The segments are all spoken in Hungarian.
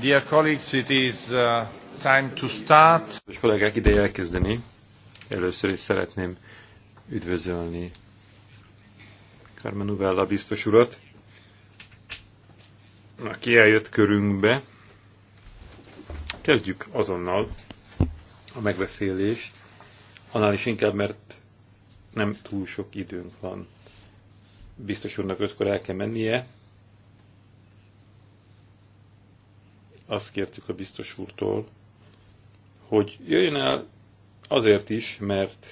Dear colleagues, it is uh, time to start. Most kollégák, ideje elkezdeni. Először is szeretném üdvözölni Carmen Novella biztos urat, aki eljött körünkbe. Kezdjük azonnal a megbeszélést, annál is inkább, mert nem túl sok időnk van. Biztos úrnak ötkor el kell mennie, azt kértük a biztos úrtól, hogy jöjjön el azért is, mert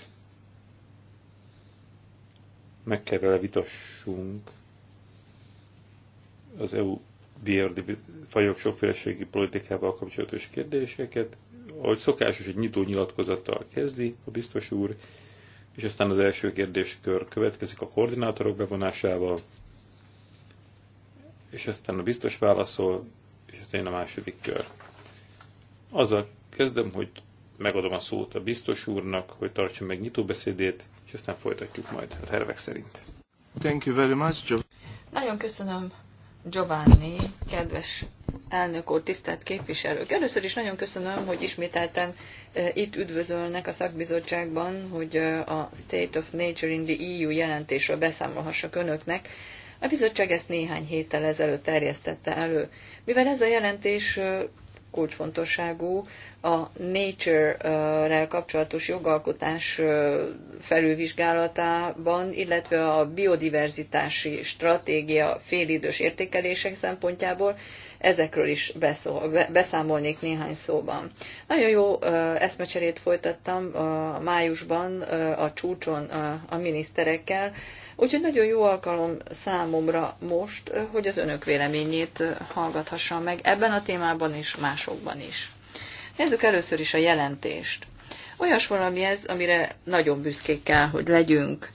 meg kell vele vitassunk az EU fajok sokféleségi politikával kapcsolatos kérdéseket. Ahogy szokásos, egy nyitó nyilatkozattal kezdi a biztos úr, és aztán az első kérdéskör következik a koordinátorok bevonásával, és aztán a biztos válaszol, ez a második kör. Azzal kezdem, hogy megadom a szót a biztos úrnak, hogy tartson meg nyitóbeszédét, és aztán folytatjuk majd a tervek szerint. Thank you very much, Joe. Nagyon köszönöm, Giovanni, kedves elnök úr, tisztelt képviselők! Először is nagyon köszönöm, hogy ismételten e, itt üdvözölnek a szakbizottságban, hogy e, a State of Nature in the EU jelentésről beszámolhassak önöknek. A bizottság ezt néhány héttel ezelőtt terjesztette elő. Mivel ez a jelentés kulcsfontosságú a Nature-rel kapcsolatos jogalkotás felülvizsgálatában, illetve a biodiverzitási stratégia félidős értékelések szempontjából ezekről is beszól, beszámolnék néhány szóban. Nagyon jó eszmecserét folytattam májusban a csúcson a miniszterekkel, Úgyhogy nagyon jó alkalom számomra most, hogy az önök véleményét hallgathassam meg ebben a témában és másokban is. Nézzük először is a jelentést. Olyas valami ez, amire nagyon büszkék kell, hogy legyünk.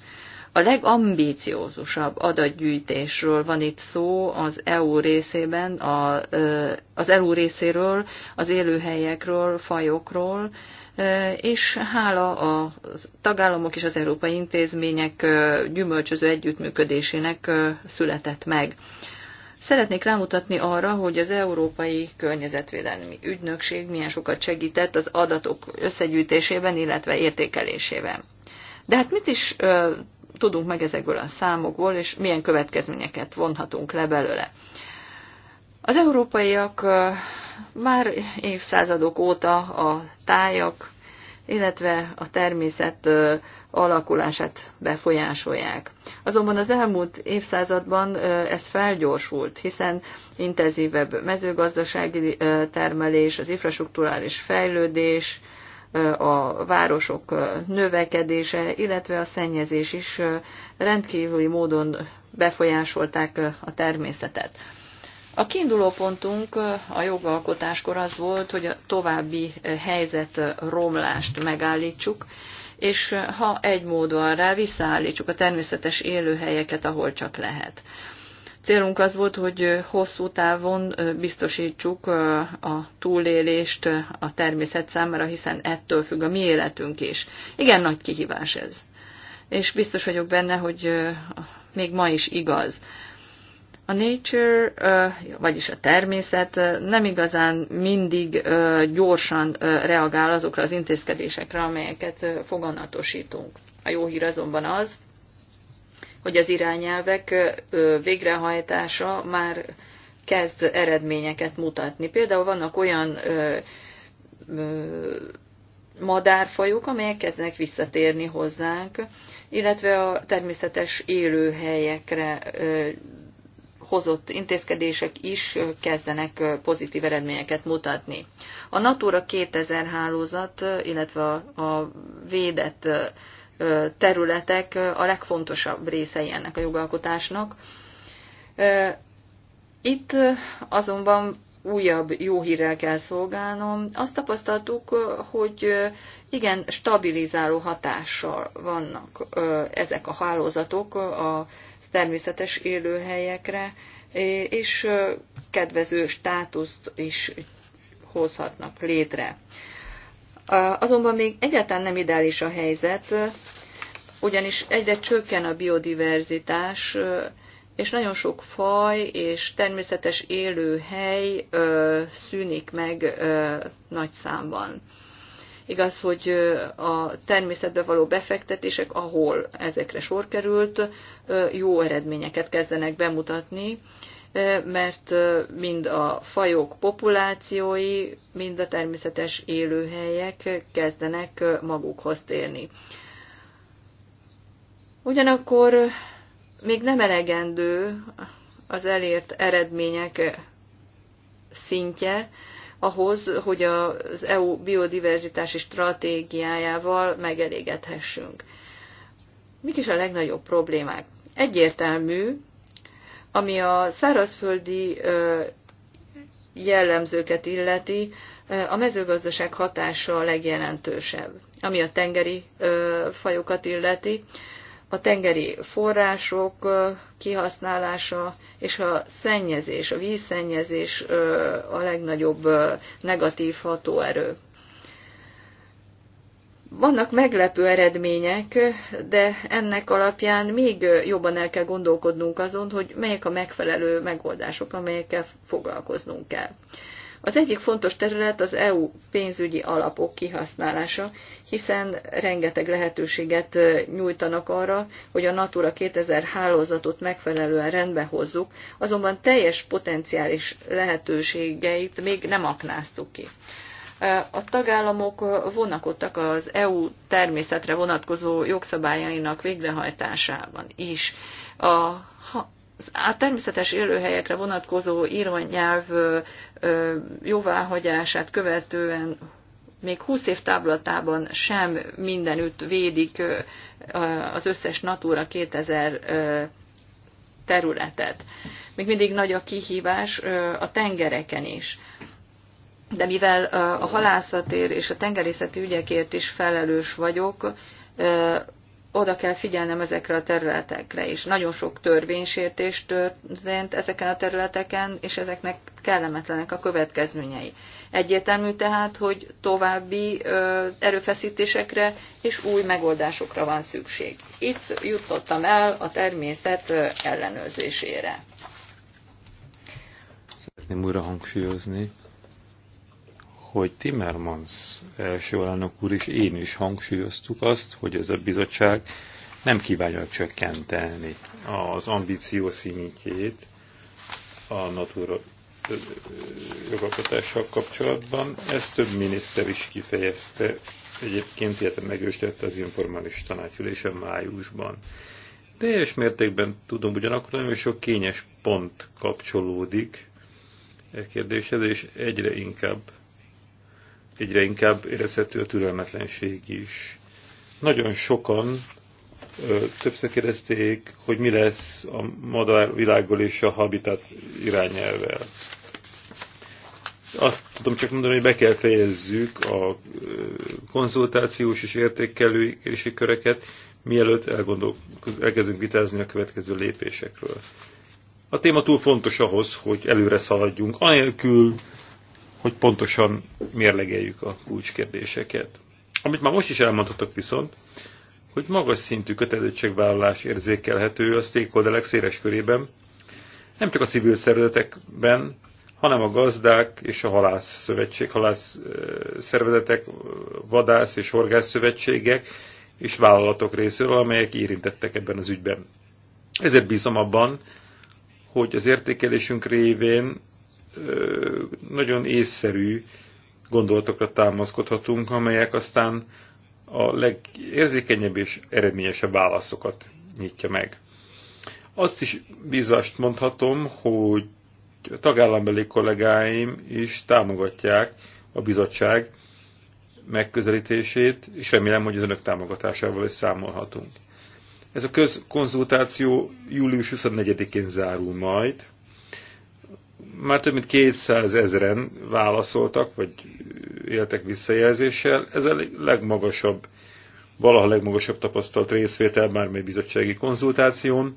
A legambíciózusabb adatgyűjtésről van itt szó az EU részében, a, az EU részéről, az élőhelyekről, fajokról, és hála a tagállamok és az európai intézmények gyümölcsöző együttműködésének született meg. Szeretnék rámutatni arra, hogy az Európai Környezetvédelmi Ügynökség milyen sokat segített az adatok összegyűjtésében, illetve értékelésében. De hát mit is ö, tudunk meg ezekből a számokból, és milyen következményeket vonhatunk le belőle? Az európaiak már évszázadok óta a tájak, illetve a természet alakulását befolyásolják. Azonban az elmúlt évszázadban ez felgyorsult, hiszen intenzívebb mezőgazdasági termelés, az infrastruktúrális fejlődés, a városok növekedése, illetve a szennyezés is rendkívüli módon befolyásolták a természetet. A kiinduló pontunk eh, a jogalkotáskor az volt, hogy a további eh, helyzet eh, romlást megállítsuk, és ha egy mód van rá, visszaállítsuk a természetes élőhelyeket, ahol csak lehet. Célunk az volt, hogy hosszú távon biztosítsuk a túlélést a természet számára, hiszen ettől függ a mi életünk is. Igen, nagy kihívás ez. És biztos vagyok benne, hogy még ma is igaz. A nature, vagyis a természet nem igazán mindig gyorsan reagál azokra az intézkedésekre, amelyeket foganatosítunk. A jó hír azonban az, hogy az irányelvek végrehajtása már kezd eredményeket mutatni. Például vannak olyan madárfajok, amelyek kezdenek visszatérni hozzánk, illetve a természetes élőhelyekre hozott intézkedések is kezdenek pozitív eredményeket mutatni. A Natura 2000 hálózat, illetve a védett területek a legfontosabb részei ennek a jogalkotásnak. Itt azonban újabb jó hírrel kell szolgálnom. Azt tapasztaltuk, hogy igen, stabilizáló hatással vannak ezek a hálózatok a természetes élőhelyekre, és kedvező státuszt is hozhatnak létre. Azonban még egyáltalán nem ideális a helyzet, ugyanis egyre csökken a biodiverzitás, és nagyon sok faj és természetes élőhely szűnik meg nagy számban. Igaz, hogy a természetbe való befektetések, ahol ezekre sor került, jó eredményeket kezdenek bemutatni, mert mind a fajok populációi, mind a természetes élőhelyek kezdenek magukhoz térni. Ugyanakkor még nem elegendő az elért eredmények szintje, ahhoz, hogy az EU biodiverzitási stratégiájával megelégedhessünk. Mik is a legnagyobb problémák? Egyértelmű, ami a szárazföldi jellemzőket illeti, a mezőgazdaság hatása a legjelentősebb. Ami a tengeri fajokat illeti, a tengeri források kihasználása és a szennyezés, a vízszennyezés a legnagyobb negatív hatóerő. Vannak meglepő eredmények, de ennek alapján még jobban el kell gondolkodnunk azon, hogy melyek a megfelelő megoldások, amelyekkel foglalkoznunk kell. Az egyik fontos terület az EU pénzügyi alapok kihasználása, hiszen rengeteg lehetőséget nyújtanak arra, hogy a Natura 2000 hálózatot megfelelően rendbe hozzuk, azonban teljes potenciális lehetőségeit még nem aknáztuk ki. A tagállamok vonakodtak az EU természetre vonatkozó jogszabályainak végrehajtásában is. A a természetes élőhelyekre vonatkozó írvanyelv jóváhagyását követően még 20 év táblatában sem mindenütt védik az összes Natura 2000 területet. Még mindig nagy a kihívás a tengereken is. De mivel a halászatér és a tengerészeti ügyekért is felelős vagyok, oda kell figyelnem ezekre a területekre is. Nagyon sok törvénysértés történt ezeken a területeken, és ezeknek kellemetlenek a következményei. Egyértelmű tehát, hogy további ö, erőfeszítésekre és új megoldásokra van szükség. Itt jutottam el a természet ellenőrzésére. Szeretném újra hangsúlyozni, hogy Timmermans első alelnök úr és én is hangsúlyoztuk azt, hogy ez a bizottság nem kívánja csökkenteni az ambíció színikét a Natura jogalkotással kapcsolatban. Ezt több miniszter is kifejezte, egyébként illetve megősítette az informális tanácsülése májusban. Teljes mértékben tudom, ugyanakkor nagyon sok kényes pont kapcsolódik e kérdéshez, és egyre inkább egyre inkább érezhető a türelmetlenség is. Nagyon sokan ö, többször kérdezték, hogy mi lesz a madár világból és a habitat irányelvel. Azt tudom csak mondani, hogy be kell fejezzük a konzultációs és értékelő köreket, mielőtt elgondol, elkezdünk vitázni a következő lépésekről. A téma túl fontos ahhoz, hogy előre szaladjunk, anélkül, hogy pontosan mérlegeljük a kulcskérdéseket. Amit már most is elmondhatok viszont, hogy magas szintű kötelezettségvállalás érzékelhető a stakeholderek széles körében, nem csak a civil szervezetekben, hanem a gazdák és a szövetség, halász szervezetek, vadász és horgászszövetségek és vállalatok részéről, amelyek érintettek ebben az ügyben. Ezért bízom abban, hogy az értékelésünk révén nagyon észszerű gondolatokra támaszkodhatunk, amelyek aztán a legérzékenyebb és eredményesebb válaszokat nyitja meg. Azt is bizast mondhatom, hogy a tagállambeli kollégáim is támogatják a bizottság megközelítését, és remélem, hogy az önök támogatásával is számolhatunk. Ez a közkonzultáció július 24-én zárul majd, már több mint 200 ezeren válaszoltak, vagy éltek visszajelzéssel. Ez a legmagasabb, valaha legmagasabb tapasztalt részvétel bármely bizottsági konzultáción.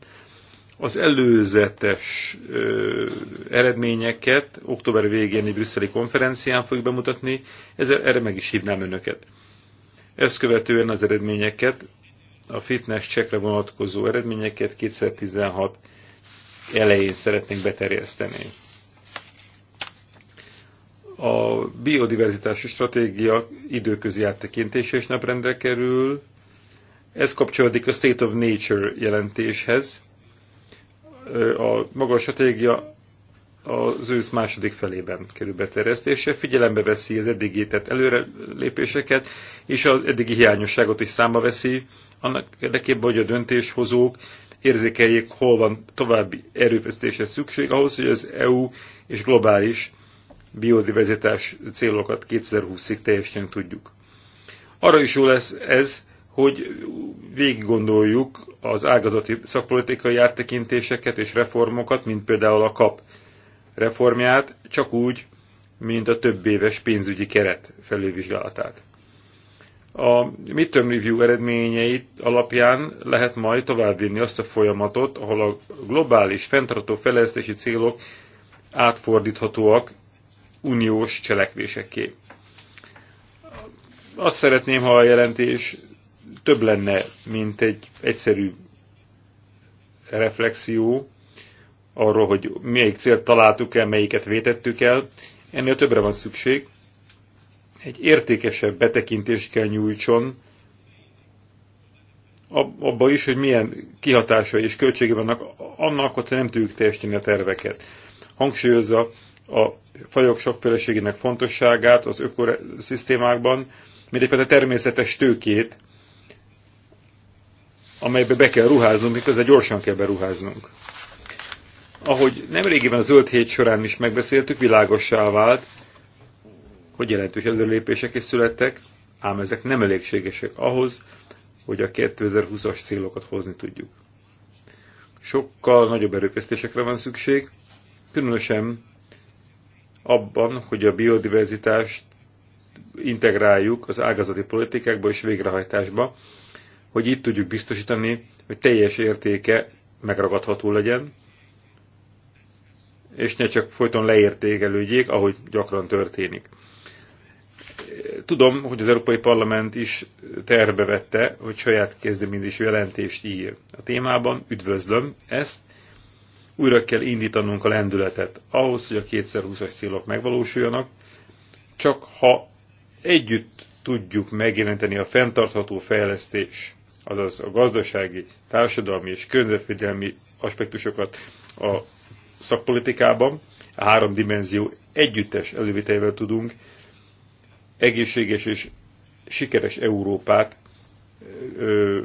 Az előzetes ö, eredményeket október végén egy brüsszeli konferencián fogjuk bemutatni, ezzel erre meg is hívnám önöket. Ezt követően az eredményeket, a fitness csekre vonatkozó eredményeket 2016 elején szeretnénk beterjeszteni. A biodiverzitási stratégia időközi áttekintése is naprendre kerül. Ez kapcsolódik a State of Nature jelentéshez. A maga a stratégia az ősz második felében kerül beterjesztésre, figyelembe veszi az eddigi tett előrelépéseket, és az eddigi hiányosságot is számba veszi, annak érdekében, hogy a döntéshozók érzékeljék, hol van további erőfeszítésre szükség ahhoz, hogy az EU és globális biodiverzitás célokat 2020-ig teljesen tudjuk. Arra is jó lesz ez, hogy végig gondoljuk az ágazati szakpolitikai áttekintéseket és reformokat, mint például a KAP reformját, csak úgy, mint a több éves pénzügyi keret felülvizsgálatát. A midterm review eredményeit alapján lehet majd továbbvinni azt a folyamatot, ahol a globális fenntartó fejlesztési célok átfordíthatóak uniós cselekvéseké. Azt szeretném, ha a jelentés több lenne, mint egy egyszerű reflexió arról, hogy melyik célt találtuk el, melyiket vétettük el. Ennél többre van szükség. Egy értékesebb betekintést kell nyújtson abba is, hogy milyen kihatásai és költségei vannak annak, hogy nem tudjuk teljesíteni a terveket. Hangsúlyozza a fajok sokféleségének fontosságát az ökoszisztémákban, mint egyfajta természetes tőkét, amelybe be kell ruháznunk, miközben gyorsan kell beruháznunk. Ahogy nemrégiben a zöld hét során is megbeszéltük, világossá vált, hogy jelentős előlépések is születtek, ám ezek nem elégségesek ahhoz, hogy a 2020-as célokat hozni tudjuk. Sokkal nagyobb erőfeszítésekre van szükség, különösen abban, hogy a biodiverzitást integráljuk az ágazati politikákba és végrehajtásba, hogy itt tudjuk biztosítani, hogy teljes értéke megragadható legyen, és ne csak folyton leértékelődjék, ahogy gyakran történik. Tudom, hogy az Európai Parlament is terbe vette, hogy saját kezdeményezésű jelentést ír a témában, üdvözlöm ezt, újra kell indítanunk a lendületet ahhoz, hogy a 2020-as célok megvalósuljanak, csak ha együtt tudjuk megjelenteni a fenntartható fejlesztés, azaz a gazdasági, társadalmi és környezetvédelmi aspektusokat a szakpolitikában, a három dimenzió együttes elővételével tudunk egészséges és sikeres Európát ö,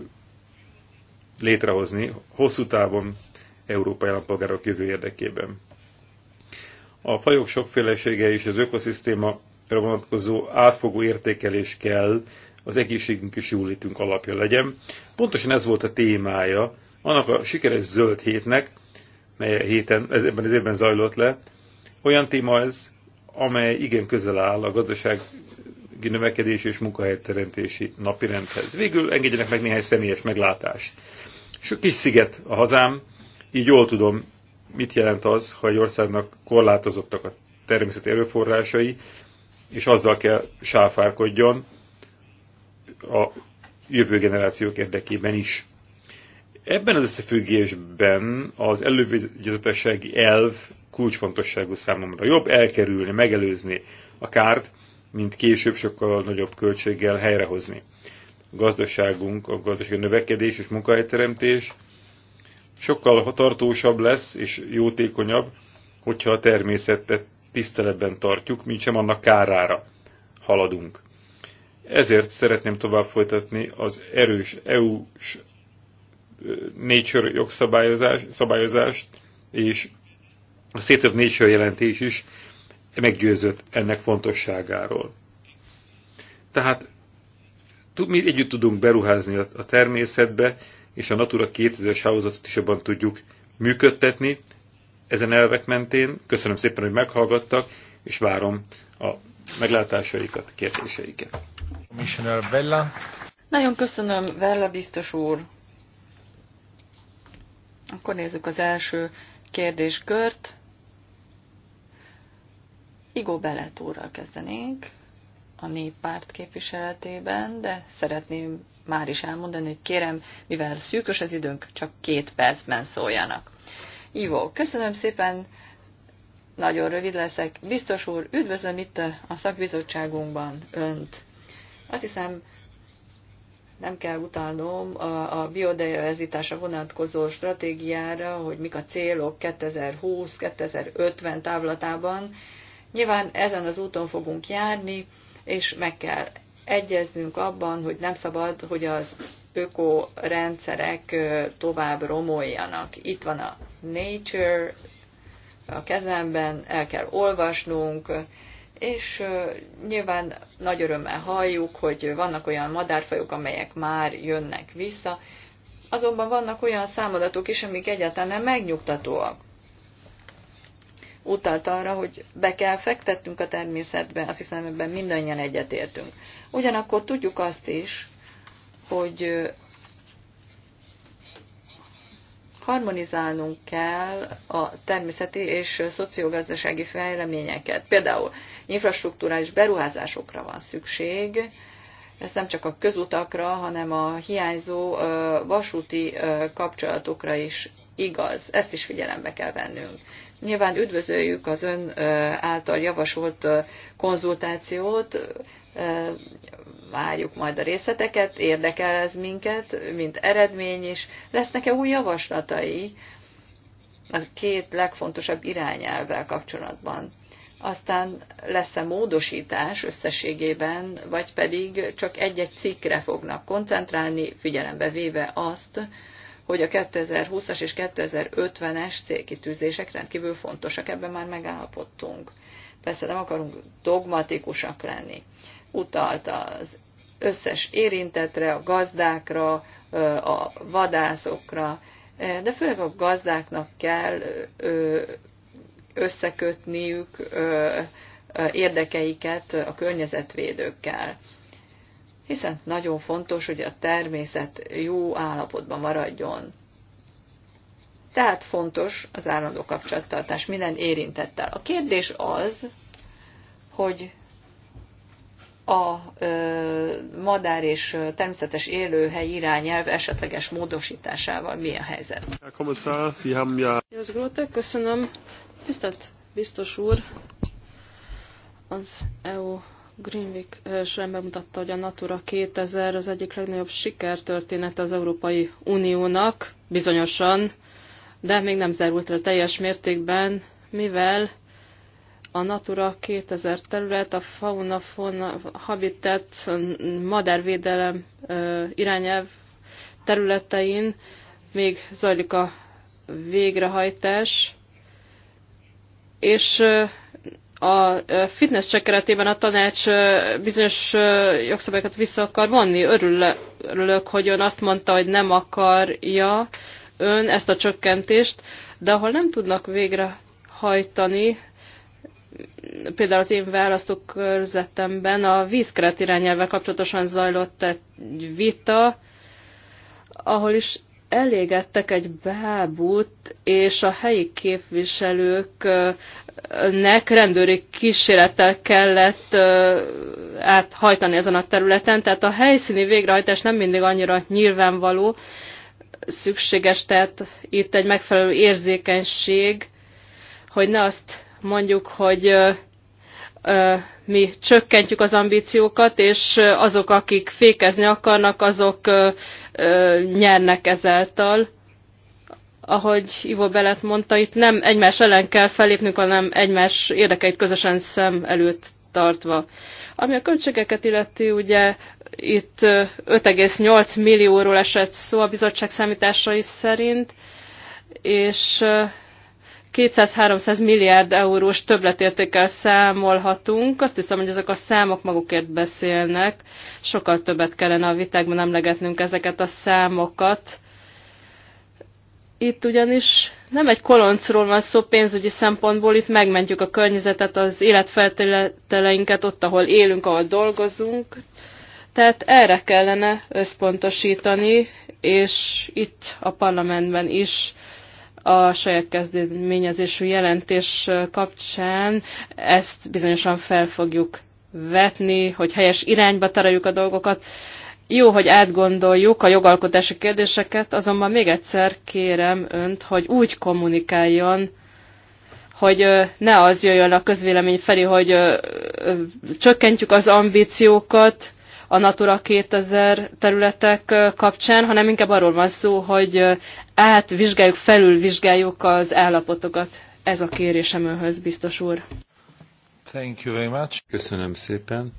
létrehozni hosszú távon európai állampolgárok jövő érdekében. A fajok sokfélesége és az ökoszisztéma vonatkozó átfogó értékelés kell az egészségünk és jólétünk alapja legyen. Pontosan ez volt a témája annak a sikeres zöld hétnek, mely héten, ebben az évben zajlott le. Olyan téma ez, amely igen közel áll a gazdaság növekedés és munkahelyteremtési napirendhez. Végül engedjenek meg néhány személyes meglátást. Sok kis sziget a hazám, így jól tudom, mit jelent az, ha egy országnak korlátozottak a természeti erőforrásai, és azzal kell sáfárkodjon a jövő generációk érdekében is. Ebben az összefüggésben az elővigyazatossági elv kulcsfontosságú számomra. Jobb elkerülni, megelőzni a kárt, mint később sokkal nagyobb költséggel helyrehozni. A gazdaságunk, a gazdasági növekedés és munkahelyteremtés sokkal tartósabb lesz és jótékonyabb, hogyha a természetet tiszteletben tartjuk, mint sem annak kárára haladunk. Ezért szeretném tovább folytatni az erős EU-s Nature jogszabályozást, és a State of Nature jelentés is meggyőzött ennek fontosságáról. Tehát mi együtt tudunk beruházni a természetbe, és a Natura 2000-es hálózatot is jobban tudjuk működtetni ezen elvek mentén. Köszönöm szépen, hogy meghallgattak, és várom a meglátásaikat, kérdéseiket. Commissioner Vella. Nagyon köszönöm, Vella biztos úr. Akkor nézzük az első kérdéskört. Igó Belet úrral kezdenénk a néppárt képviseletében, de szeretném már is elmondani, hogy kérem, mivel szűkös az időnk, csak két percben szóljanak. Ivo, köszönöm szépen, nagyon rövid leszek. Biztos úr, üdvözlöm itt a szakbizottságunkban önt. Azt hiszem, nem kell utalnom a, a biodiverzitásra vonatkozó stratégiára, hogy mik a célok 2020-2050 távlatában. Nyilván ezen az úton fogunk járni, és meg kell egyeznünk abban, hogy nem szabad, hogy az ökorendszerek tovább romoljanak. Itt van a Nature a kezemben, el kell olvasnunk, és nyilván nagy örömmel halljuk, hogy vannak olyan madárfajok, amelyek már jönnek vissza, azonban vannak olyan számadatok is, amik egyáltalán nem megnyugtatóak utalt arra, hogy be kell fektetnünk a természetbe, azt hiszem ebben mindannyian egyetértünk. Ugyanakkor tudjuk azt is, hogy harmonizálnunk kell a természeti és szociogazdasági fejleményeket. Például infrastruktúrális beruházásokra van szükség, ez nem csak a közutakra, hanem a hiányzó vasúti kapcsolatokra is igaz. Ezt is figyelembe kell vennünk. Nyilván üdvözöljük az ön által javasolt konzultációt, várjuk majd a részleteket, érdekel ez minket, mint eredmény is. Lesznek-e új javaslatai a két legfontosabb irányelvvel kapcsolatban? Aztán lesz-e módosítás összességében, vagy pedig csak egy-egy cikkre fognak koncentrálni, figyelembe véve azt, hogy a 2020-as és 2050-es célkitűzések rendkívül fontosak, ebben már megállapodtunk. Persze nem akarunk dogmatikusak lenni. Utalt az összes érintetre, a gazdákra, a vadászokra, de főleg a gazdáknak kell összekötniük érdekeiket a környezetvédőkkel hiszen nagyon fontos, hogy a természet jó állapotban maradjon. Tehát fontos az állandó kapcsolattartás minden érintettel. A kérdés az, hogy a madár és természetes élőhely irányelv esetleges módosításával mi a helyzet? Köszönöm. Tisztelt biztos úr, az EU Greenwick sem bemutatta, hogy a Natura 2000 az egyik legnagyobb sikertörténet az Európai Uniónak, bizonyosan, de még nem zárult el teljes mértékben, mivel a Natura 2000 terület, a fauna, fauna habitat, madárvédelem irányelv területein még zajlik a végrehajtás, és a fitness check keretében a tanács bizonyos jogszabályokat vissza akar vonni. Örülök, hogy ön azt mondta, hogy nem akarja ön ezt a csökkentést, de ahol nem tudnak végrehajtani, például az én választókörzetemben a vízkeret irányelvvel kapcsolatosan zajlott egy vita, ahol is elégettek egy bábút, és a helyi képviselőknek rendőri kísérettel kellett áthajtani ezen a területen, tehát a helyszíni végrehajtás nem mindig annyira nyilvánvaló, szükséges, tehát itt egy megfelelő érzékenység, hogy ne azt mondjuk, hogy mi csökkentjük az ambíciókat, és azok, akik fékezni akarnak, azok nyernek ezáltal. Ahogy Ivo Belet mondta, itt nem egymás ellen kell felépnünk, hanem egymás érdekeit közösen szem előtt tartva. Ami a költségeket illeti, ugye itt 5,8 millióról esett szó a bizottság számításai szerint, és 200-300 milliárd eurós többletértékkel számolhatunk. Azt hiszem, hogy ezek a számok magukért beszélnek. Sokkal többet kellene a vitákban emlegetnünk ezeket a számokat. Itt ugyanis nem egy koloncról van szó pénzügyi szempontból, itt megmentjük a környezetet, az életfeltételeinket ott, ahol élünk, ahol dolgozunk. Tehát erre kellene összpontosítani, és itt a parlamentben is a saját kezdeményezésű jelentés kapcsán ezt bizonyosan fel fogjuk vetni, hogy helyes irányba tereljük a dolgokat. Jó, hogy átgondoljuk a jogalkotási kérdéseket, azonban még egyszer kérem önt, hogy úgy kommunikáljon, hogy ne az jöjjön a közvélemény felé, hogy csökkentjük az ambíciókat, a Natura 2000 területek kapcsán, hanem inkább arról van szó, hogy átvizsgáljuk, felülvizsgáljuk az állapotokat. Ez a kérésem önhöz, biztos úr. Thank you very much. Köszönöm szépen.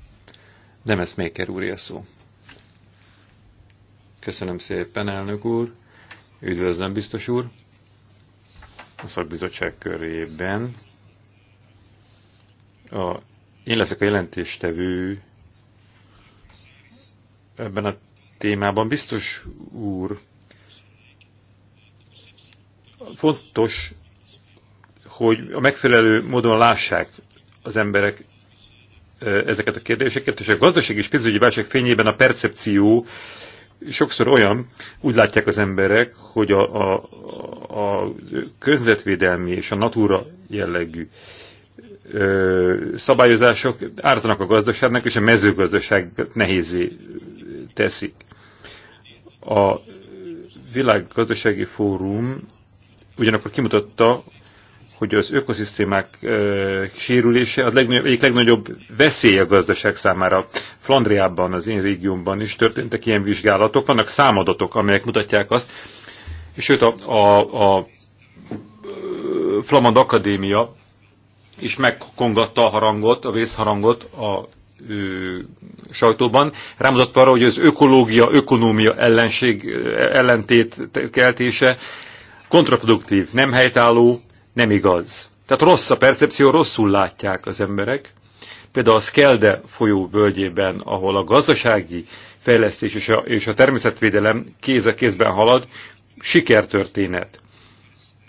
Demes Maker úr a szó. Köszönöm szépen, elnök úr. Üdvözlöm, biztos úr. A szakbizottság körében a, én leszek a jelentéstevő ebben a témában. Biztos úr, fontos, hogy a megfelelő módon lássák az emberek ezeket a kérdéseket, és a gazdaság és pénzügyi válság fényében a percepció sokszor olyan, úgy látják az emberek, hogy a, a, a közvetvédelmi és a natura jellegű ö, szabályozások ártanak a gazdaságnak, és a mezőgazdaság nehézé teszik. A világgazdasági fórum ugyanakkor kimutatta, hogy az ökoszisztémák sérülése az legnagyobb, egyik legnagyobb veszély a gazdaság számára. Flandriában, az én régiómban is történtek ilyen vizsgálatok, vannak számadatok, amelyek mutatják azt, és sőt a, a, a Flamand Akadémia is megkongatta a harangot, a vészharangot a ö, sajtóban, rámutatva arra, hogy az ökológia, ökonómia ellenség, ellentét keltése kontraproduktív, nem helytálló, nem igaz. Tehát rossz a percepció, rosszul látják az emberek. Például a Skelde folyó völgyében, ahol a gazdasági fejlesztés és a, és a természetvédelem kéz a kézben halad, sikertörténet.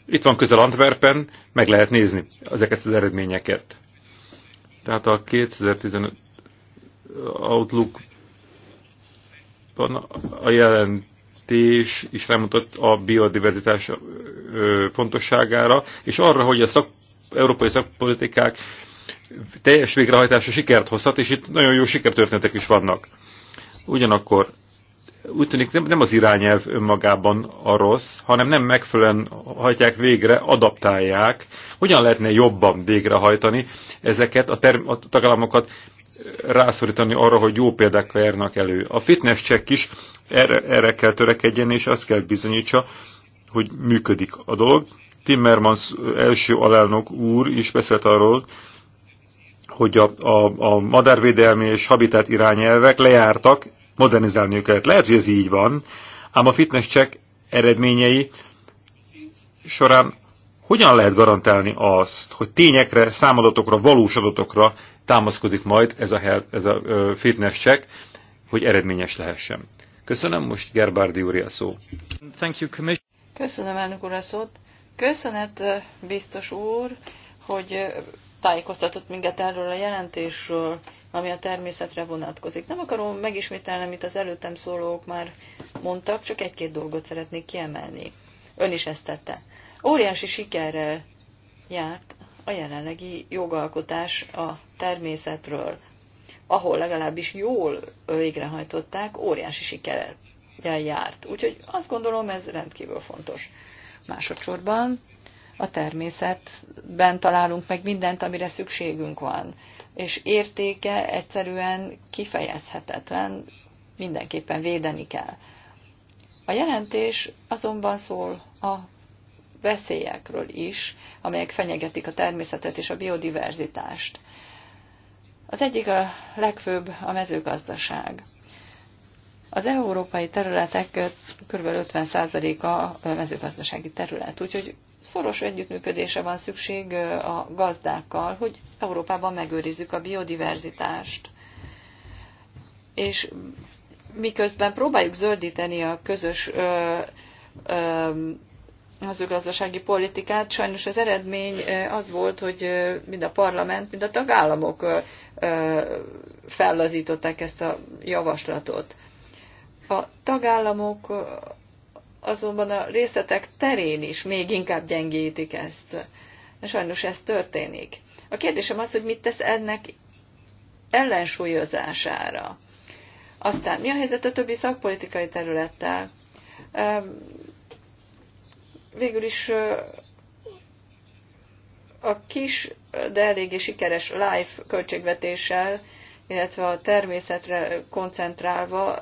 Itt van közel Antwerpen, meg lehet nézni ezeket az eredményeket. Tehát a 2015 Outlook-ban a jelentés is rámutat a biodiverzitás fontosságára, és arra, hogy a szak, európai szakpolitikák teljes végrehajtása sikert hozhat, és itt nagyon jó sikertörténetek is vannak. Ugyanakkor úgy tűnik nem, nem az irányelv önmagában a rossz, hanem nem megfelelően hajtják végre, adaptálják. Hogyan lehetne jobban végrehajtani ezeket a, term- a tagállamokat rászorítani arra, hogy jó példákkal járnak elő. A fitness check is erre, erre kell törekedjen, és azt kell bizonyítsa, hogy működik a dolog. Timmermans első alelnök úr is beszélt arról, hogy a, a, a madárvédelmi és habitat irányelvek lejártak, modernizálni őket. Lehet, hogy ez így van, ám a fitness check eredményei során hogyan lehet garantálni azt, hogy tényekre, számadatokra, valós adatokra támaszkodik majd ez a, ez a fitness check, hogy eredményes lehessen. Köszönöm, most Gerbárdi úr a szó. Thank you, Köszönöm, elnök úr, a szót. Köszönet, biztos úr, hogy tájékoztatott minket erről a jelentésről, ami a természetre vonatkozik. Nem akarom megismételni, amit az előttem szólók már mondtak, csak egy-két dolgot szeretnék kiemelni. Ön is ezt tette. Óriási sikerrel járt a jelenlegi jogalkotás a természetről, ahol legalábbis jól végrehajtották, óriási sikerrel járt. Úgyhogy azt gondolom, ez rendkívül fontos. Másodszorban a természetben találunk meg mindent, amire szükségünk van, és értéke egyszerűen kifejezhetetlen, mindenképpen védeni kell. A jelentés azonban szól a veszélyekről is, amelyek fenyegetik a természetet és a biodiverzitást. Az egyik a legfőbb a mezőgazdaság. Az európai területek kb. 50%-a mezőgazdasági terület, úgyhogy szoros együttműködése van szükség a gazdákkal, hogy Európában megőrizzük a biodiverzitást. És miközben próbáljuk zöldíteni a közös ö, ö, mezőgazdasági politikát. Sajnos az eredmény az volt, hogy mind a parlament, mind a tagállamok fellazították ezt a javaslatot. A tagállamok azonban a részletek terén is még inkább gyengítik ezt. Sajnos ez történik. A kérdésem az, hogy mit tesz ennek ellensúlyozására. Aztán mi a helyzet a többi szakpolitikai területtel? végül is a kis, de eléggé sikeres live költségvetéssel, illetve a természetre koncentrálva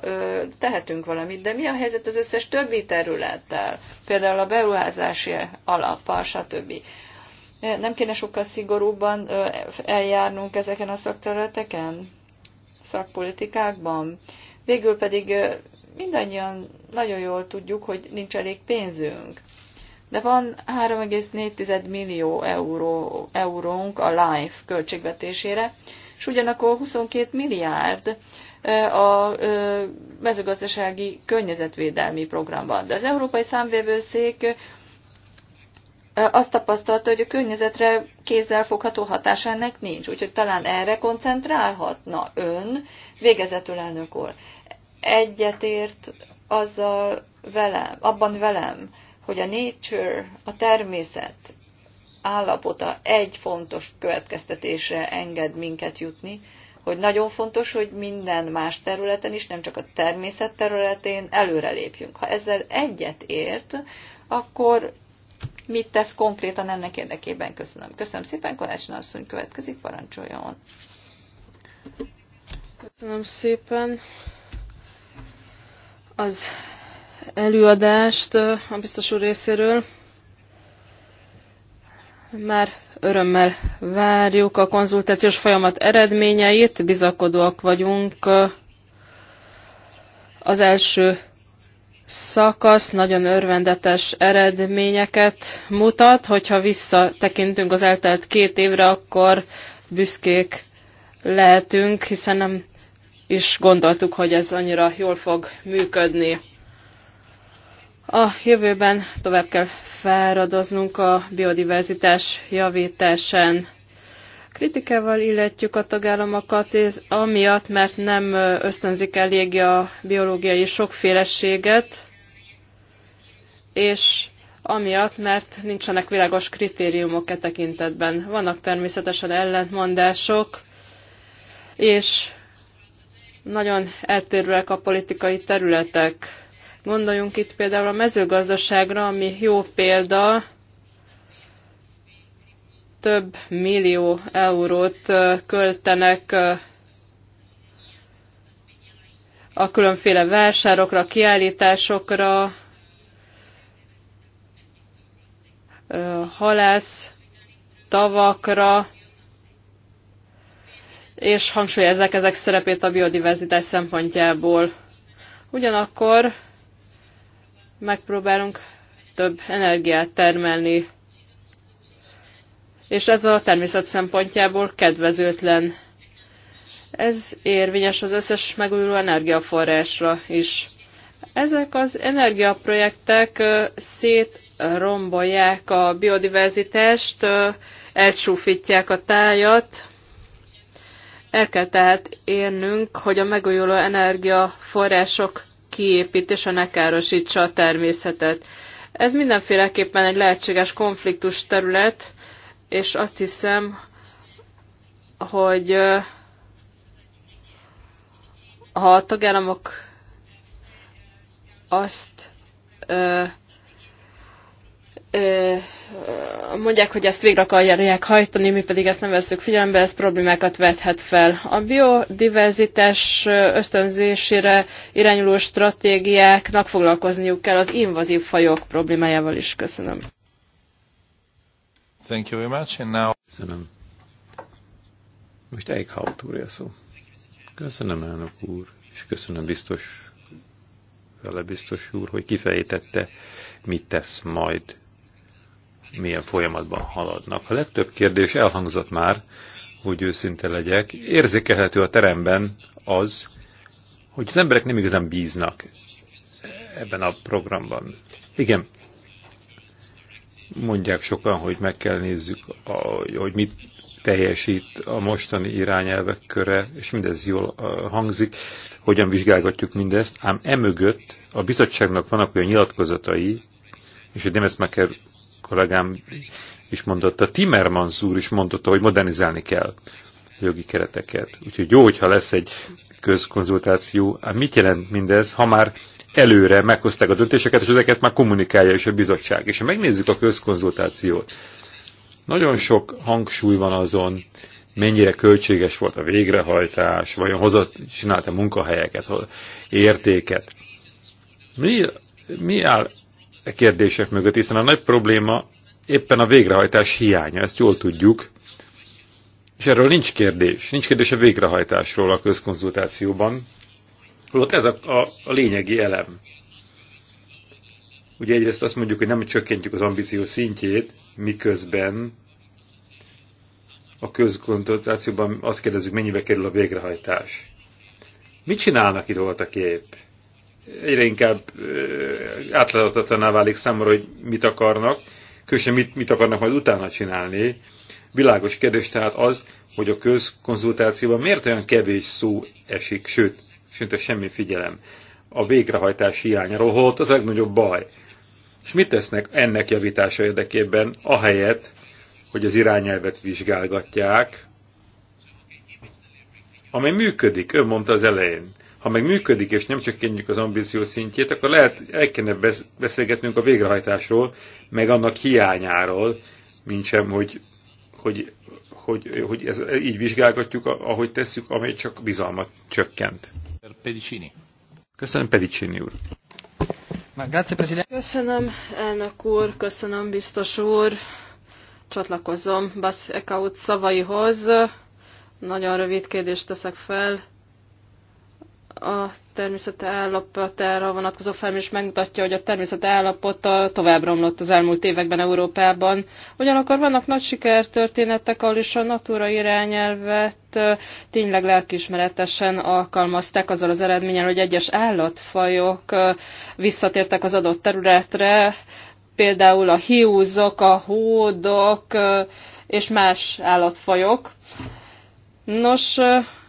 tehetünk valamit, de mi a helyzet az összes többi területtel, például a beruházási alappal, stb. Nem kéne sokkal szigorúbban eljárnunk ezeken a szakterületeken, szakpolitikákban? Végül pedig mindannyian nagyon jól tudjuk, hogy nincs elég pénzünk de van 3,4 millió euró, eurónk a LIFE költségvetésére, és ugyanakkor 22 milliárd a mezőgazdasági környezetvédelmi programban. De az Európai Számvévőszék azt tapasztalta, hogy a környezetre kézzel fogható hatás ennek nincs, úgyhogy talán erre koncentrálhatna ön, végezetül elnök úr. Egyetért azzal velem, abban velem, hogy a nature, a természet állapota egy fontos következtetésre enged minket jutni, hogy nagyon fontos, hogy minden más területen is, nem csak a természet területén előrelépjünk. Ha ezzel egyet ért, akkor mit tesz konkrétan ennek érdekében? Köszönöm. Köszönöm szépen, Kalácsna asszony következik, parancsoljon. Köszönöm szépen. Az előadást a biztos úr részéről. Már örömmel várjuk a konzultációs folyamat eredményeit, bizakodóak vagyunk eh, az első szakasz nagyon örvendetes eredményeket mutat. Hogyha visszatekintünk az eltelt két évre, akkor büszkék lehetünk, hiszen nem is gondoltuk, hogy ez annyira jól fog működni. A jövőben tovább kell feladoznunk a biodiverzitás javításán. Kritikával illetjük a tagállamokat, és amiatt, mert nem ösztönzik eléggé a biológiai sokféleséget, és amiatt, mert nincsenek világos kritériumok e tekintetben. Vannak természetesen ellentmondások, és nagyon eltérőek a politikai területek. Gondoljunk itt például a mezőgazdaságra, ami jó példa, több millió eurót költenek a különféle vásárokra, kiállításokra, halász, tavakra, és hangsúlyozzák ezek szerepét a biodiverzitás szempontjából. Ugyanakkor megpróbálunk több energiát termelni. És ez a természet szempontjából kedvezőtlen. Ez érvényes az összes megújuló energiaforrásra is. Ezek az energiaprojektek szétrombolják a biodiverzitást, elcsúfítják a tájat. El kell tehát érnünk, hogy a megújuló energiaforrások kiépítése ne károsítsa a természetet. Ez mindenféleképpen egy lehetséges konfliktus terület, és azt hiszem, hogy ha a tagállamok azt mondják, hogy ezt végre akarják hajtani, mi pedig ezt nem veszük figyelembe, ez problémákat vethet fel. A biodiverzitás ösztönzésére irányuló stratégiáknak foglalkozniuk kell az invazív fajok problémájával is. Köszönöm. Thank you very much, and now... Köszönöm. Most Eichhaut úr szó. Köszönöm, elnök úr, és köszönöm biztos vele biztos úr, hogy kifejtette, mit tesz majd milyen folyamatban haladnak. A legtöbb kérdés elhangzott már, hogy őszinte legyek. Érzékelhető a teremben az, hogy az emberek nem igazán bíznak ebben a programban. Igen, mondják sokan, hogy meg kell nézzük, a, hogy mit teljesít a mostani irányelvek köre, és mindez jól hangzik, hogyan vizsgálgatjuk mindezt, ám emögött a bizottságnak vannak olyan nyilatkozatai, és hogy meg kell kollégám is mondotta, Timmermans úr is mondotta, hogy modernizálni kell jogi kereteket. Úgyhogy jó, hogyha lesz egy közkonzultáció. Hát mit jelent mindez, ha már előre meghozták a döntéseket, és ezeket már kommunikálja is a bizottság. És ha megnézzük a közkonzultációt, nagyon sok hangsúly van azon, mennyire költséges volt a végrehajtás, vajon hozott, csinálta munkahelyeket, értéket. Mi, mi áll E kérdések mögött, hiszen a nagy probléma éppen a végrehajtás hiánya, ezt jól tudjuk, és erről nincs kérdés. Nincs kérdés a végrehajtásról a közkonzultációban. Holott ez a, a, a lényegi elem. Ugye egyrészt azt mondjuk, hogy nem csökkentjük az ambíció szintjét, miközben a közkonzultációban azt kérdezzük, mennyibe kerül a végrehajtás. Mit csinálnak itt volt a kép? egyre inkább átláthatatlaná válik számomra, hogy mit akarnak, különösen mit, mit akarnak majd utána csinálni. Világos kérdés tehát az, hogy a közkonzultációban miért olyan kevés szó esik, sőt, szinte semmi figyelem a végrehajtás hiányáról, holott az legnagyobb baj. És mit tesznek ennek javítása érdekében, ahelyett, hogy az irányelvet vizsgálgatják, amely működik, Ő mondta az elején. Ha meg működik, és nem csökkentjük az ambíció szintjét, akkor lehet, el kellene beszélgetnünk a végrehajtásról, meg annak hiányáról, mint sem, hogy, hogy, hogy, hogy ez, így vizsgálgatjuk, ahogy tesszük, amely csak bizalmat csökkent. Pedicini. Köszönöm, Pedicini úr. Köszönöm, elnök úr, köszönöm, biztos úr. Csatlakozom Bas Ekaut szavaihoz. Nagyon rövid kérdést teszek fel a természet állapotára vonatkozó felmérés megmutatja, hogy a természet állapota tovább romlott az elmúlt években Európában. Ugyanakkor vannak nagy sikertörténetek, ahol is a natura irányelvet tényleg lelkiismeretesen alkalmazták azzal az eredménnyel, hogy egyes állatfajok visszatértek az adott területre, például a hiúzok, a hódok és más állatfajok. Nos,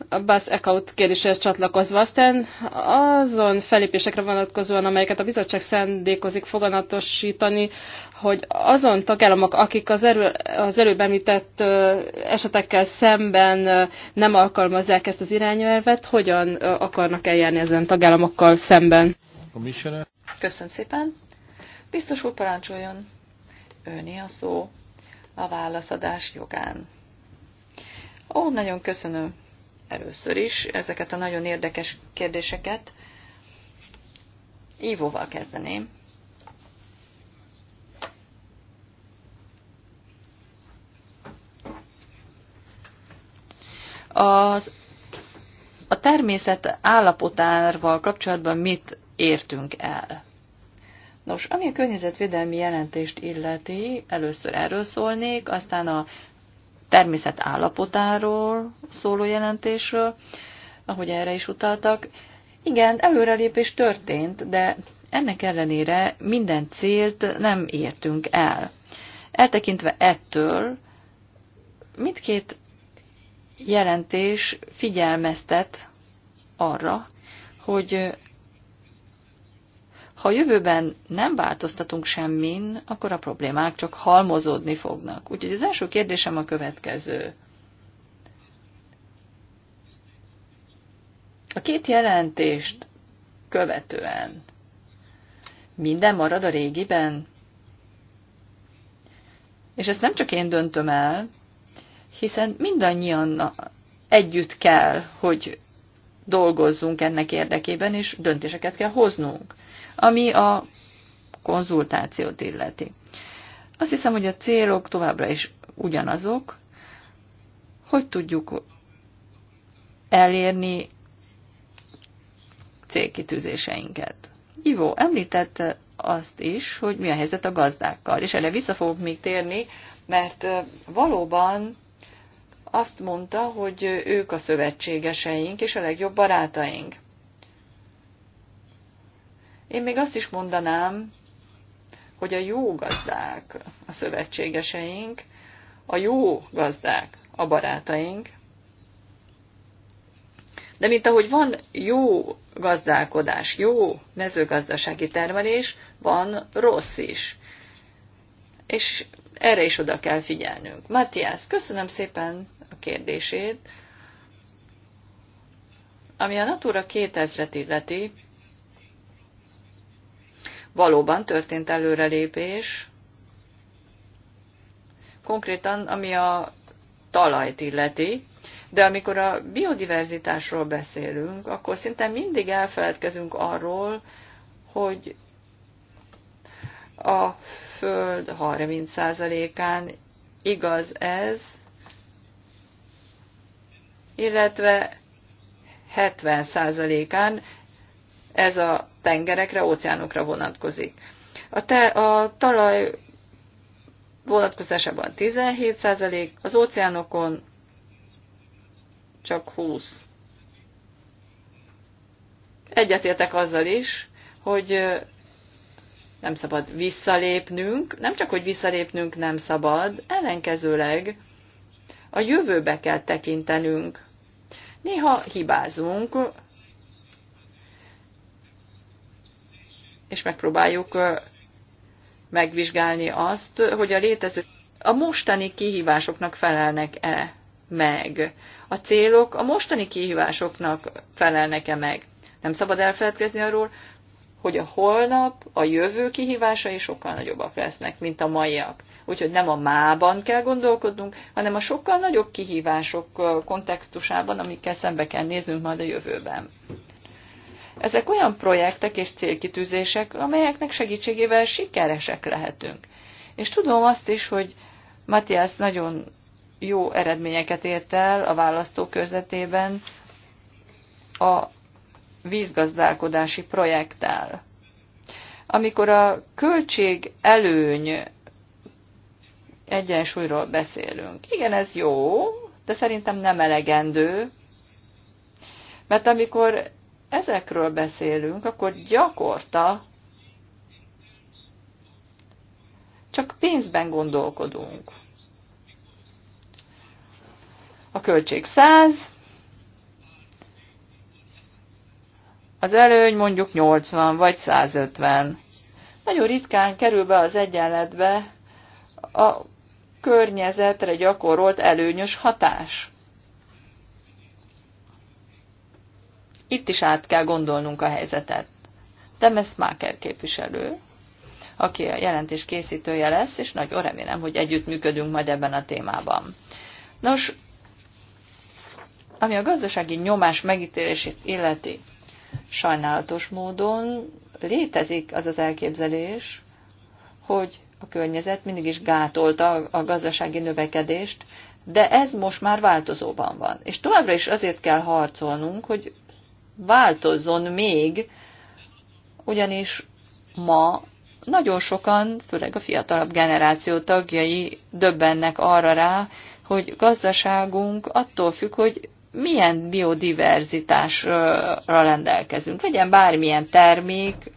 a Buzz Account kérdéséhez csatlakozva, aztán azon felépésekre vonatkozóan, amelyeket a bizottság szándékozik foganatosítani, hogy azon tagállamok, akik az, erő, az előbb említett esetekkel szemben nem alkalmazzák ezt az irányelvet, hogyan akarnak eljárni ezen tagállamokkal szemben? Köszönöm szépen. Biztos úr parancsoljon. Őni a szó a válaszadás jogán. Ó, nagyon köszönöm először is ezeket a nagyon érdekes kérdéseket. Ívóval kezdeném. A, a természet állapotával kapcsolatban mit értünk el? Nos, ami a környezetvédelmi jelentést illeti, először erről szólnék, aztán a természet állapotáról szóló jelentésről, ahogy erre is utaltak. Igen, előrelépés történt, de ennek ellenére minden célt nem értünk el. Eltekintve ettől, mindkét jelentés figyelmeztet arra, hogy ha a jövőben nem változtatunk semmin, akkor a problémák csak halmozódni fognak. Úgyhogy az első kérdésem a következő. A két jelentést követően minden marad a régiben? És ezt nem csak én döntöm el, hiszen mindannyian együtt kell, hogy dolgozzunk ennek érdekében, és döntéseket kell hoznunk ami a konzultációt illeti. Azt hiszem, hogy a célok továbbra is ugyanazok, hogy tudjuk elérni célkitűzéseinket. Ivo említette azt is, hogy mi a helyzet a gazdákkal, és erre vissza fogok még térni, mert valóban azt mondta, hogy ők a szövetségeseink és a legjobb barátaink. Én még azt is mondanám, hogy a jó gazdák, a szövetségeseink, a jó gazdák, a barátaink, de mint ahogy van jó gazdálkodás, jó mezőgazdasági termelés, van rossz is. És erre is oda kell figyelnünk. Matthias, köszönöm szépen a kérdését. Ami a Natura 2000-et illeti, valóban történt előrelépés, konkrétan ami a talajt illeti, de amikor a biodiverzitásról beszélünk, akkor szinte mindig elfeledkezünk arról, hogy a Föld 30%-án igaz ez, illetve 70%-án ez a tengerekre, óceánokra vonatkozik. A, te, a talaj vonatkozásában 17%, az óceánokon csak 20%. Egyetértek azzal is, hogy nem szabad visszalépnünk, nem csak, hogy visszalépnünk nem szabad, ellenkezőleg a jövőbe kell tekintenünk. Néha hibázunk, és megpróbáljuk megvizsgálni azt, hogy a létező a mostani kihívásoknak felelnek-e meg. A célok a mostani kihívásoknak felelnek-e meg. Nem szabad elfeledkezni arról, hogy a holnap, a jövő kihívásai sokkal nagyobbak lesznek, mint a maiak. Úgyhogy nem a mában kell gondolkodnunk, hanem a sokkal nagyobb kihívások kontextusában, amikkel szembe kell néznünk majd a jövőben. Ezek olyan projektek és célkitűzések, amelyeknek segítségével sikeresek lehetünk. És tudom azt is, hogy Matthias nagyon jó eredményeket ért el a választó a vízgazdálkodási projekttel. Amikor a költség előny egyensúlyról beszélünk. Igen, ez jó, de szerintem nem elegendő, mert amikor ezekről beszélünk, akkor gyakorta csak pénzben gondolkodunk. A költség 100, az előny mondjuk 80 vagy 150. Nagyon ritkán kerül be az egyenletbe a környezetre gyakorolt előnyös hatás. itt is át kell gondolnunk a helyzetet. Demes Máker képviselő, aki a jelentés készítője lesz, és nagyon remélem, hogy működünk majd ebben a témában. Nos, ami a gazdasági nyomás megítélését illeti, sajnálatos módon létezik az az elképzelés, hogy a környezet mindig is gátolta a gazdasági növekedést, de ez most már változóban van. És továbbra is azért kell harcolnunk, hogy változzon még, ugyanis ma nagyon sokan, főleg a fiatalabb generáció tagjai döbbennek arra rá, hogy gazdaságunk attól függ, hogy milyen biodiverzitásra rendelkezünk. Legyen bármilyen termék,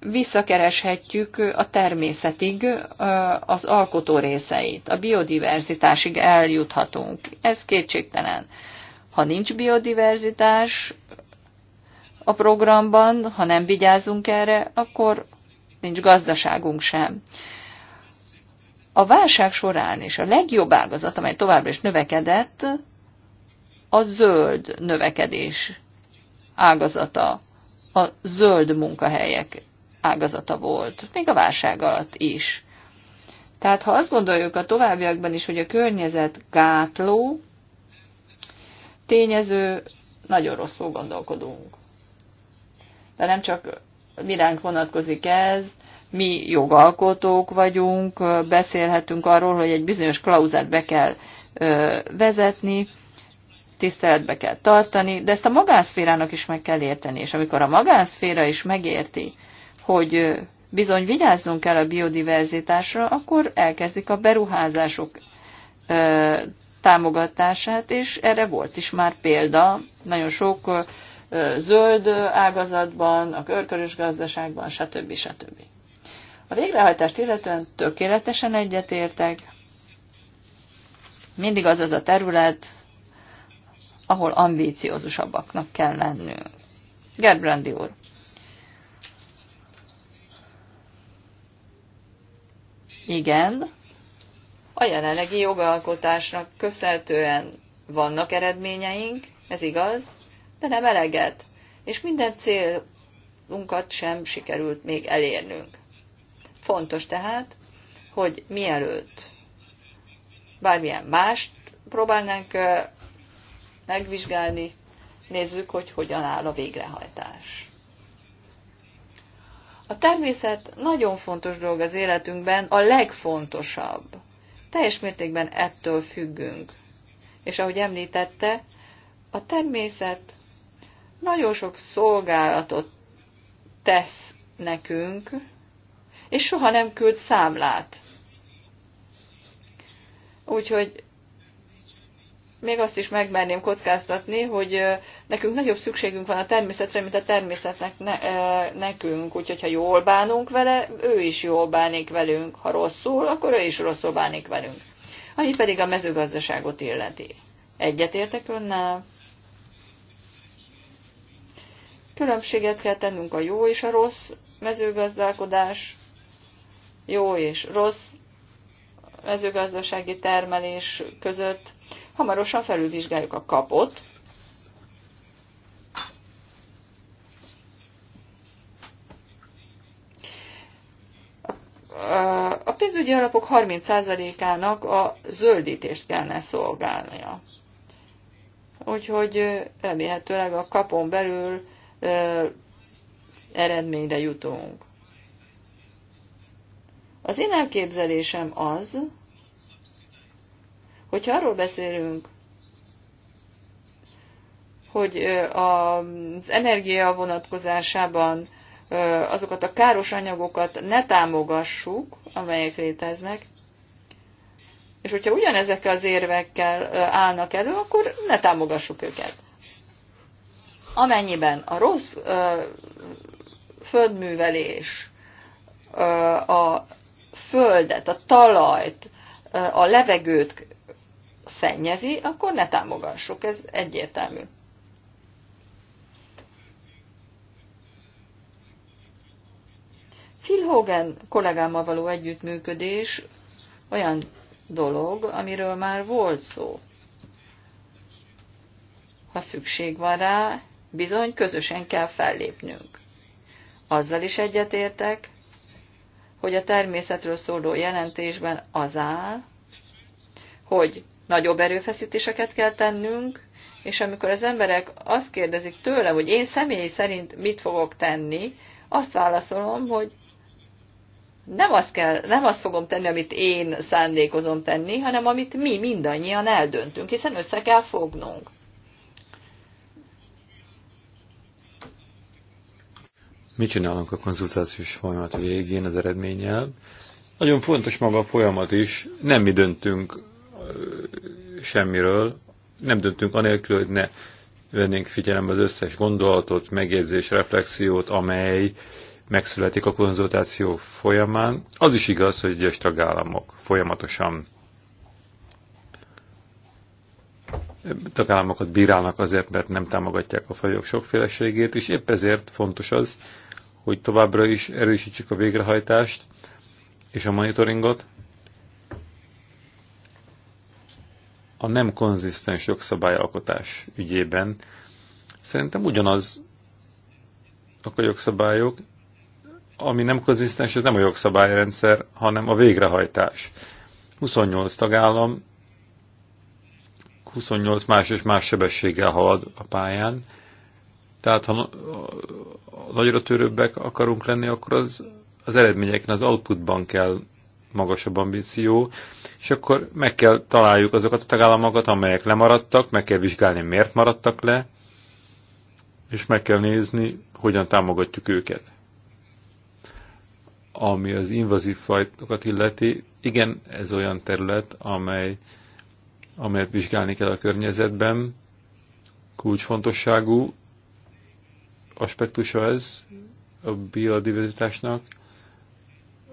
visszakereshetjük a természetig az alkotó részeit. A biodiverzitásig eljuthatunk. Ez kétségtelen. Ha nincs biodiverzitás a programban, ha nem vigyázunk erre, akkor nincs gazdaságunk sem. A válság során is a legjobb ágazat, amely továbbra is növekedett, a zöld növekedés ágazata, a zöld munkahelyek ágazata volt, még a válság alatt is. Tehát ha azt gondoljuk a továbbiakban is, hogy a környezet gátló, tényező, nagyon rosszul gondolkodunk. De nem csak miránk vonatkozik ez, mi jogalkotók vagyunk, beszélhetünk arról, hogy egy bizonyos klauzát be kell vezetni, tiszteletbe kell tartani, de ezt a magánszférának is meg kell érteni. És amikor a magánszféra is megérti, hogy bizony vigyáznunk kell a biodiverzitásra, akkor elkezdik a beruházások támogatását, és erre volt is már példa, nagyon sok zöld ágazatban, a körkörös gazdaságban, stb. stb. A végrehajtást illetően tökéletesen egyetértek. Mindig az az a terület, ahol ambíciózusabbaknak kell lennünk. Gerbrandi úr. Igen, a jelenlegi jogalkotásnak köszönhetően vannak eredményeink, ez igaz, de nem eleget, és minden célunkat sem sikerült még elérnünk. Fontos tehát, hogy mielőtt bármilyen mást próbálnánk megvizsgálni, nézzük, hogy hogyan áll a végrehajtás. A természet nagyon fontos dolog az életünkben, a legfontosabb teljes mértékben ettől függünk. És ahogy említette, a természet nagyon sok szolgálatot tesz nekünk, és soha nem küld számlát. Úgyhogy még azt is megmerném kockáztatni, hogy nekünk nagyobb szükségünk van a természetre, mint a természetnek ne, nekünk. Úgyhogy ha jól bánunk vele, ő is jól bánik velünk. Ha rosszul, akkor ő is rosszul bánik velünk. Ami pedig a mezőgazdaságot illeti. Egyetértek önnel? Különbséget kell tennünk a jó és a rossz mezőgazdálkodás, jó és rossz mezőgazdasági termelés között hamarosan felülvizsgáljuk a kapot, a pénzügyi alapok 30%-ának a zöldítést kellene szolgálnia. Úgyhogy remélhetőleg a kapon belül eredményre jutunk. Az én elképzelésem az, Hogyha arról beszélünk, hogy az energia vonatkozásában azokat a káros anyagokat ne támogassuk, amelyek léteznek, és hogyha ugyanezekkel az érvekkel állnak elő, akkor ne támogassuk őket. Amennyiben a rossz földművelés a földet, a talajt, a levegőt szennyezi, akkor ne támogassuk, ez egyértelmű. Phil Hogan kollégámmal való együttműködés olyan dolog, amiről már volt szó. Ha szükség van rá, bizony közösen kell fellépnünk. Azzal is egyetértek, hogy a természetről szóló jelentésben az áll, hogy Nagyobb erőfeszítéseket kell tennünk, és amikor az emberek azt kérdezik tőle, hogy én személy szerint mit fogok tenni, azt válaszolom, hogy nem azt, kell, nem azt fogom tenni, amit én szándékozom tenni, hanem amit mi mindannyian eldöntünk, hiszen össze kell fognunk. Mit csinálunk a konzultációs folyamat végén az eredménnyel? Nagyon fontos maga a folyamat is, nem mi döntünk semmiről, nem döntünk anélkül, hogy ne vennénk figyelembe az összes gondolatot, megjegyzés, reflexiót, amely megszületik a konzultáció folyamán. Az is igaz, hogy egyes tagállamok folyamatosan tagállamokat bírálnak azért, mert nem támogatják a fajok sokféleségét, és épp ezért fontos az, hogy továbbra is erősítsük a végrehajtást és a monitoringot, a nem konzisztens jogszabályalkotás ügyében. Szerintem ugyanaz a jogszabályok, ami nem konzisztens, ez nem a jogszabályrendszer, hanem a végrehajtás. 28 tagállam, 28 más és más sebességgel halad a pályán, tehát ha nagyra törőbbek akarunk lenni, akkor az, az eredményeken, az outputban kell magasabb ambíció, és akkor meg kell találjuk azokat a tagállamokat, amelyek lemaradtak, meg kell vizsgálni, miért maradtak le, és meg kell nézni, hogyan támogatjuk őket. Ami az invazív fajtokat illeti, igen, ez olyan terület, amely, amelyet vizsgálni kell a környezetben, kulcsfontosságú aspektusa ez a biodiverzitásnak,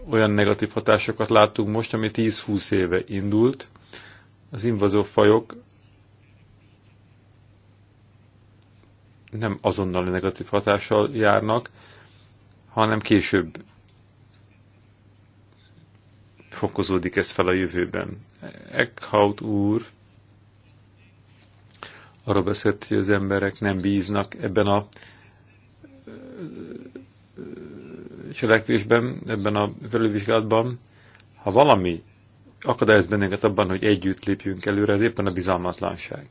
olyan negatív hatásokat láttunk most, ami 10-20 éve indult. Az invazó fajok nem azonnali negatív hatással járnak, hanem később fokozódik ez fel a jövőben. Eckhout úr arra beszélt, hogy az emberek nem bíznak ebben a cselekvésben, ebben a felülvizsgálatban, ha valami akadályoz bennünket abban, hogy együtt lépjünk előre, ez éppen a bizalmatlanság.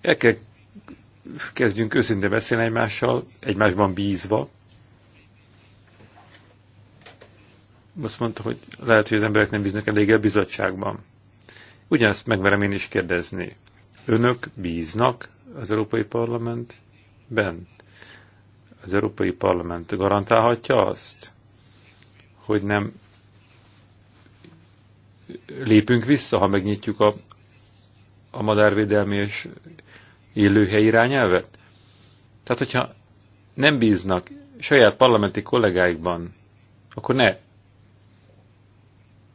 El kell kezdjünk őszinte beszélni egymással, egymásban bízva. Azt mondta, hogy lehet, hogy az emberek nem bíznak elég a bizottságban. Ugyanezt megverem én is kérdezni. Önök bíznak az Európai Parlamentben? az Európai Parlament garantálhatja azt, hogy nem lépünk vissza, ha megnyitjuk a, a madárvédelmi és élőhely irányelvet? Tehát, hogyha nem bíznak saját parlamenti kollégáikban, akkor ne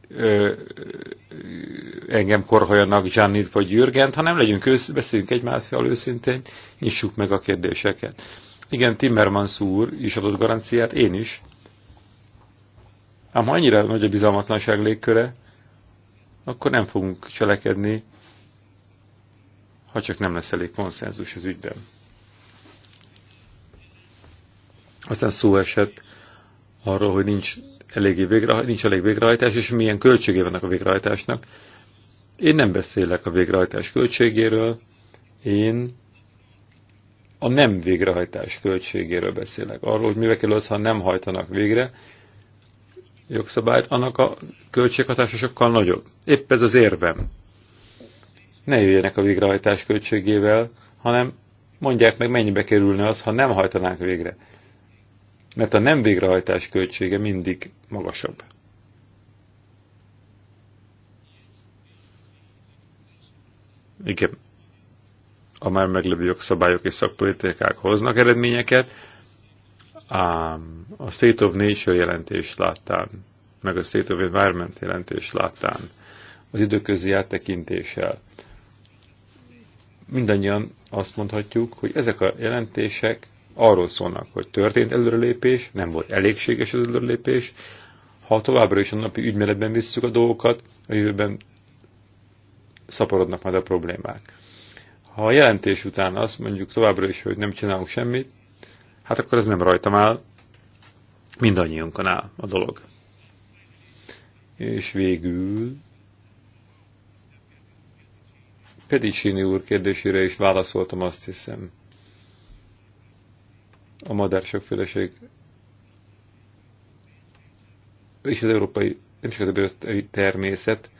ö, engem korholjanak Zsánit vagy Jürgent, hanem legyünk ősz, beszéljünk egymással őszintén, nyissuk meg a kérdéseket. Igen, Timmermans úr is adott garanciát, én is. Ám ha annyira nagy a bizalmatlanság légköre, akkor nem fogunk cselekedni, ha csak nem lesz elég konszenzus az ügyben. Aztán szó esett arról, hogy nincs, eléggé végre, nincs elég végrehajtás, és milyen költségé vannak a végrehajtásnak. Én nem beszélek a végrehajtás költségéről, én a nem végrehajtás költségéről beszélek. Arról, hogy mivel kell az, ha nem hajtanak végre jogszabályt, annak a költséghatása sokkal nagyobb. Épp ez az érvem. Ne jöjjenek a végrehajtás költségével, hanem mondják meg, mennyibe kerülne az, ha nem hajtanák végre. Mert a nem végrehajtás költsége mindig magasabb. Igen, a már meglevő jogszabályok és szakpolitikák hoznak eredményeket, a a State of Nation jelentés láttán, meg a State of Environment jelentés láttán, az időközi áttekintéssel, mindannyian azt mondhatjuk, hogy ezek a jelentések arról szólnak, hogy történt előrelépés, nem volt elégséges az előrelépés, ha továbbra is a napi ügymeletben visszük a dolgokat, a jövőben szaporodnak majd a problémák. Ha a jelentés után azt mondjuk továbbra is, hogy nem csinálunk semmit, hát akkor ez nem rajtam áll, mindannyiunkon áll a dolog. És végül Pedicini úr kérdésére is válaszoltam, azt hiszem. A sokféleség és az európai, nem csak a természet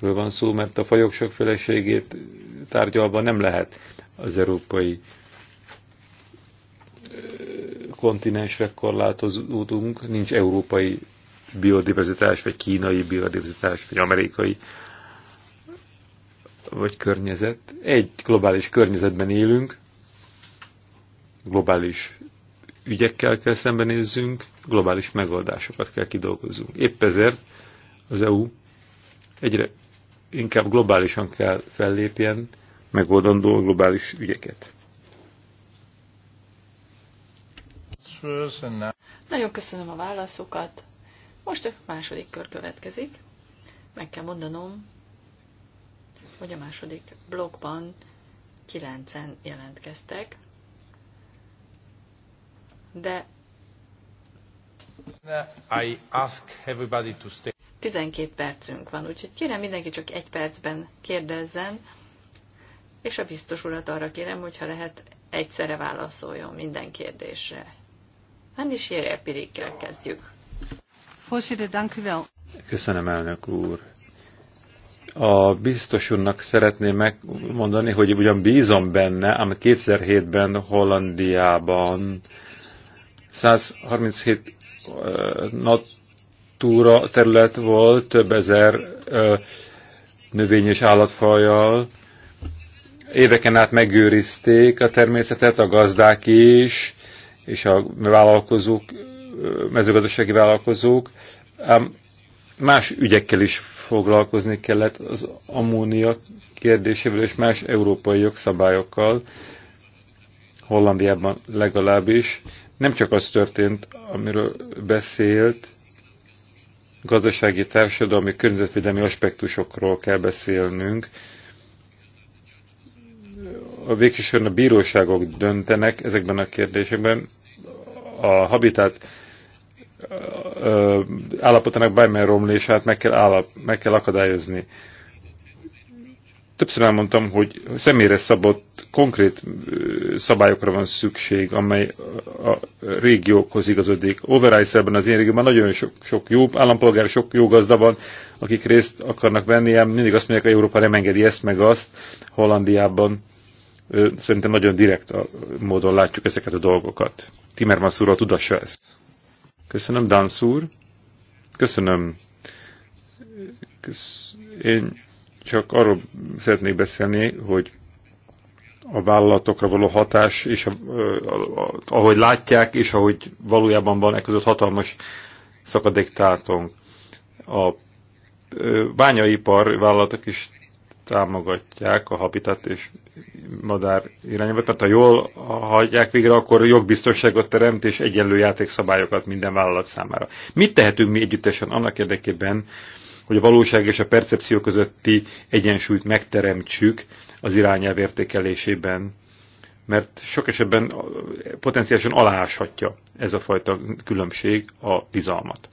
ről van szó, mert a fajok sokféleségét tárgyalva nem lehet az európai kontinensre korlátozódunk, nincs európai biodiverzitás, vagy kínai biodiverzitás, vagy amerikai, vagy környezet. Egy globális környezetben élünk, globális ügyekkel kell szembenézzünk, globális megoldásokat kell kidolgozzunk. Épp ezért az EU egyre inkább globálisan kell fellépjen, megoldandó globális ügyeket. Nagyon köszönöm a válaszokat. Most a második kör következik. Meg kell mondanom, hogy a második blogban kilencen jelentkeztek, de I ask everybody to stay. 12 percünk van, úgyhogy kérem mindenki csak egy percben kérdezzen, és a biztos urat arra kérem, hogyha lehet egyszerre válaszoljon minden kérdésre. Hát is Pirikkel kezdjük. Köszönöm, elnök úr. A biztos úrnak szeretném megmondani, hogy ugyan bízom benne, ám 2007-ben Hollandiában 137 uh, túra terület volt, több ezer növény és állatfajjal. Éveken át megőrizték a természetet, a gazdák is, és a vállalkozók, mezőgazdasági vállalkozók. Ám más ügyekkel is foglalkozni kellett az ammónia kérdésével és más európai jogszabályokkal, Hollandiában legalábbis. Nem csak az történt, amiről beszélt, gazdasági, társadalmi, környezetvédelmi aspektusokról kell beszélnünk. A végsősorban a bíróságok döntenek ezekben a kérdésekben. A habitat állapotának bármilyen romlását meg kell, állap, meg kell akadályozni. Többször elmondtam, hogy személyre szabott konkrét szabályokra van szükség, amely a régiókhoz igazodik. Overijszelben az én régióban nagyon sok, sok jó állampolgár, sok jó gazda van, akik részt akarnak venni, ám mindig azt mondják, hogy Európa nem engedi ezt meg azt. Hollandiában szerintem nagyon direkt a módon látjuk ezeket a dolgokat. Timmermans úrral tudassa ezt. Köszönöm, Dánsz úr. Köszönöm. Kösz... Én csak arról szeretnék beszélni, hogy a vállalatokra való hatás, és a, a, a, ahogy látják, és ahogy valójában van, e között hatalmas szakadék A bányaipar vállalatok is támogatják a habitat és madár irányába, tehát ha jól hagyják végre, akkor jogbiztonságot teremt és egyenlő játékszabályokat minden vállalat számára. Mit tehetünk mi együttesen annak érdekében, hogy a valóság és a percepció közötti egyensúlyt megteremtsük az irányelv értékelésében, mert sok esetben potenciálisan aláshatja ez a fajta különbség a bizalmat.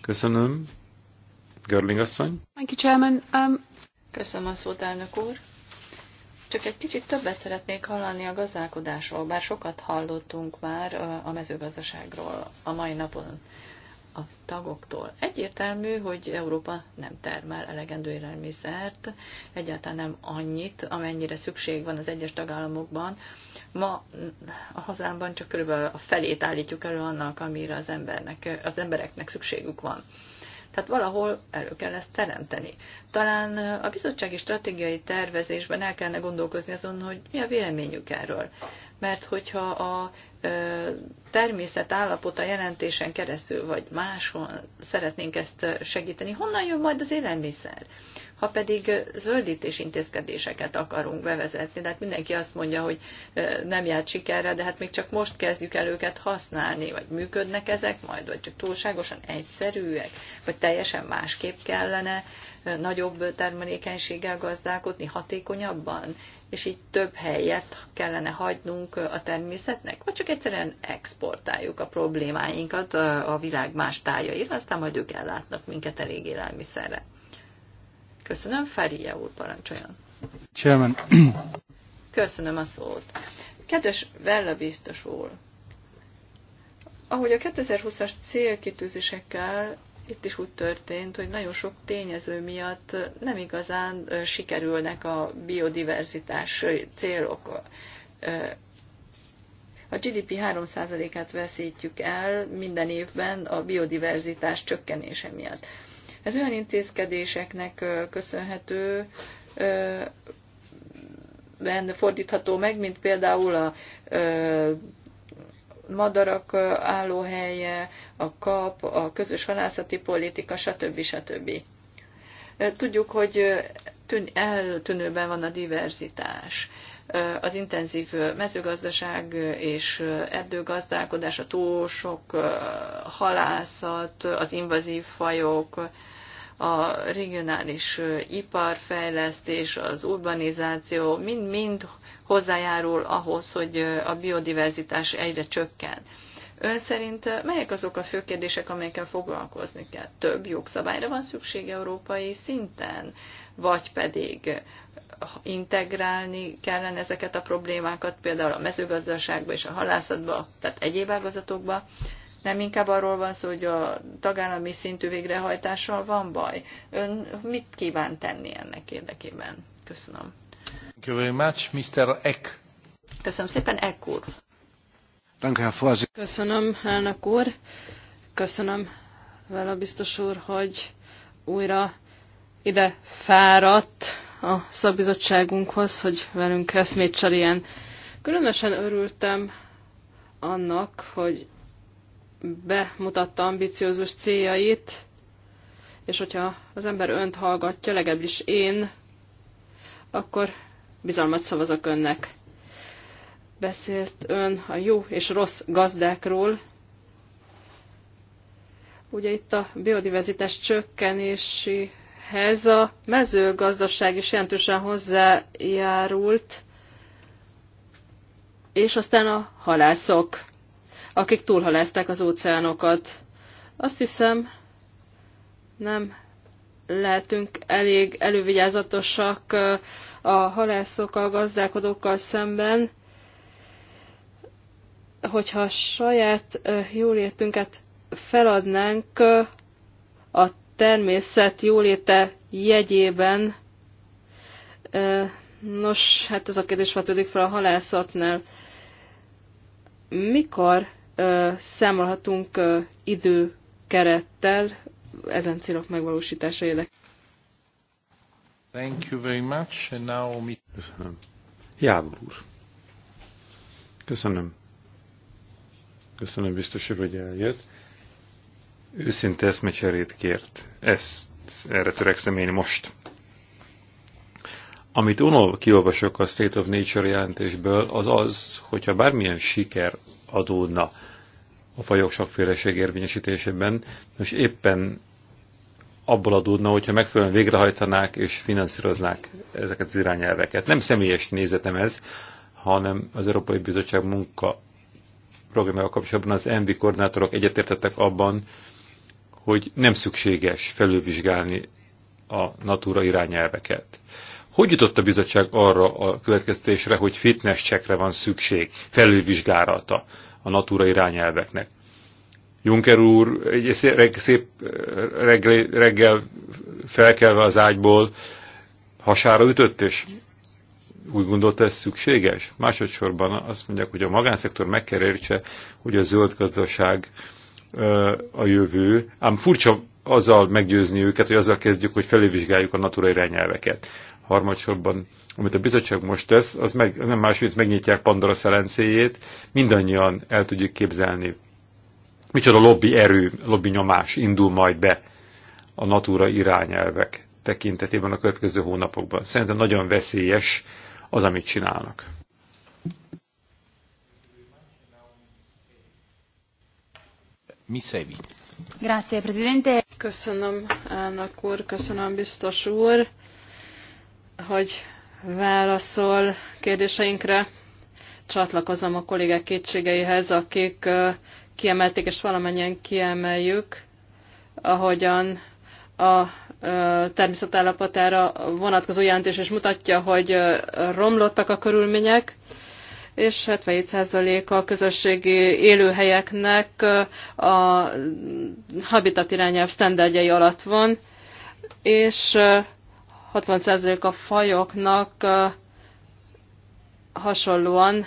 Köszönöm. Görling asszony. Thank you, Chairman. Um... Köszönöm a szót, elnök úr. Csak egy kicsit többet szeretnék hallani a gazdálkodásról, bár sokat hallottunk már a mezőgazdaságról a mai napon a tagoktól. Egyértelmű, hogy Európa nem termel elegendő élelmiszert, egyáltalán nem annyit, amennyire szükség van az egyes tagállamokban. Ma a hazámban csak körülbelül a felét állítjuk elő annak, amire az, embernek, az embereknek szükségük van. Tehát valahol elő kell ezt teremteni. Talán a bizottsági stratégiai tervezésben el kellene gondolkozni azon, hogy mi a véleményük erről mert hogyha a természet állapota jelentésen keresztül, vagy máshol szeretnénk ezt segíteni, honnan jön majd az élelmiszer? Ha pedig zöldítés intézkedéseket akarunk bevezetni, de hát mindenki azt mondja, hogy nem járt sikerre, de hát még csak most kezdjük el őket használni, vagy működnek ezek majd, vagy csak túlságosan egyszerűek, vagy teljesen másképp kellene nagyobb termelékenységgel gazdálkodni, hatékonyabban, és így több helyet kellene hagynunk a természetnek, vagy csak egyszerűen exportáljuk a problémáinkat a világ más tájaira, aztán majd ők ellátnak minket elég élelmiszerre. Köszönöm, Feria úr, parancsoljon. Chairman. Köszönöm a szót. Kedves Vella biztos úr, ahogy a 2020-as célkitűzésekkel itt is úgy történt, hogy nagyon sok tényező miatt nem igazán sikerülnek a biodiverzitás célok. A GDP 3%-át veszítjük el minden évben a biodiverzitás csökkenése miatt. Ez olyan intézkedéseknek köszönhető, ben fordítható meg, mint például a madarak állóhelye, a kap, a közös halászati politika, stb. stb. Tudjuk, hogy eltűnőben van a diverzitás. Az intenzív mezőgazdaság és erdőgazdálkodás, a túl sok halászat, az invazív fajok, a regionális iparfejlesztés, az urbanizáció mind-mind hozzájárul ahhoz, hogy a biodiverzitás egyre csökken. Ön szerint melyek azok a fő kérdések, amelyekkel foglalkozni kell? Több jogszabályra van szükség európai szinten, vagy pedig integrálni kellene ezeket a problémákat például a mezőgazdaságba és a halászatba, tehát egyéb ágazatokba? Nem inkább arról van szó, hogy a tagállami szintű végrehajtással van baj. Ön mit kíván tenni ennek érdekében? Köszönöm. Thank you very much, Mr. Eck. Köszönöm szépen, Eck úr. Köszönöm, elnök úr. Köszönöm vele biztos úr, hogy újra ide fáradt a szakbizottságunkhoz, hogy velünk eszmét cseréljen. Különösen örültem annak, hogy bemutatta ambiciózus céljait, és hogyha az ember önt hallgatja, legalábbis én, akkor bizalmat szavazok önnek. Beszélt ön a jó és rossz gazdákról. Ugye itt a biodiverzitás csökkenéséhez a mezőgazdaság is jelentősen hozzájárult, és aztán a halászok akik túlhalázták az óceánokat. Azt hiszem, nem lehetünk elég elővigyázatosak a halászokkal, gazdálkodókkal szemben, hogyha a saját jólétünket feladnánk a természet jóléte jegyében, nos, hát ez a kérdés vetődik fel a halászatnál. Mikor számolhatunk időkerettel ezen célok megvalósítása érdekében. Thank you very much, and now me... Köszönöm. Jávor úr. Köszönöm. Köszönöm biztos hogy eljött. Őszinte eszmecserét kért. Ezt erre törekszem én most. Amit unol kiolvasok a State of Nature jelentésből, az az, hogyha bármilyen siker adódna a fajok sokféleség érvényesítésében, Most éppen abból adódna, hogyha megfelelően végrehajtanák és finanszíroznák ezeket az irányelveket. Nem személyes nézetem ez, hanem az Európai Bizottság munka programjával kapcsolatban az MV koordinátorok egyetértettek abban, hogy nem szükséges felülvizsgálni a Natura irányelveket. Hogy jutott a bizottság arra a következtésre, hogy fitness csekre van szükség, felülvizsgálata a natura irányelveknek? Juncker úr egy szép reggel, reggel felkelve az ágyból hasára ütött, és úgy gondolta, ez szükséges? Másodszorban azt mondják, hogy a magánszektor meg kell értse, hogy a zöld gazdaság a jövő, ám furcsa azzal meggyőzni őket, hogy azzal kezdjük, hogy felülvizsgáljuk a natura irányelveket harmadsorban, amit a bizottság most tesz, az meg, nem más, mint megnyitják Pandora szelencéjét, mindannyian el tudjuk képzelni, micsoda lobby erő, lobby nyomás indul majd be a natura irányelvek tekintetében a következő hónapokban. Szerintem nagyon veszélyes az, amit csinálnak. Mi Grazie, Presidente. Köszönöm, elnök úr, köszönöm, biztos úr hogy válaszol kérdéseinkre. Csatlakozom a kollégák kétségeihez, akik kiemelték, és valamennyien kiemeljük, ahogyan a természetállapotára vonatkozó jelentés is mutatja, hogy romlottak a körülmények, és 77% a közösségi élőhelyeknek a habitat irányelv sztenderdjei alatt van, és 60% a fajoknak hasonlóan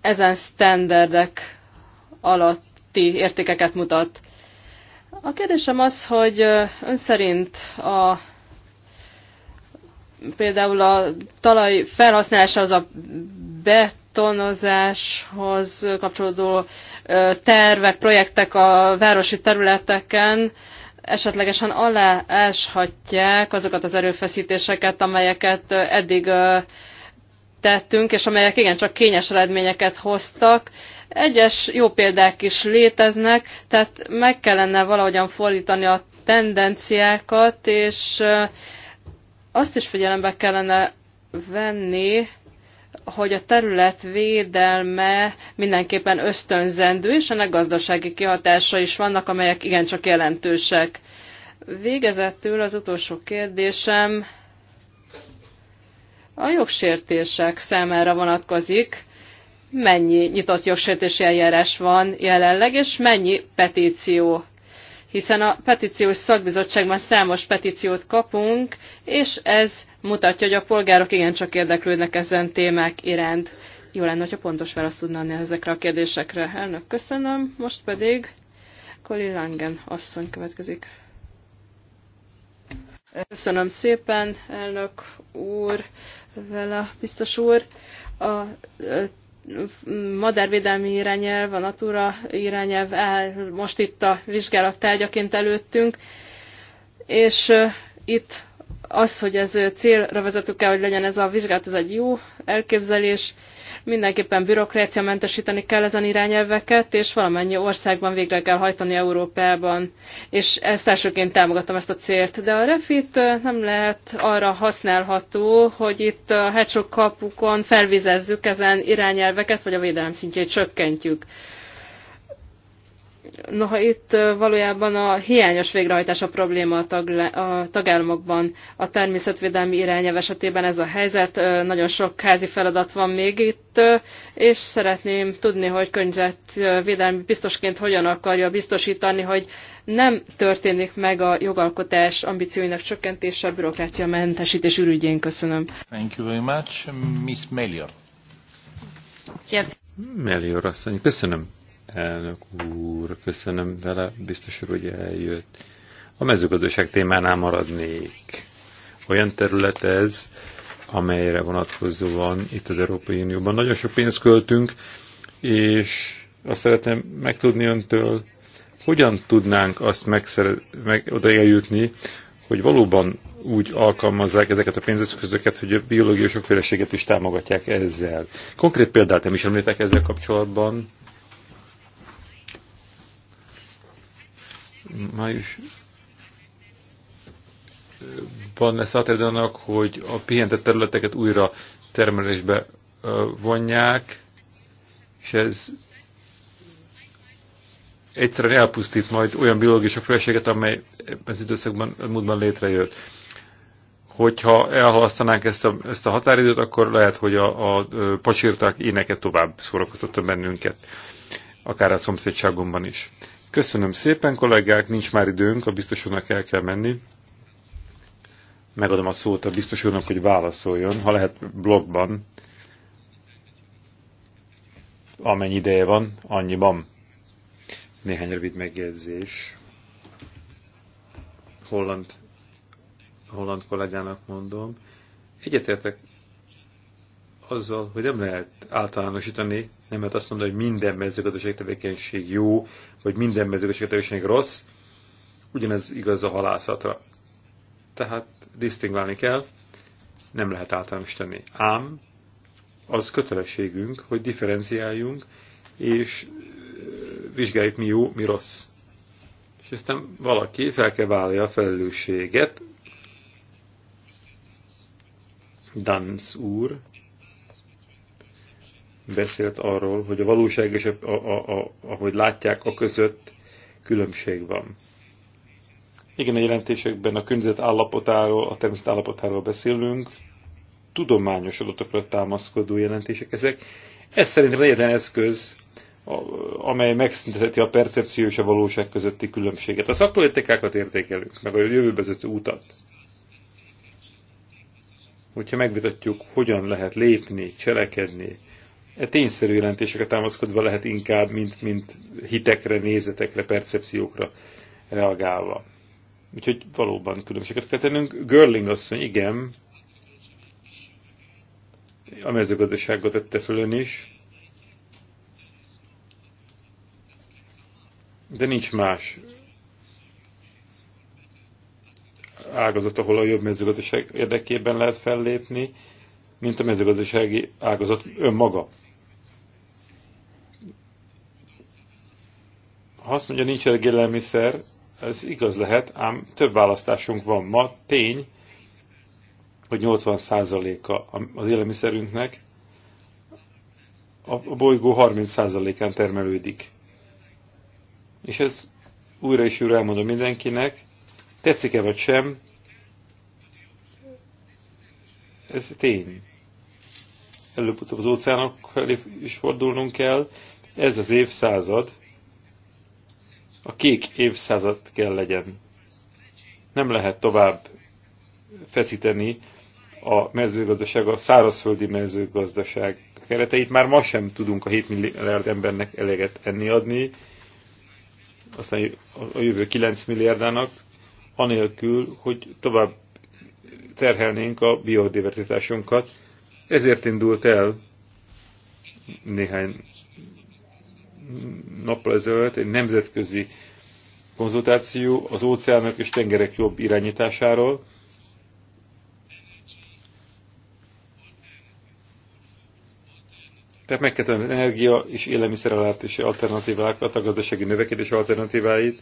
ezen standardek alatti értékeket mutat. A kérdésem az, hogy ön szerint a, például a talaj felhasználása az a betonozáshoz kapcsolódó tervek, projektek a városi területeken, esetlegesen alááshatják azokat az erőfeszítéseket, amelyeket eddig tettünk, és amelyek igencsak kényes eredményeket hoztak. Egyes jó példák is léteznek, tehát meg kellene valahogyan fordítani a tendenciákat, és azt is figyelembe kellene venni, hogy a terület védelme mindenképpen ösztönzendő, és ennek gazdasági kihatása is vannak, amelyek igencsak jelentősek. Végezetül az utolsó kérdésem a jogsértések számára vonatkozik. Mennyi nyitott jogsértési eljárás van jelenleg, és mennyi petíció? Hiszen a petíciós szakbizottságban számos petíciót kapunk, és ez mutatja, hogy a polgárok igencsak érdeklődnek ezen témák iránt. Jó lenne, hogyha pontos választ tudna adni ezekre a kérdésekre. Elnök, köszönöm. Most pedig Koli Langen asszony következik. Köszönöm szépen, elnök úr, vele biztos úr. A madárvédelmi irányelv, a Natura irányelv áll most itt a vizsgálat tárgyaként előttünk, és itt az, hogy ez célra vezető kell, hogy legyen ez a vizsgálat, ez egy jó elképzelés. Mindenképpen bürokrácia mentesíteni kell ezen irányelveket, és valamennyi országban végre kell hajtani Európában, és ezt elsőként támogatom ezt a célt. De a refit nem lehet arra használható, hogy itt a hedgehog kapukon felvizezzük ezen irányelveket, vagy a védelem szintjét csökkentjük. Noha itt valójában a hiányos végrehajtás a probléma a, tagle, a tagállamokban. A természetvédelmi irányelv esetében ez a helyzet, nagyon sok házi feladat van még itt, és szeretném tudni, hogy környezetvédelmi biztosként hogyan akarja biztosítani, hogy nem történik meg a jogalkotás ambícióinak csökkentése a bürokrácia mentesítés ürügyén. Köszönöm. Thank you very much. Miss Melior. Yep. Melior asszony, köszönöm elnök úr, köszönöm vele, biztos úr, hogy eljött. A mezőgazdaság témánál maradnék. Olyan terület ez, amelyre vonatkozóan itt az Európai Unióban nagyon sok pénzt költünk, és azt szeretném megtudni öntől, hogyan tudnánk azt meg oda eljutni, hogy valóban úgy alkalmazzák ezeket a pénzeszközöket, hogy a biológiai sokféleséget is támogatják ezzel. Konkrét példát nem is említek ezzel kapcsolatban, májusban lesz átérdenek, hogy a pihentett területeket újra termelésbe vonják, és ez egyszerűen elpusztít majd olyan biológiai sokféleséget, amely az időszakban, múltban létrejött. Hogyha elhalasztanánk ezt a, ezt a határidőt, akkor lehet, hogy a, a pacsirták éneket tovább szórakoztatta bennünket, akár a szomszédságunkban is. Köszönöm szépen, kollégák, nincs már időnk, a biztos úrnak el kell menni. Megadom a szót a biztos úrnak, hogy válaszoljon, ha lehet blogban. Amennyi ideje van, annyiban. Néhány rövid megjegyzés. Holland, holland kollégának mondom. Egyetértek azzal, hogy nem lehet általánosítani, nem lehet azt mondani, hogy minden mezőgazdaság tevékenység jó, hogy minden mezőgazdasági tevékenység rossz, ugyanez igaz a halászatra. Tehát disztingválni kell, nem lehet általános tenni. Ám az kötelességünk, hogy differenciáljunk, és vizsgáljuk, mi jó, mi rossz. És aztán valaki fel kell vállalja a felelősséget. Dance úr beszélt arról, hogy a valóság és a, a, a, ahogy látják, a között különbség van. Igen, a jelentésekben a környezet állapotáról, a természet állapotáról beszélünk, tudományos adatokra támaszkodó jelentések ezek. Ez szerintem egyetlen eszköz, amely megszünteti a percepció és a valóság közötti különbséget. A szakpolitikákat értékelünk, meg a jövőbezető utat. Hogyha megvitatjuk, hogyan lehet lépni, cselekedni, tényszerű jelentésekre támaszkodva lehet inkább, mint, mint hitekre, nézetekre, percepciókra reagálva. Úgyhogy valóban különbséget kell tennünk. Görling asszony, igen, a mezőgazdaságot tette föl ön is, de nincs más ágazat, ahol a jobb mezőgazdaság érdekében lehet fellépni, mint a mezőgazdasági ágazat önmaga. Ha azt mondja, nincs elég élelmiszer, ez igaz lehet, ám több választásunk van ma. Tény, hogy 80%-a az élelmiszerünknek a bolygó 30%-án termelődik. És ez újra és újra elmondom mindenkinek, tetszik-e vagy sem, ez tény. Előbb-utóbb az óceánok felé is fordulnunk kell, ez az évszázad, a kék évszázad kell legyen. Nem lehet tovább feszíteni a mezőgazdaság, a szárazföldi mezőgazdaság kereteit. Már ma sem tudunk a 7 milliárd embernek eleget enni adni, aztán a jövő 9 milliárdának, anélkül, hogy tovább terhelnénk a biodiversitásunkat. Ezért indult el néhány nappal ezelőtt egy nemzetközi konzultáció az óceánok és tengerek jobb irányításáról. Tehát meg kell energia és élelmiszerellátási alternatívákat, a gazdasági növekedés alternatíváit.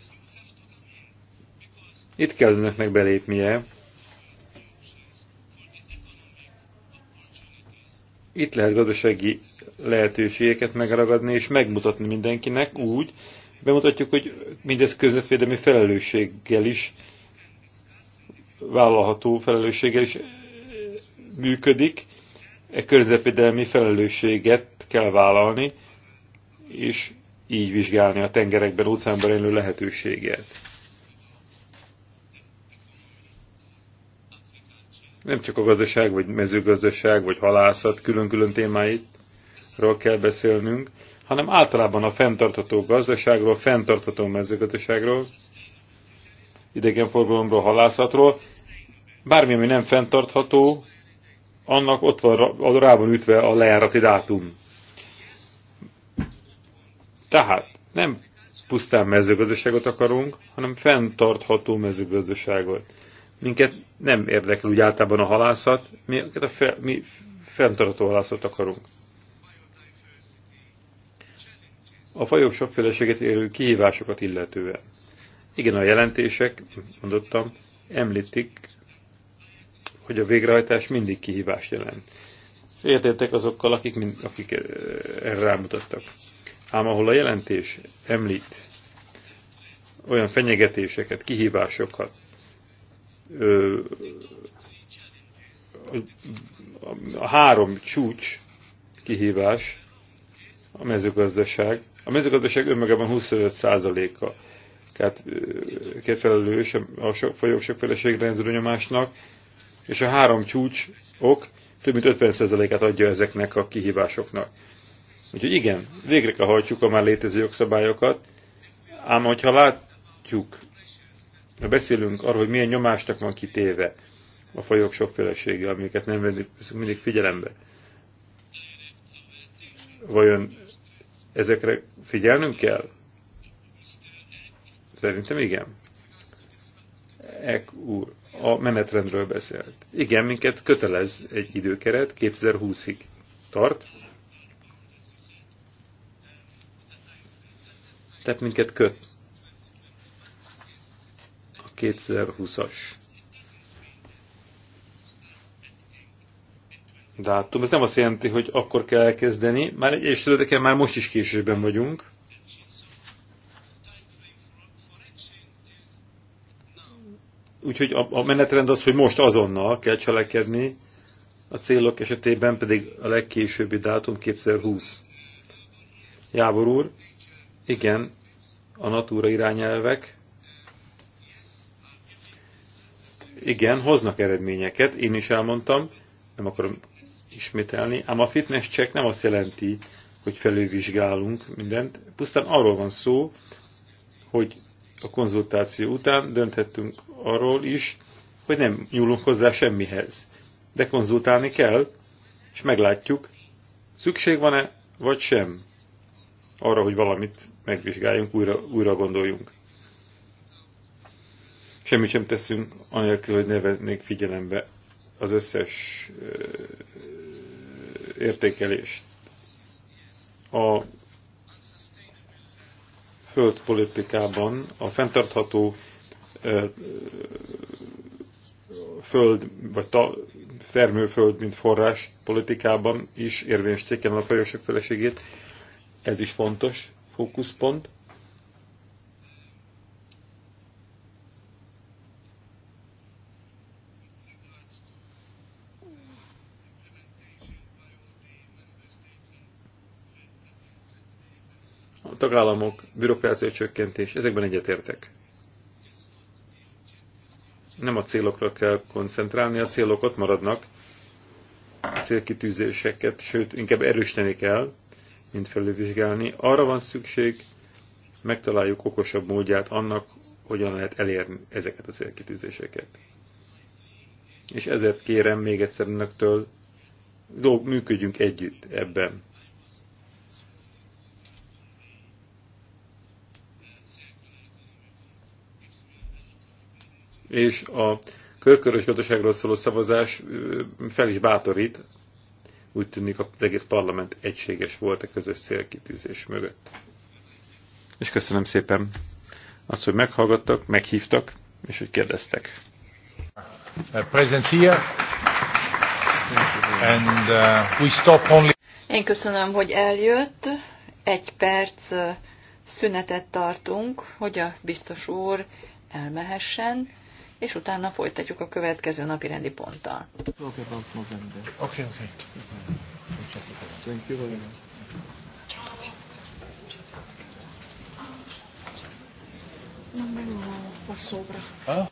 Itt kell önöknek belépnie, Itt lehet gazdasági lehetőségeket megragadni és megmutatni mindenkinek úgy, bemutatjuk, hogy mindez közvetvédelmi felelősséggel is, vállalható felelősséggel is eh, működik, e közvetvédelmi felelősséget kell vállalni, és így vizsgálni a tengerekben, óceánban élő lehetőséget. nem csak a gazdaság, vagy mezőgazdaság, vagy halászat külön-külön témáitról kell beszélnünk, hanem általában a fenntartható gazdaságról, fenntartható mezőgazdaságról, idegenforgalomról, halászatról. Bármi, ami nem fenntartható, annak ott van rá van ütve a lejárati dátum. Tehát nem pusztán mezőgazdaságot akarunk, hanem fenntartható mezőgazdaságot minket nem érdekel úgy általában a halászat, mi, a fe, mi fenntartó halászat akarunk. A fajok sokféleséget érő kihívásokat illetően. Igen, a jelentések, mondottam, említik, hogy a végrehajtás mindig kihívást jelent. Értétek azokkal, akik, akik eh, erre rámutattak. Ám ahol a jelentés említ olyan fenyegetéseket, kihívásokat, a három csúcs kihívás a mezőgazdaság. A mezőgazdaság önmagában 25%-a felelős a folyók sokféleségre rendszerű nyomásnak, és a három csúcs ok több mint 50%-át adja ezeknek a kihívásoknak. Úgyhogy igen, végre kell hajtsuk a már létező jogszabályokat, ám hogyha látjuk, beszélünk arról, hogy milyen nyomásnak van kitéve a fajok sokfélesége, amiket nem veszünk mindig figyelembe. Vajon ezekre figyelnünk kell? Szerintem igen. Ek úr, a menetrendről beszélt. Igen, minket kötelez egy időkeret, 2020-ig tart. Tehát minket köt 2020-as dátum. Ez nem azt jelenti, hogy akkor kell elkezdeni, már egyes területeken már most is későben vagyunk. Úgyhogy a, a menetrend az, hogy most azonnal kell cselekedni, a célok esetében pedig a legkésőbbi dátum 2020. Jábor úr, igen, a Natura irányelvek igen, hoznak eredményeket, én is elmondtam, nem akarom ismételni, ám a fitness check nem azt jelenti, hogy felülvizsgálunk mindent, pusztán arról van szó, hogy a konzultáció után dönthettünk arról is, hogy nem nyúlunk hozzá semmihez. De konzultálni kell, és meglátjuk, szükség van-e, vagy sem arra, hogy valamit megvizsgáljunk, újra, újra gondoljunk. Semmit sem teszünk, anélkül, hogy vennék figyelembe az összes értékelést. A földpolitikában a fenntartható föld, vagy ta, termőföld, mint forrás politikában is érvényes céken a fajosok feleségét. Ez is fontos fókuszpont. tagállamok, bürokrácia csökkentés, ezekben egyetértek. Nem a célokra kell koncentrálni, a célok maradnak, a célkitűzéseket, sőt, inkább erősíteni kell, mint felülvizsgálni. Arra van szükség, megtaláljuk okosabb módját annak, hogyan lehet elérni ezeket a célkitűzéseket. És ezért kérem még egyszer önöktől, működjünk együtt ebben. és a körkörös gazdaságról szóló szavazás fel is bátorít. Úgy tűnik, az egész parlament egységes volt a közös célkitűzés mögött. És köszönöm szépen azt, hogy meghallgattak, meghívtak, és hogy kérdeztek. And, uh, we stop only... Én köszönöm, hogy eljött. Egy perc uh, szünetet tartunk, hogy a biztos úr elmehessen és utána folytatjuk a következő napi rendi ponttal. Okay, okay. Thank you very much. Non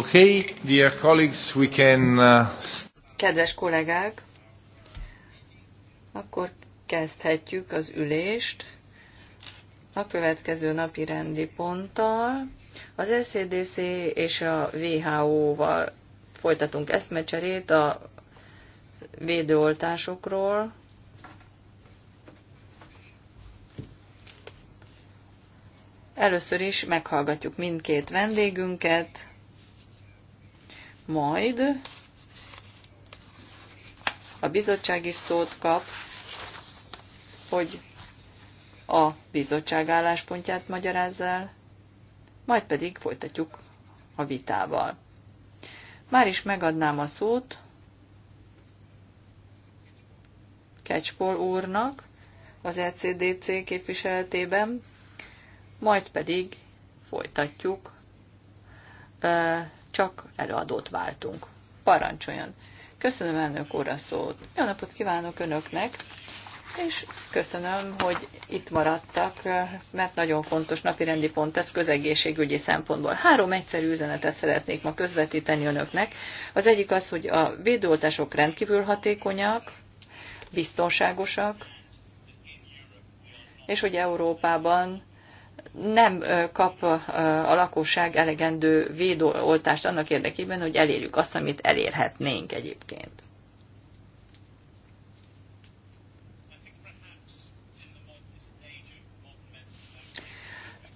Okay, dear colleagues, we can... Uh, Kedves kollégák, akkor kezdhetjük az ülést a következő napi rendi ponttal. Az SCDC és a WHO-val folytatunk eszmecserét a védőoltásokról, Először is meghallgatjuk mindkét vendégünket, majd a bizottság is szót kap, hogy a bizottság álláspontját magyarázz el, majd pedig folytatjuk a vitával. Már is megadnám a szót Kecspol úrnak az ECDC képviseletében, majd pedig folytatjuk csak előadót váltunk. Parancsoljon! Köszönöm elnök úr a szót. Jó napot kívánok önöknek, és köszönöm, hogy itt maradtak, mert nagyon fontos napirendi pont ez közegészségügyi szempontból. Három egyszerű üzenetet szeretnék ma közvetíteni önöknek. Az egyik az, hogy a védőoltások rendkívül hatékonyak, biztonságosak, és hogy Európában nem kap a lakosság elegendő védőoltást annak érdekében, hogy elérjük azt, amit elérhetnénk egyébként.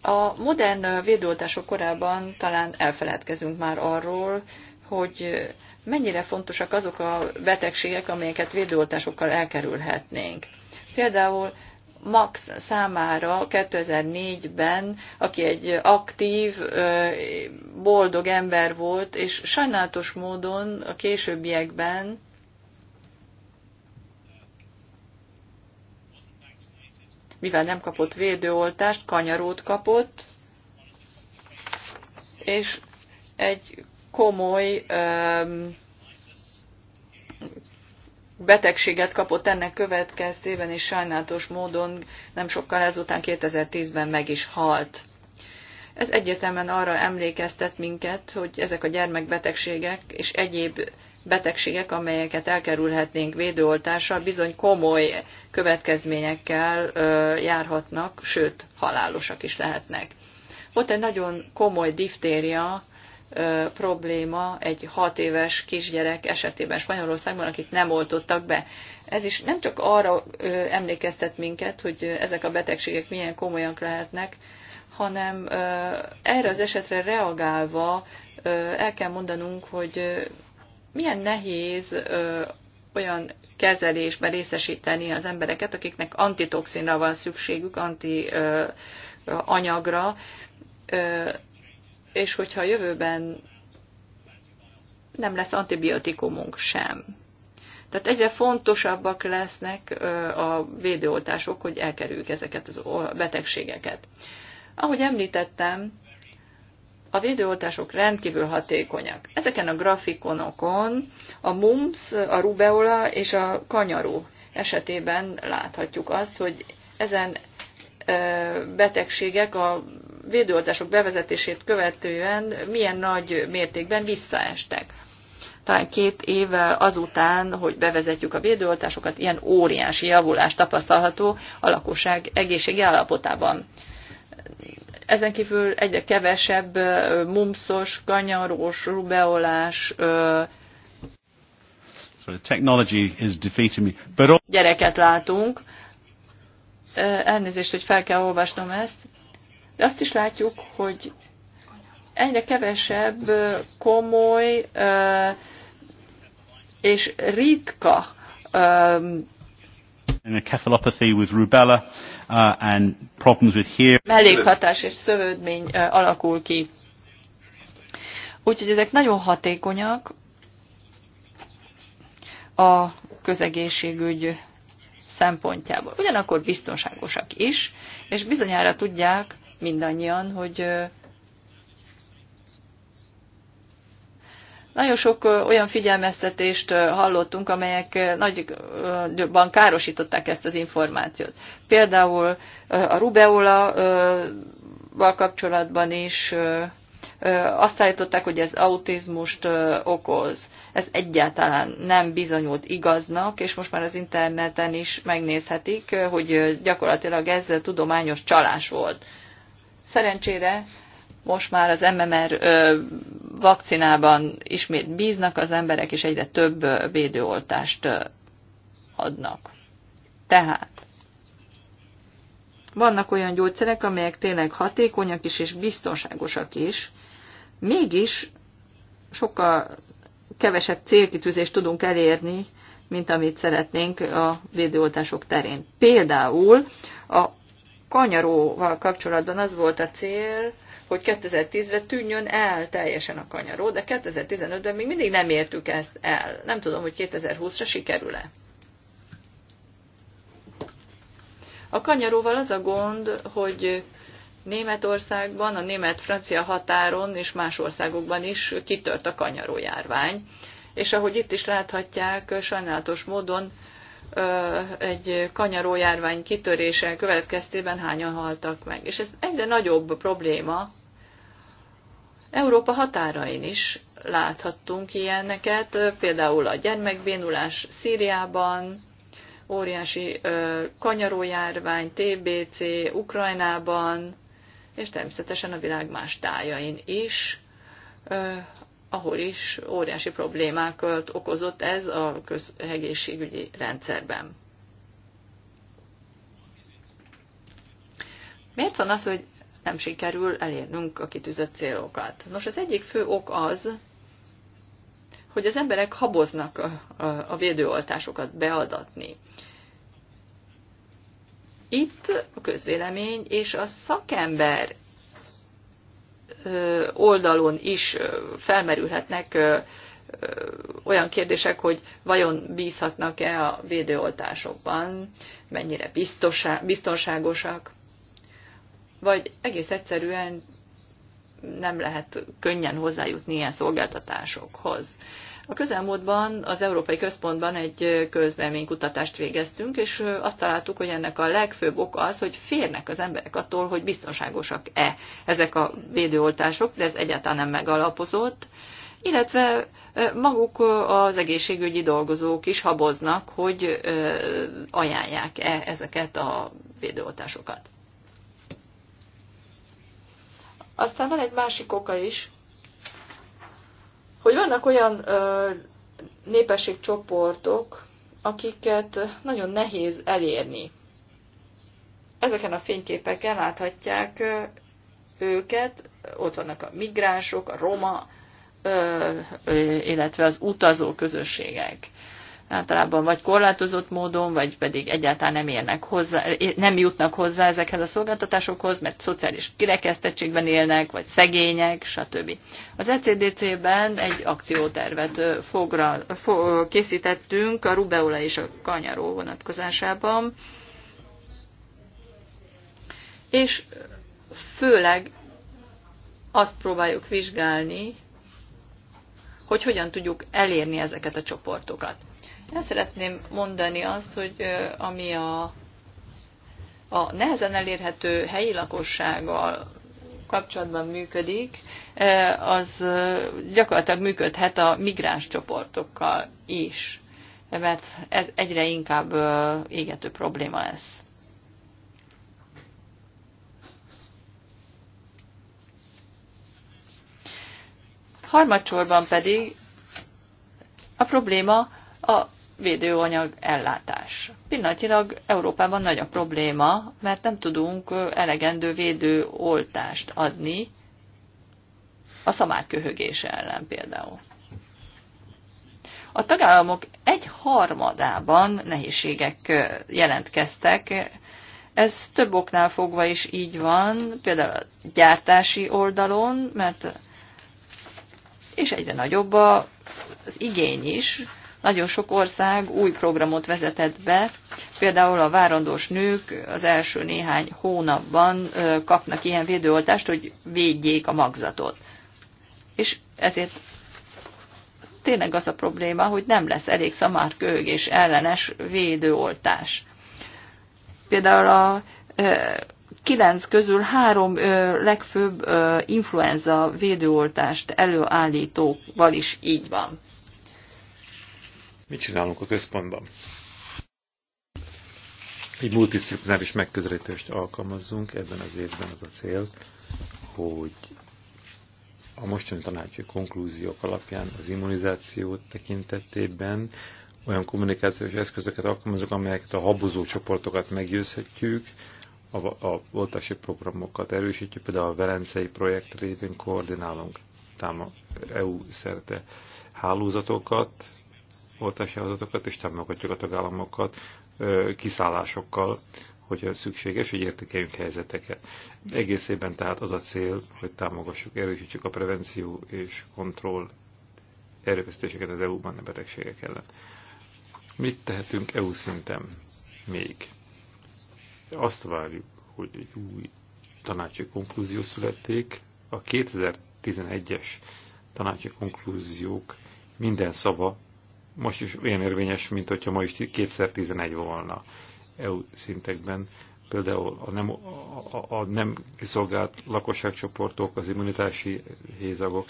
A modern védőoltások korában talán elfeledkezünk már arról, hogy mennyire fontosak azok a betegségek, amelyeket védőoltásokkal elkerülhetnénk. Például Max számára 2004-ben, aki egy aktív, boldog ember volt, és sajnálatos módon a későbbiekben mivel nem kapott védőoltást, kanyarót kapott, és egy komoly um, betegséget kapott ennek következtében, és sajnálatos módon nem sokkal ezután 2010-ben meg is halt. Ez egyetemen arra emlékeztet minket, hogy ezek a gyermekbetegségek és egyéb betegségek, amelyeket elkerülhetnénk védőoltással, bizony komoly következményekkel járhatnak, sőt, halálosak is lehetnek. Ott egy nagyon komoly diftéria, probléma egy hat éves kisgyerek esetében Spanyolországban, akit nem oltottak be. Ez is nem csak arra emlékeztet minket, hogy ezek a betegségek milyen komolyak lehetnek, hanem erre az esetre reagálva el kell mondanunk, hogy milyen nehéz olyan kezelésben részesíteni az embereket, akiknek antitoxinra van szükségük, anti anyagra, és hogyha a jövőben nem lesz antibiotikumunk sem. Tehát egyre fontosabbak lesznek a védőoltások, hogy elkerüljük ezeket a betegségeket. Ahogy említettem, a védőoltások rendkívül hatékonyak. Ezeken a grafikonokon a mumps, a rubeola és a kanyarú esetében láthatjuk azt, hogy ezen betegségek a védőoltások bevezetését követően milyen nagy mértékben visszaestek. Talán két évvel azután, hogy bevezetjük a védőoltásokat, ilyen óriási javulás tapasztalható a lakosság egészségi állapotában. Ezen kívül egyre kevesebb mumszos, kanyarós, rubeolás, technology is defeating me. But... gyereket látunk. Elnézést, hogy fel kell olvasnom ezt. De azt is látjuk, hogy egyre kevesebb komoly és ritka a cephalopathy with rubella uh, and problems with hearing. Mellékhatás és szövődmény uh, alakul ki. Úgyhogy ezek nagyon hatékonyak a közegészségügy szempontjából. Ugyanakkor biztonságosak is, és bizonyára tudják, mindannyian, hogy Nagyon sok olyan figyelmeztetést hallottunk, amelyek nagyban károsították ezt az információt. Például a rubeola kapcsolatban is azt állították, hogy ez autizmust okoz. Ez egyáltalán nem bizonyult igaznak, és most már az interneten is megnézhetik, hogy gyakorlatilag ez tudományos csalás volt. Szerencsére most már az MMR vakcinában ismét bíznak az emberek, és egyre több védőoltást adnak. Tehát vannak olyan gyógyszerek, amelyek tényleg hatékonyak is, és biztonságosak is, mégis sokkal kevesebb célkitűzést tudunk elérni, mint amit szeretnénk a védőoltások terén. Például a kanyaróval kapcsolatban az volt a cél, hogy 2010-re tűnjön el teljesen a kanyaró, de 2015-ben még mindig nem értük ezt el. Nem tudom, hogy 2020-ra sikerül-e. A kanyaróval az a gond, hogy Németországban, a német-francia határon és más országokban is kitört a kanyarójárvány. És ahogy itt is láthatják, sajnálatos módon egy kanyaró járvány kitörése következtében hányan haltak meg. És ez egyre nagyobb probléma. Európa határain is láthattunk ilyeneket, például a gyermekbénulás Szíriában, óriási kanyarójárvány, TBC Ukrajnában, és természetesen a világ más tájain is, ahol is óriási problémákat okozott ez a közegészségügyi rendszerben. Miért van az, hogy nem sikerül elérnünk a kitűzött célokat? Nos, az egyik fő ok az, hogy az emberek haboznak a védőoltásokat beadatni. Itt a közvélemény és a szakember oldalon is felmerülhetnek olyan kérdések, hogy vajon bízhatnak-e a védőoltásokban, mennyire biztonságosak, vagy egész egyszerűen nem lehet könnyen hozzájutni ilyen szolgáltatásokhoz. A közelmúltban az Európai Központban egy közbeménykutatást végeztünk, és azt találtuk, hogy ennek a legfőbb oka az, hogy férnek az emberek attól, hogy biztonságosak-e ezek a védőoltások, de ez egyáltalán nem megalapozott, illetve maguk az egészségügyi dolgozók is haboznak, hogy ajánlják-e ezeket a védőoltásokat. Aztán van egy másik oka is, hogy vannak olyan ö, népességcsoportok, akiket nagyon nehéz elérni. Ezeken a fényképeken láthatják őket, ott vannak a migránsok, a roma, illetve az utazó közösségek általában vagy korlátozott módon, vagy pedig egyáltalán nem, érnek hozzá, nem jutnak hozzá ezekhez a szolgáltatásokhoz, mert szociális kirekesztettségben élnek, vagy szegények, stb. Az ECDC-ben egy akciótervet fogra, fog, készítettünk a rubeola és a kanyaró vonatkozásában, és főleg azt próbáljuk vizsgálni, hogy hogyan tudjuk elérni ezeket a csoportokat. El szeretném mondani azt, hogy ami a, a nehezen elérhető helyi lakossággal kapcsolatban működik, az gyakorlatilag működhet a migráns csoportokkal is, mert ez egyre inkább égető probléma lesz. Harmadsorban pedig a probléma a védőanyag ellátás. Pillanatilag Európában nagy a probléma, mert nem tudunk elegendő védőoltást adni a szamárköhögése ellen például. A tagállamok egy harmadában nehézségek jelentkeztek, ez több oknál fogva is így van, például a gyártási oldalon, mert és egyre nagyobb az igény is, nagyon sok ország új programot vezetett be, például a várandós nők az első néhány hónapban kapnak ilyen védőoltást, hogy védjék a magzatot. És ezért tényleg az a probléma, hogy nem lesz elég és ellenes védőoltás. Például a kilenc közül három legfőbb influenza védőoltást előállítóval is így van mit csinálunk a központban. Egy multidisziplináris megközelítést alkalmazzunk, ebben az évben az a cél, hogy a mostani tanácsi konklúziók alapján az immunizáció tekintetében olyan kommunikációs eszközöket alkalmazunk, amelyeket a habozó csoportokat meggyőzhetjük, a, a oltási programokat erősítjük, például a Velencei projekt révén koordinálunk EU szerte hálózatokat, oltási adatokat, és támogatjuk a tagállamokat kiszállásokkal, hogyha szükséges, hogy értékeljünk helyzeteket. Egészében tehát az a cél, hogy támogassuk, erősítsük a prevenció és kontroll erőfeszítéseket az EU-ban a betegségek ellen. Mit tehetünk EU szinten még? Azt várjuk, hogy egy új tanácsi konklúzió születék A 2011-es tanácsi konklúziók minden szava most is olyan érvényes, mint hogyha ma is 2011 volna EU szintekben. Például a nem, a, a nem kiszolgált lakosságcsoportok, az immunitási hézagok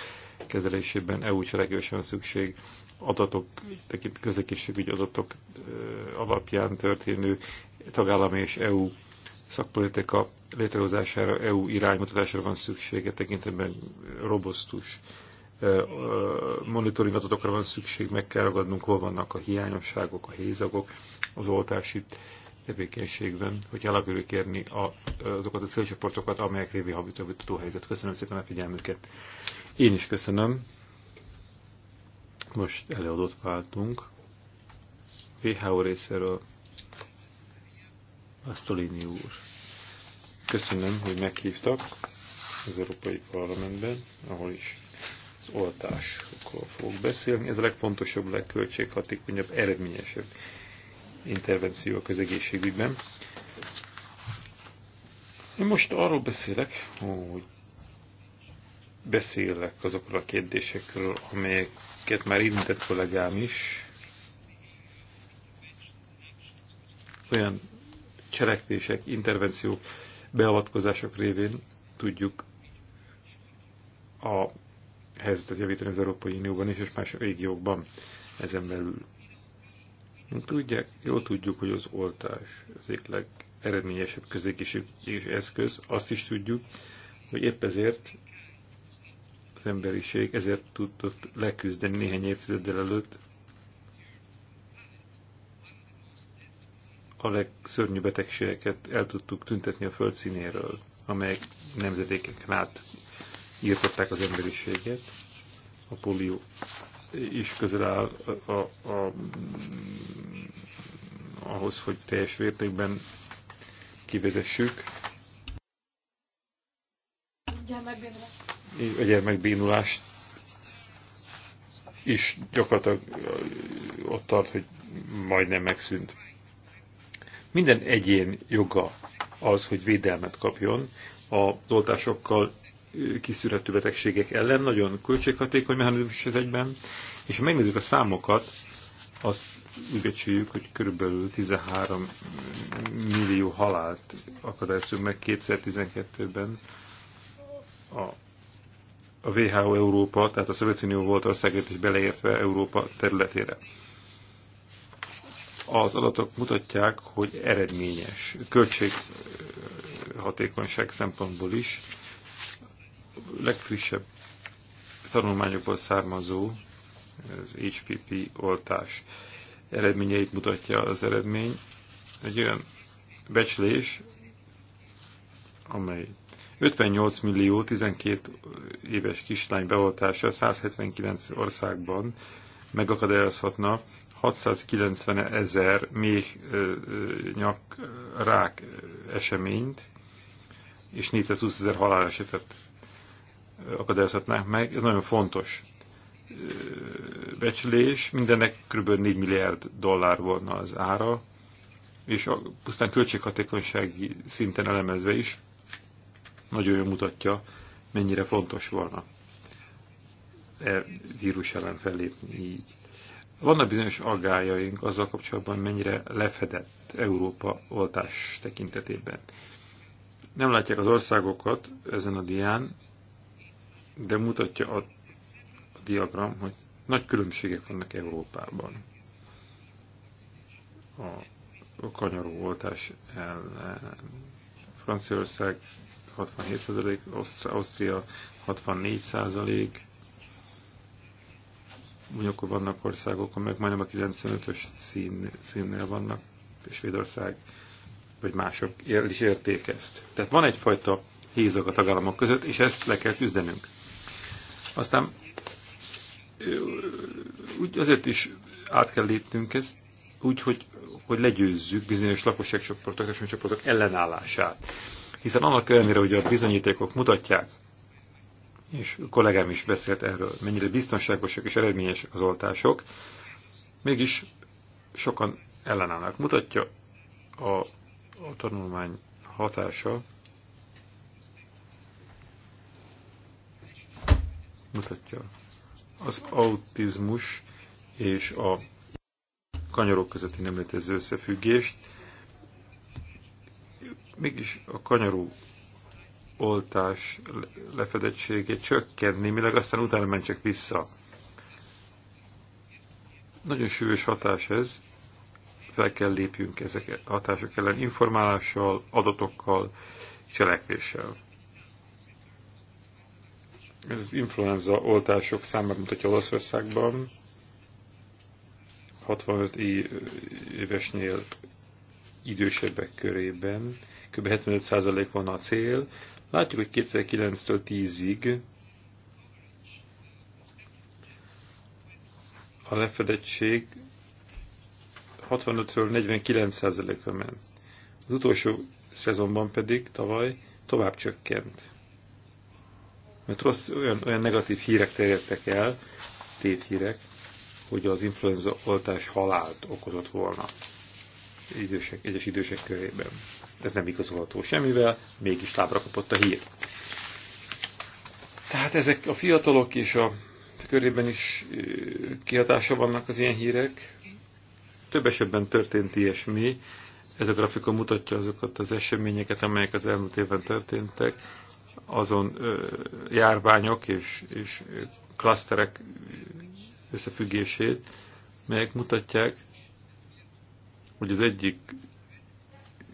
kezelésében EU cselekvésen szükség adatok, közlekészségügyi adatok alapján történő tagállami és EU szakpolitika létrehozására, EU iránymutatására van szüksége tekintetben robosztus monitoring adatokra van szükség, meg kell ragadnunk, hol vannak a hiányosságok, a hézagok az oltási tevékenységben, hogy el akarjuk érni azokat a célcsoportokat, amelyek révi habitabítató helyzet. Köszönöm szépen a figyelmüket. Én is köszönöm. Most előadót váltunk. WHO részéről Asztolini úr. Köszönöm, hogy meghívtak az Európai Parlamentben, ahol is az oltásokról fogok beszélni. Ez a legfontosabb, legköltséghatékonyabb, eredményesebb intervenció a közegészségügyben. Én most arról beszélek, hogy beszélek azokról a kérdésekről, amelyeket már érintett kollégám is. Olyan cselekvések, intervenciók, beavatkozások révén tudjuk a helyzetet javítani az Európai Unióban is, és más régiókban ezen belül. Tudják, jól tudjuk, hogy az oltás az egyik legeredményesebb közegészségügyi eszköz. Azt is tudjuk, hogy épp ezért az emberiség ezért tudott leküzdeni néhány évtizeddel előtt a legszörnyű betegségeket el tudtuk tüntetni a föld színéről, amelyek nemzetéken át írtották az emberiséget, a polió is közel áll a, a, a, ahhoz, hogy teljes vértékben kivezessük. A gyermekbénulás is gyakorlatilag ott tart, hogy majdnem megszűnt. Minden egyén joga az, hogy védelmet kapjon, a oltásokkal kiszűrhető betegségek ellen, nagyon költséghatékony mechanizmus ez egyben, és ha megnézzük a számokat, azt úgy becsüljük, hogy körülbelül 13 millió halált akadályozunk meg 2012-ben a, a WHO Európa, tehát a Szovjetunió volt országért is beleértve Európa területére. Az adatok mutatják, hogy eredményes, költséghatékonyság szempontból is, legfrissebb tanulmányokból származó az HPP oltás eredményeit mutatja az eredmény. Egy olyan becslés, amely 58 millió 12 éves kislány beoltása 179 országban megakadályozhatna 690 ezer méh nyak rák eseményt, és 420 ezer halálesetet akadályozhatnánk meg. Ez nagyon fontos becslés. Mindennek kb. 4 milliárd dollár volna az ára, és a, pusztán költséghatékonysági szinten elemezve is nagyon jól mutatja, mennyire fontos volna e vírus ellen fellépni így. Vannak bizonyos aggájaink azzal kapcsolatban, mennyire lefedett Európa oltás tekintetében. Nem látják az országokat ezen a dián, de mutatja a, a diagram, hogy nagy különbségek vannak Európában a kanyarú oltás ellen. Franciaország 67%, Ausztria, Ausztria 64%, ugyanakkor vannak országok, amelyek majdnem a 95-ös szín, színnél vannak, és Svédország vagy mások is érték ezt. Tehát van egyfajta hézag a tagállamok között, és ezt le kell küzdenünk. Aztán úgy azért is át kell lépnünk ezt, úgy, hogy, hogy legyőzzük bizonyos lakosságcsoportok, csoportok ellenállását. Hiszen annak ellenére, hogy a bizonyítékok mutatják, és a kollégám is beszélt erről, mennyire biztonságosak és eredményesek az oltások, mégis sokan ellenállnak. Mutatja a, a tanulmány hatása, mutatja az autizmus és a kanyarok közötti nem létező összefüggést. Mégis a kanyarú oltás lefedettségét csökkent némileg, aztán utána ment csak vissza. Nagyon sűrűs hatás ez, fel kell lépjünk ezek hatások ellen informálással, adatokkal, cselekvéssel. Az influenza oltások számát mutatja Olaszországban. 65 évesnél idősebbek körében. Kb. 75% van a cél. Látjuk, hogy 2009-től 10-ig a lefedettség 65-ről 49%-ra ment. Az utolsó szezonban pedig tavaly tovább csökkent mert rossz, olyan, olyan negatív hírek terjedtek el, tévhírek, hogy az influenza oltás halált okozott volna idősek, egyes idősek körében. Ez nem igazolható semmivel, mégis lábra kapott a hír. Tehát ezek a fiatalok és a körében is kihatása vannak az ilyen hírek. Több esetben történt ilyesmi. Ez a grafikon mutatja azokat az eseményeket, amelyek az elmúlt évben történtek azon járványok és, és klaszterek összefüggését, melyek mutatják, hogy az egyik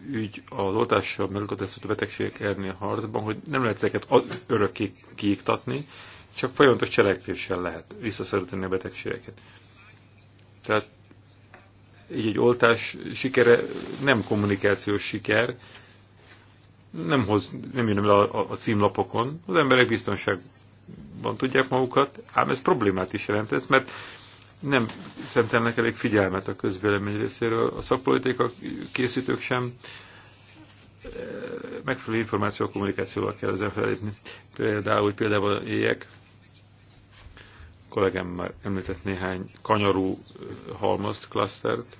ügy az oltással megakadályozott betegségek a harcban, hogy nem lehet ezeket az örökké kiiktatni, csak folyamatos cselekvéssel lehet visszaszorítani a betegségeket. Tehát így egy oltás sikere nem kommunikációs siker, nem, hoz, nem jön le a, a címlapokon. Az emberek biztonságban tudják magukat, ám ez problémát is jelent ez, mert nem szentelnek elég figyelmet a közvélemény részéről. A szakpolitika készítők sem e, megfelelő információ kommunikációval kell ezen felépni. Például, hogy például éjek, kollégám már említett néhány kanyarú e, halmazt, klasztert,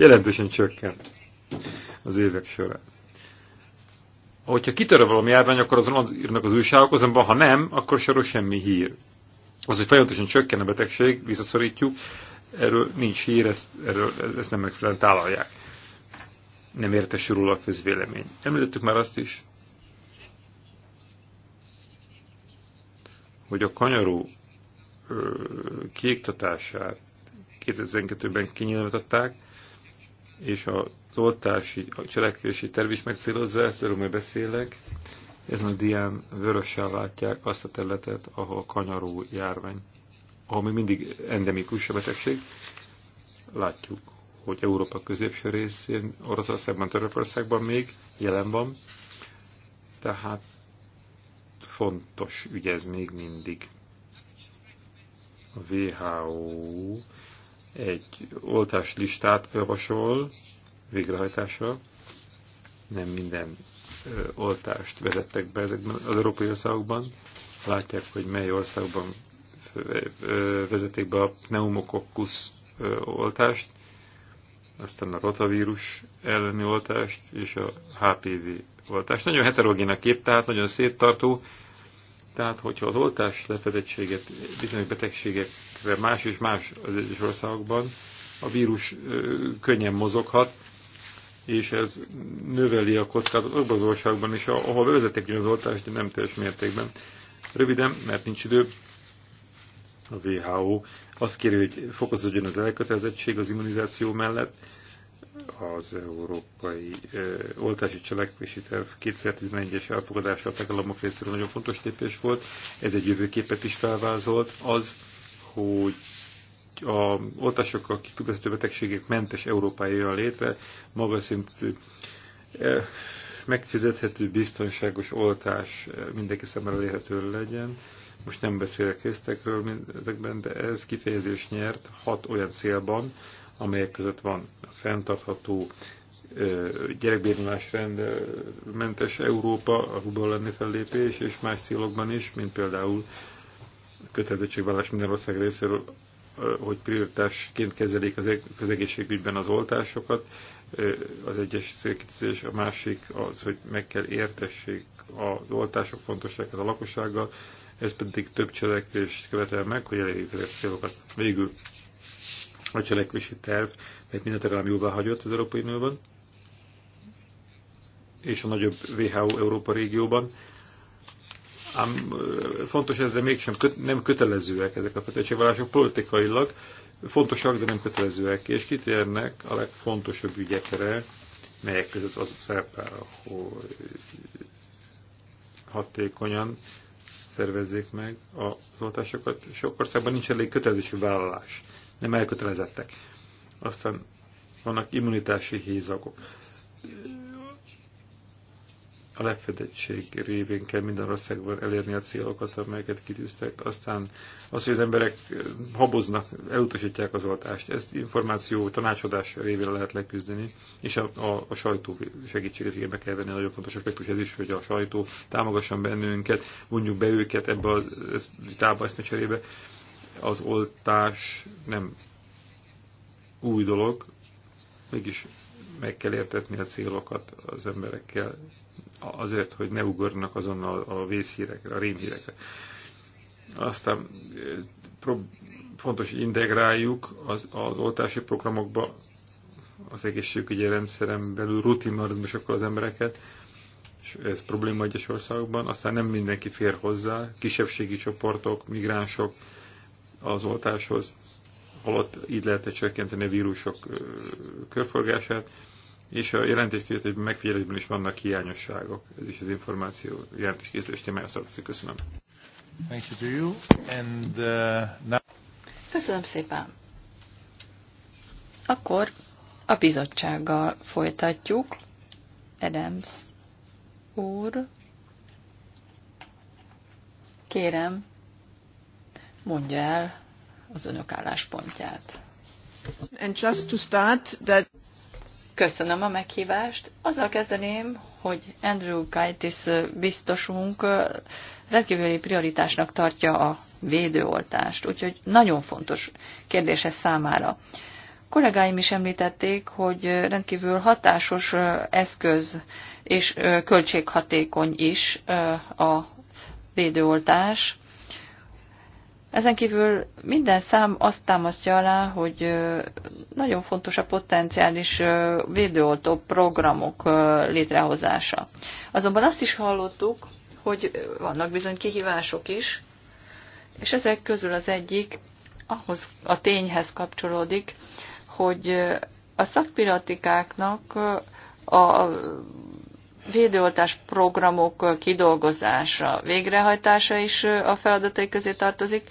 jelentősen csökkent az évek során. Hogyha kitör valami járvány, akkor azon az írnak az újságok, azonban ha nem, akkor soros semmi hír. Az, hogy folyamatosan csökken a betegség, visszaszorítjuk, erről nincs hír, ezt, erről, ezt nem megfelelően tálalják. Nem értesül róla a közvélemény. Említettük már azt is, hogy a kanyarú kiiktatását 2012-ben kinyilvánították, és a oltási, a cselekvési terv is megcélozza, ezt erről majd beszélek. Ezen a dián vörössel látják azt a területet, ahol a kanyarú járvány, ahol még mindig endemikus a betegség. Látjuk, hogy Európa középső részén, Oroszországban, Törökországban még jelen van, tehát fontos ügy ez még mindig. A WHO egy oltás listát javasol végrehajtásra. Nem minden ö, oltást vezettek be ezekben az európai országokban. Látják, hogy mely országban vezeték be a pneumokokkusz oltást, aztán a rotavírus elleni oltást és a HPV oltást. Nagyon heterogén a kép, tehát nagyon széttartó, tehát, hogyha az oltás lefedettséget bizonyos betegségekre más és más az egyes országokban, a vírus könnyen mozoghat, és ez növeli a kockázatot azokban az országban is, ahol bevezették az oltást, de nem teljes mértékben. Röviden, mert nincs idő, a WHO azt kéri, hogy fokozódjon az elkötelezettség az immunizáció mellett, az európai oltási cselekvési terv 2011-es elfogadása a tagállamok részéről nagyon fontos lépés volt. Ez egy jövőképet is felvázolt. Az, hogy a akik kikübözhető betegségek mentes Európai jön létre, maga szintű megfizethető, biztonságos oltás mindenki számára elérhető legyen most nem beszélek résztekről ezekben, de ez kifejezés nyert hat olyan célban, amelyek között van a fenntartható gyerekbérnulás mentes Európa, a ruban lenni fellépés, és más célokban is, mint például kötelezettségvállás minden ország részéről, hogy prioritásként kezelik az közegészségügyben az oltásokat. Az egyes célkítés, a másik az, hogy meg kell értessék az oltások fontosságát a lakossággal, ez pedig több cselekvést követel meg, hogy elérjük ezeket a célokat. Végül a cselekvési terv, mert minden tagállam jóvá hagyott az Európai Unióban, és a nagyobb WHO Európa régióban, ám fontos de mégsem köt, nem kötelezőek ezek a kötelezettségvállások politikailag, fontosak, de nem kötelezőek, és kitérnek a legfontosabb ügyekre, melyek között az szerepel, hogy hatékonyan szervezzék meg az oltásokat. Sok országban nincs elég kötelezési vállalás, nem elkötelezettek. Aztán vannak immunitási hézagok. A lefedettség révén kell minden országban elérni a célokat, amelyeket kitűztek. Aztán az, hogy az emberek eh, haboznak, elutasítják az oltást, ezt információ, tanácsadás révén lehet leküzdeni, és a, a, a sajtó segítséget igénybe kell venni. Nagyon fontos aspektus ez is, hogy a sajtó támogasson bennünket, vonjuk be őket ebbe a vitába, ezt cserébe. Az oltás nem új dolog, mégis meg kell értetni a célokat az emberekkel, azért, hogy ne ugorjanak azonnal a vészhírekre, a rémhírekre. Aztán eh, fontos, hogy integráljuk az, az oltási programokba az egészségügyi rendszeren belül rutinmaradmusokkal az embereket, és ez probléma egyes országokban, aztán nem mindenki fér hozzá, kisebbségi csoportok, migránsok az oltáshoz, holott így lehet csökkenteni a vírusok eh, körforgását, és a jelentéskészítés megfigyelésben is vannak hiányosságok. Ez is az információ jelentéskészítés témája szakaszik. Köszönöm. Thank you to you. And, uh, now... Köszönöm szépen. Akkor a bizottsággal folytatjuk. Adams úr, kérem, mondja el az önök álláspontját. And just to start that... Köszönöm a meghívást. Azzal kezdeném, hogy Andrew Kaitis biztosunk rendkívüli prioritásnak tartja a védőoltást, úgyhogy nagyon fontos kérdése számára. Kollégáim is említették, hogy rendkívül hatásos eszköz és költséghatékony is a védőoltás, ezen kívül minden szám azt támasztja alá, hogy nagyon fontos a potenciális védőoltó programok létrehozása. Azonban azt is hallottuk, hogy vannak bizony kihívások is, és ezek közül az egyik ahhoz a tényhez kapcsolódik, hogy a szakpiratikáknak a védőoltás programok kidolgozása, végrehajtása is a feladatai közé tartozik,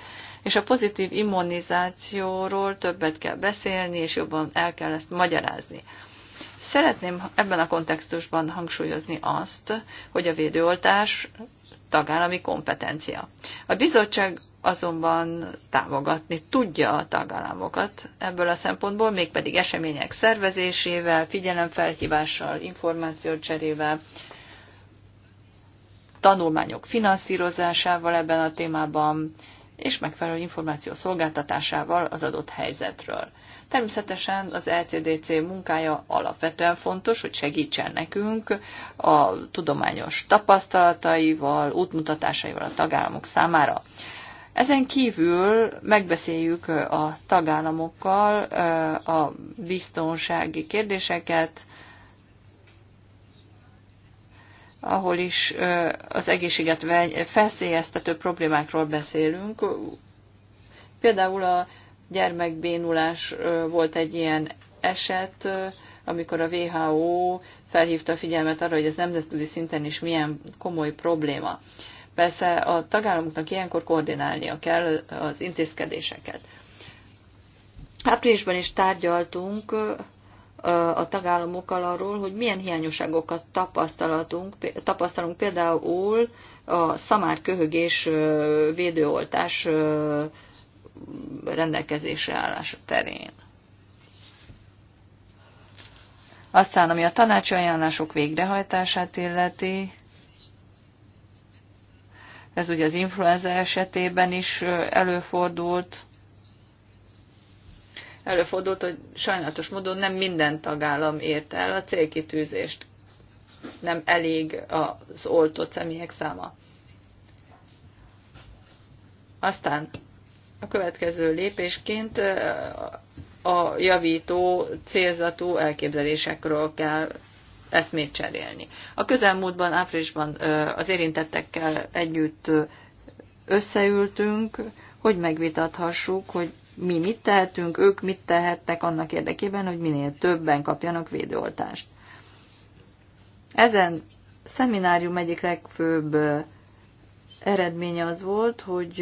és a pozitív immunizációról többet kell beszélni, és jobban el kell ezt magyarázni. Szeretném ebben a kontextusban hangsúlyozni azt, hogy a védőoltás tagállami kompetencia. A bizottság azonban támogatni tudja a tagállamokat ebből a szempontból, mégpedig események szervezésével, figyelemfelhívással, információcserével, tanulmányok finanszírozásával ebben a témában, és megfelelő információ szolgáltatásával az adott helyzetről. Természetesen az LCDC e munkája alapvetően fontos, hogy segítsen nekünk a tudományos tapasztalataival, útmutatásaival a tagállamok számára. Ezen kívül megbeszéljük a tagállamokkal a biztonsági kérdéseket, ahol is az egészséget feszélyeztető problémákról beszélünk. Például a gyermekbénulás volt egy ilyen eset, amikor a WHO felhívta a figyelmet arra, hogy ez nemzetközi szinten is milyen komoly probléma. Persze a tagállamoknak ilyenkor koordinálnia kell az intézkedéseket. Áprilisban is tárgyaltunk a tagállamokkal arról, hogy milyen hiányosságokat tapasztalatunk, tapasztalunk például a szamárköhögés védőoltás rendelkezésre állása terén. Aztán, ami a tanácsi ajánlások végrehajtását illeti, ez ugye az influenza esetében is előfordult. Előfordult, hogy sajnálatos módon nem minden tagállam ért el a célkitűzést. Nem elég az oltott személyek száma. Aztán a következő lépésként a javító célzatú elképzelésekről kell eszmét cserélni. A közelmúltban, áprilisban az érintettekkel együtt összeültünk, hogy megvitathassuk, hogy mi mit tehetünk, ők mit tehettek annak érdekében, hogy minél többen kapjanak védőoltást. Ezen szeminárium egyik legfőbb eredménye az volt, hogy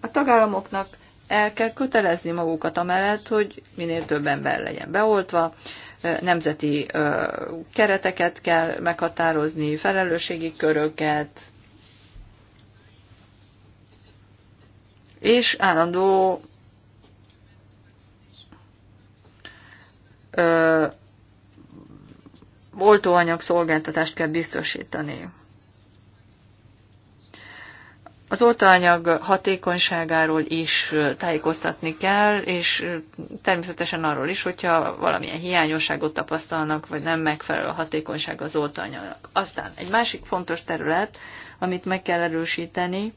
a tagállamoknak el kell kötelezni magukat amellett, hogy minél több ember legyen beoltva, nemzeti kereteket kell meghatározni, felelősségi köröket, és állandó ö, oltóanyag szolgáltatást kell biztosítani. Az oltóanyag hatékonyságáról is tájékoztatni kell, és természetesen arról is, hogyha valamilyen hiányosságot tapasztalnak, vagy nem megfelelő a hatékonyság az oltóanyagnak. Aztán egy másik fontos terület, amit meg kell erősíteni,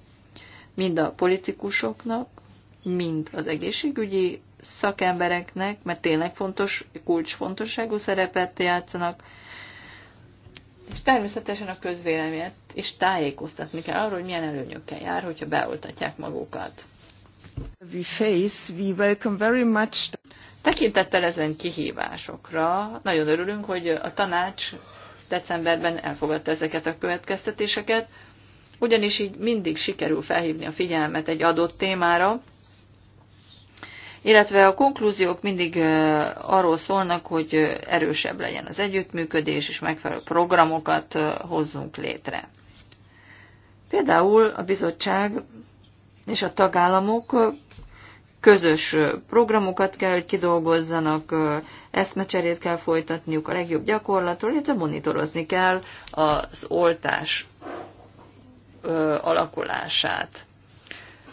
mind a politikusoknak, mind az egészségügyi szakembereknek, mert tényleg fontos, kulcsfontosságú szerepet játszanak, és természetesen a közvéleményt is tájékoztatni kell arról, hogy milyen előnyökkel jár, hogyha beoltatják magukat. We face, we welcome very much... Tekintettel ezen kihívásokra, nagyon örülünk, hogy a tanács decemberben elfogadta ezeket a következtetéseket, ugyanis így mindig sikerül felhívni a figyelmet egy adott témára, illetve a konklúziók mindig arról szólnak, hogy erősebb legyen az együttműködés, és megfelelő programokat hozzunk létre. Például a bizottság és a tagállamok közös programokat kell, hogy kidolgozzanak, eszmecserét kell folytatniuk a legjobb gyakorlatról, illetve monitorozni kell az oltás alakulását.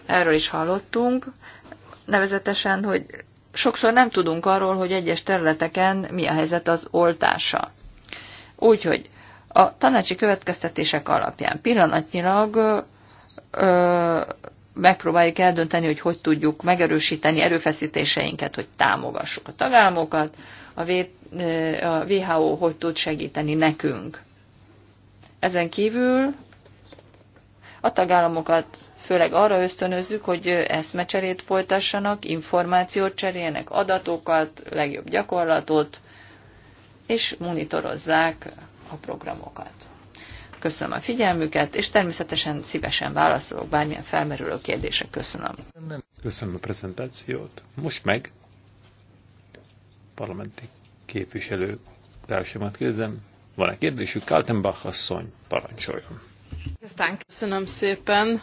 Erről is hallottunk nevezetesen, hogy sokszor nem tudunk arról, hogy egyes területeken mi a helyzet az oltása. Úgyhogy a tanácsi következtetések alapján pillanatnyilag ö, megpróbáljuk eldönteni, hogy hogy tudjuk megerősíteni erőfeszítéseinket, hogy támogassuk a tagállamokat, a, v, a WHO hogy tud segíteni nekünk. Ezen kívül a tagállamokat főleg arra ösztönözzük, hogy eszmecserét folytassanak, információt cseréljenek, adatokat, legjobb gyakorlatot, és monitorozzák a programokat. Köszönöm a figyelmüket, és természetesen szívesen válaszolok bármilyen felmerülő kérdésre. Köszönöm. Köszönöm a prezentációt. Most meg parlamenti képviselő társamat kérdezem, van-e kérdésük? Kaltenbach asszony, parancsoljon. Köszönöm szépen.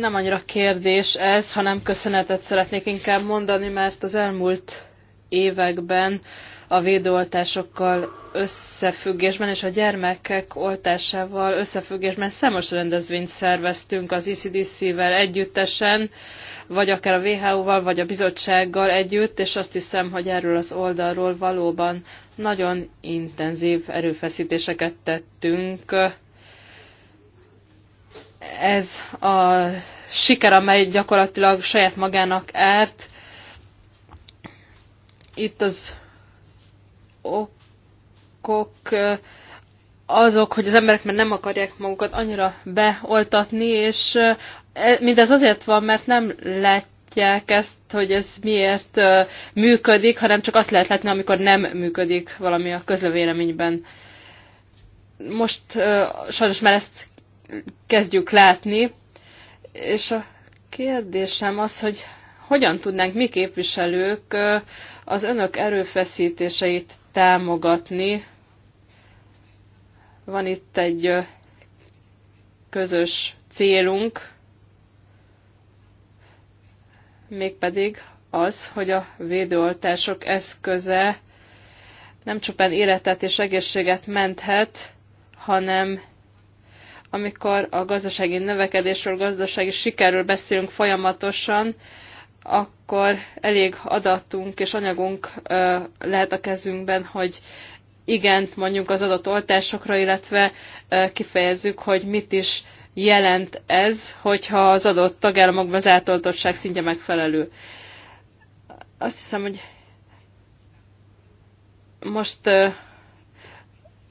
Nem annyira kérdés ez, hanem köszönetet szeretnék inkább mondani, mert az elmúlt években a védőoltásokkal összefüggésben és a gyermekek oltásával összefüggésben számos rendezvényt szerveztünk az icdc e vel együttesen, vagy akár a WHO-val, vagy a bizottsággal együtt, és azt hiszem, hogy erről az oldalról valóban nagyon intenzív erőfeszítéseket tettünk ez a siker, amely gyakorlatilag saját magának árt. Itt az okok eh, azok, hogy az emberek már nem akarják magukat annyira beoltatni, és eh, e, mindez azért van, mert nem látják ezt, hogy ez miért eh, működik, hanem csak azt lehet látni, amikor nem működik valami a közlevéleményben. Most sajnos már ezt kezdjük látni. És a kérdésem az, hogy hogyan tudnánk mi képviselők az önök erőfeszítéseit támogatni. Van itt egy közös célunk, mégpedig az, hogy a védőoltások eszköze nem csupán életet és egészséget menthet, hanem amikor a gazdasági növekedésről, gazdasági sikerről beszélünk folyamatosan, akkor elég adatunk és anyagunk lehet a kezünkben, hogy igent mondjuk az adott oltásokra, illetve kifejezzük, hogy mit is jelent ez, hogyha az adott tagállamokban az átoltottság szintje megfelelő. Azt hiszem, hogy most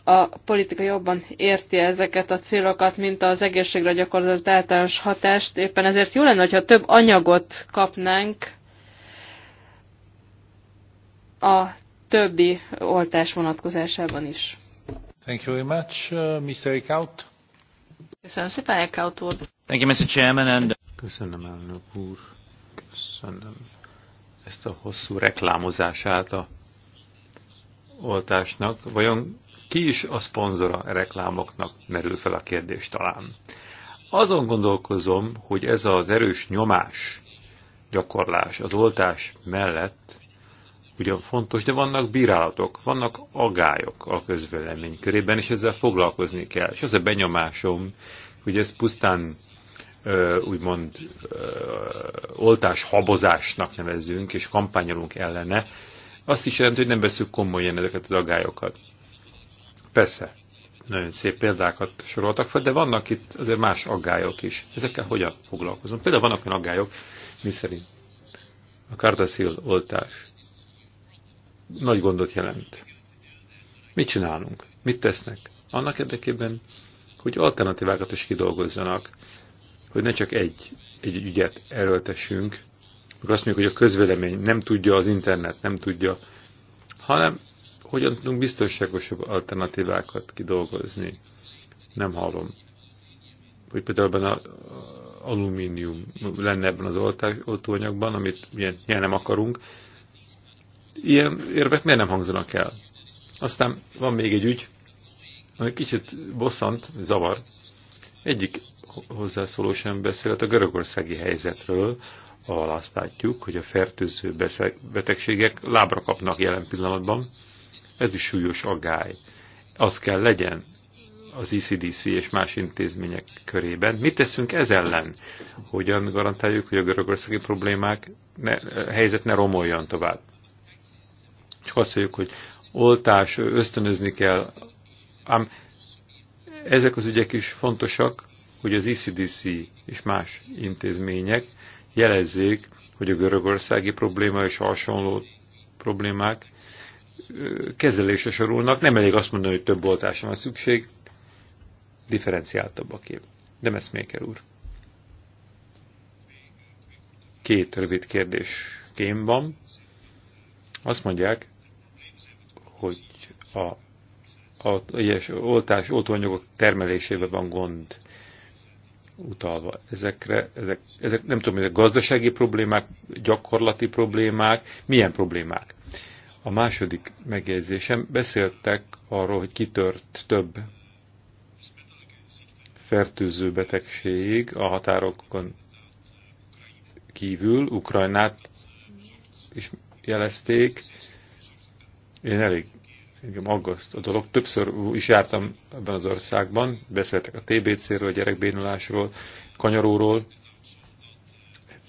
a politika jobban érti ezeket a célokat, mint az egészségre gyakorolt általános hatást. Éppen ezért jó lenne, hogyha több anyagot kapnánk a többi oltás vonatkozásában is. Thank you very much, uh, Mr. Eckhout. Köszönöm szépen, Eckhout úr. Thank you, Mr. Chairman. And... Uh, Köszönöm, elnök úr. Köszönöm ezt a hosszú reklámozását a oltásnak. Vajon ki is a szponzora a reklámoknak merül fel a kérdés talán. Azon gondolkozom, hogy ez az erős nyomás gyakorlás az oltás mellett ugyan fontos, de vannak bírálatok, vannak agályok a közvélemény körében, és ezzel foglalkozni kell. És az a benyomásom, hogy ez pusztán úgymond oltás habozásnak nevezünk, és kampányolunk ellene, azt is jelenti, hogy nem veszük komolyan ezeket az agályokat. Persze, nagyon szép példákat soroltak fel, de vannak itt azért más aggályok is. Ezekkel hogyan foglalkozom? Például vannak olyan aggályok, mi szerint a kardaszil oltás nagy gondot jelent. Mit csinálunk? Mit tesznek? Annak érdekében, hogy alternatívákat is kidolgozzanak, hogy ne csak egy, egy ügyet erőltessünk, akkor azt mondjuk, hogy a közvélemény nem tudja az internet, nem tudja, hanem hogyan tudunk biztonságosabb alternatívákat kidolgozni? Nem hallom. Hogy például ebben az alumínium lenne ebben az oltóanyagban, amit ilyen, ilyen nem akarunk. Ilyen érvek miért nem hangzanak el? Aztán van még egy ügy, ami kicsit bosszant, zavar. Egyik hozzászóló sem beszélt a görögországi helyzetről, ahol azt látjuk, hogy a fertőző betegségek lábra kapnak jelen pillanatban. Ez is súlyos agály. Az kell legyen az ICDC e és más intézmények körében. Mit teszünk ez ellen? Hogyan garantáljuk, hogy a görögországi problémák, ne, a helyzet ne romoljon tovább? Csak azt mondjuk, hogy oltás, ösztönözni kell, ám ezek az ügyek is fontosak, hogy az ICDC e és más intézmények jelezzék, hogy a görögországi probléma és hasonló problémák kezelése sorulnak. Nem elég azt mondani, hogy több oltásra van szükség, differenciáltabb a kép. De Meszméker úr. Két rövid kérdés kém van. Azt mondják, hogy a, a egyes oltás, oltóanyagok termelésével van gond utalva. Ezekre, ezek, ezek nem tudom, hogy gazdasági problémák, gyakorlati problémák, milyen problémák? A második megjegyzésem beszéltek arról, hogy kitört több fertőző betegség a határokon kívül, Ukrajnát is jelezték. Én elég engem aggaszt a dolog. Többször is jártam ebben az országban, beszéltek a TBC-ről, a gyerekbénulásról, kanyaróról.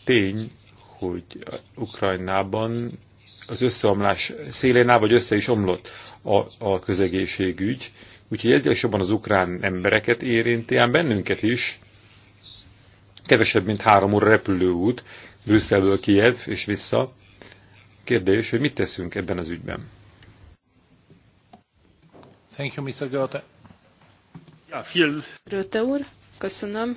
Tény, hogy Ukrajnában az összeomlás szélén áll, vagy össze is omlott a, a közegészségügy. Úgyhogy ez jobban az ukrán embereket érinti, ám bennünket is. Kevesebb, mint három óra repülőút Brüsszelből Kiev és vissza. Kérdés, hogy mit teszünk ebben az ügyben? Thank you, Mr. Ja, viel. Röte úr, köszönöm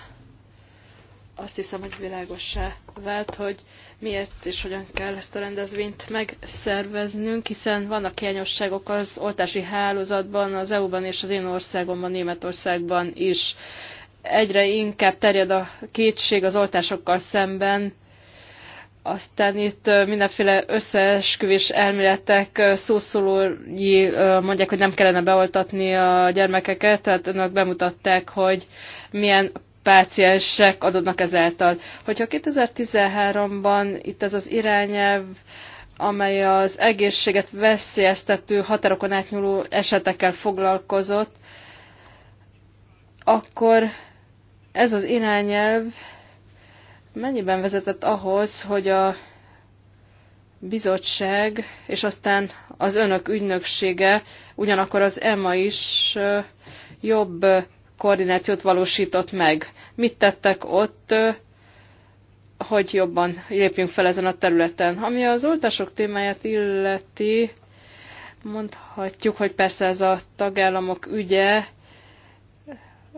azt hiszem, hogy világossá vált, hogy miért és hogyan kell ezt a rendezvényt megszerveznünk, hiszen vannak hiányosságok az oltási hálózatban, az EU-ban és az én országomban, Németországban is. Egyre inkább terjed a kétség az oltásokkal szemben, aztán itt mindenféle összeesküvés elméletek szószólói mondják, hogy nem kellene beoltatni a gyermekeket, tehát önök bemutatták, hogy milyen páciensek adodnak ezáltal. Hogyha 2013-ban itt ez az irányelv, amely az egészséget veszélyeztető határokon átnyúló esetekkel foglalkozott, akkor ez az irányelv mennyiben vezetett ahhoz, hogy a bizottság, és aztán az önök ügynöksége, ugyanakkor az EMA is jobb koordinációt valósított meg. Mit tettek ott, hogy jobban lépjünk fel ezen a területen? Ami az oltások témáját illeti, mondhatjuk, hogy persze ez a tagállamok ügye,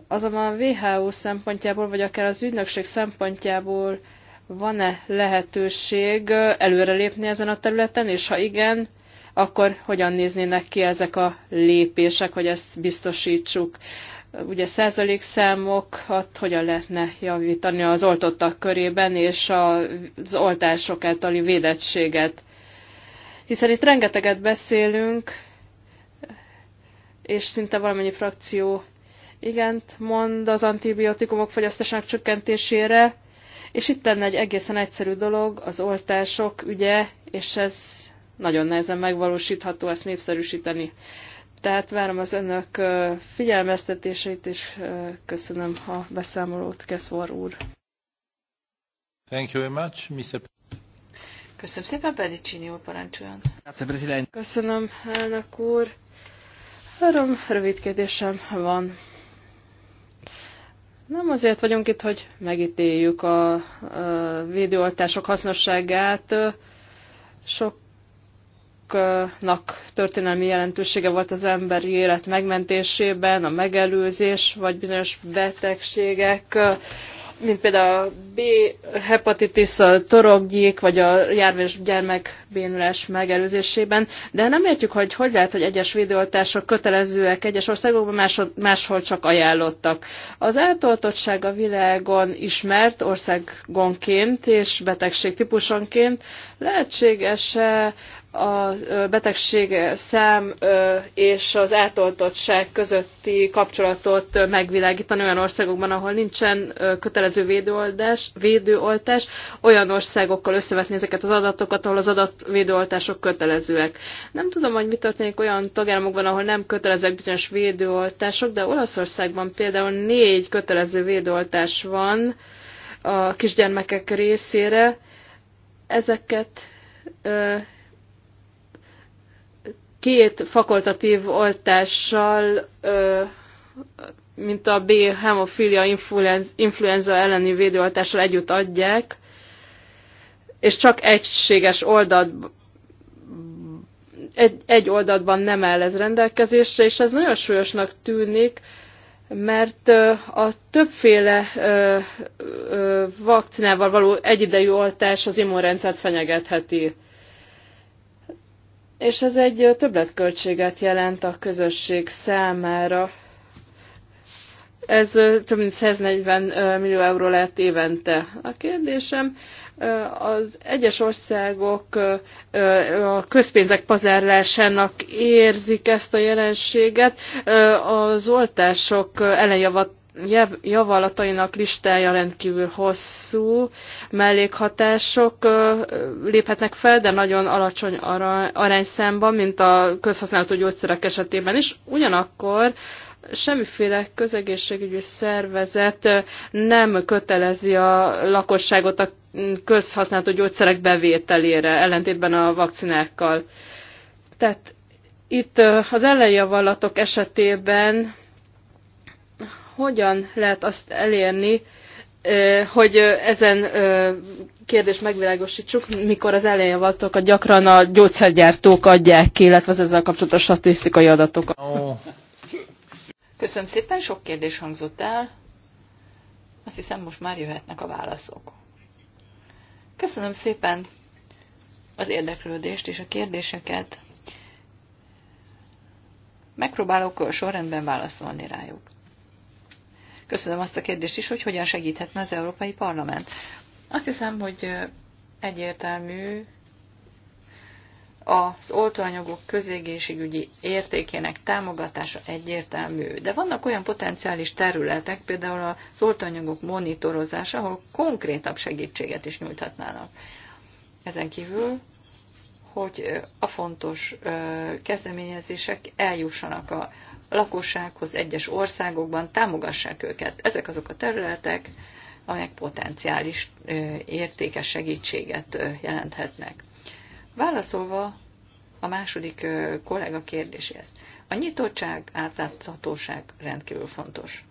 azonban a WHO szempontjából, vagy akár az ügynökség szempontjából van-e lehetőség előrelépni ezen a területen, és ha igen, akkor hogyan néznének ki ezek a lépések, hogy ezt biztosítsuk ugye százalékszámokat hát hogyan lehetne javítani az oltottak körében, és az oltások általi védettséget. Hiszen itt rengeteget beszélünk, és szinte valamennyi frakció igent mond az antibiotikumok fogyasztásának csökkentésére, és itt lenne egy egészen egyszerű dolog, az oltások ügye, és ez nagyon nehezen megvalósítható ezt népszerűsíteni. Tehát várom az önök figyelmeztetését, és köszönöm a beszámolót, Keszvar úr. Thank you very much, Mr. Köszönöm szépen, Pedicini úr parancsoljon. Köszönöm, elnök úr. Három rövid kérdésem van. Nem azért vagyunk itt, hogy megítéljük a, a védőoltások hasznosságát. Sok adatoknak történelmi jelentősége volt az emberi élet megmentésében, a megelőzés, vagy bizonyos betegségek, mint például a B-hepatitis, a torokgyék, vagy a járvés gyermekbénulás megelőzésében, de nem értjük, hogy hogy lehet, hogy egyes védőoltások kötelezőek egyes országokban, máshol, csak ajánlottak. Az eltoltottság a világon ismert országonként és betegség típusonként lehetséges -e a betegség szám és az átoltottság közötti kapcsolatot megvilágítani olyan országokban, ahol nincsen kötelező védőoldás, védőoltás, olyan országokkal összevetni ezeket az adatokat, ahol az adatvédőoltások kötelezőek. Nem tudom, hogy mi történik olyan tagállamokban, ahol nem kötelezőek bizonyos védőoltások, de Olaszországban például négy kötelező védőoltás van a kisgyermekek részére. Ezeket két fakultatív oltással, mint a B hemofilia influenza elleni védőoltással együtt adják, és csak egységes oldat egy, egy oldatban nem áll ez rendelkezésre, és ez nagyon súlyosnak tűnik, mert a többféle vakcinával való egyidejű oltás az immunrendszert fenyegetheti és ez egy többletköltséget jelent a közösség számára. Ez több mint 140 millió euró lehet évente. A kérdésem, az egyes országok a közpénzek pazárlásának érzik ezt a jelenséget, az oltások ellenjavat javallatainak listája rendkívül hosszú, mellékhatások léphetnek fel, de nagyon alacsony arányszámban, mint a közhasználatú gyógyszerek esetében is. Ugyanakkor semmiféle közegészségügyi szervezet nem kötelezi a lakosságot a közhasználatú gyógyszerek bevételére, ellentétben a vakcinákkal. Tehát itt az ellenjavallatok esetében hogyan lehet azt elérni, hogy ezen kérdést megvilágosítsuk, mikor az a gyakran a gyógyszergyártók adják ki, illetve az ezzel kapcsolatos statisztikai adatokat. Oh. Köszönöm szépen, sok kérdés hangzott el. Azt hiszem, most már jöhetnek a válaszok. Köszönöm szépen az érdeklődést és a kérdéseket. Megpróbálok sorrendben válaszolni rájuk. Köszönöm azt a kérdést is, hogy hogyan segíthetne az Európai Parlament. Azt hiszem, hogy egyértelmű az oltóanyagok közégészségügyi értékének támogatása egyértelmű, de vannak olyan potenciális területek, például az oltóanyagok monitorozása, ahol konkrétabb segítséget is nyújthatnának. Ezen kívül, hogy a fontos kezdeményezések eljussanak a lakossághoz egyes országokban, támogassák őket. Ezek azok a területek, amelyek potenciális értékes segítséget jelenthetnek. Válaszolva a második kollega kérdéséhez. A nyitottság, átláthatóság rendkívül fontos.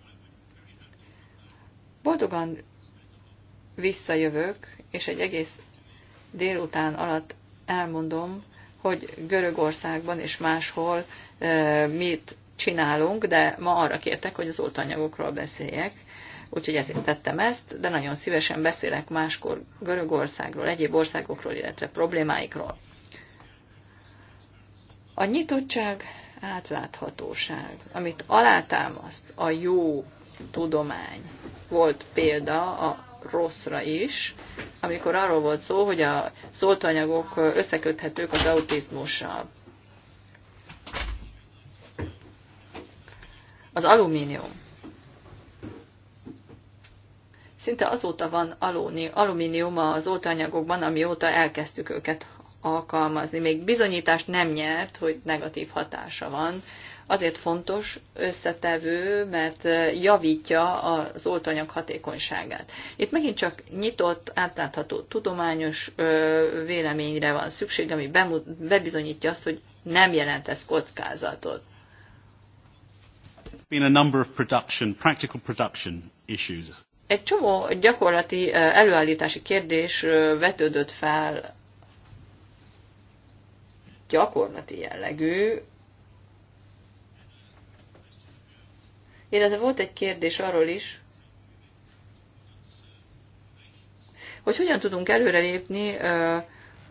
Boldogan visszajövök, és egy egész délután alatt elmondom, hogy Görögországban és máshol mit csinálunk, de ma arra kértek, hogy az oltanyagokról beszéljek, úgyhogy ezért tettem ezt, de nagyon szívesen beszélek máskor Görögországról, egyéb országokról, illetve problémáikról. A nyitottság, átláthatóság, amit alátámaszt a jó tudomány. Volt példa a rosszra is, amikor arról volt szó, hogy a oltanyagok összeköthetők az autizmussal. az alumínium. Szinte azóta van alumínium az oltanyagokban, amióta elkezdtük őket alkalmazni. Még bizonyítást nem nyert, hogy negatív hatása van. Azért fontos összetevő, mert javítja az oltanyag hatékonyságát. Itt megint csak nyitott, átlátható tudományos véleményre van szükség, ami bebizonyítja azt, hogy nem jelent ez kockázatot been a number of production, practical production issues. Egy csomó gyakorlati előállítási kérdés vetődött fel gyakorlati jellegű, illetve volt egy kérdés arról is, hogy hogyan tudunk előrelépni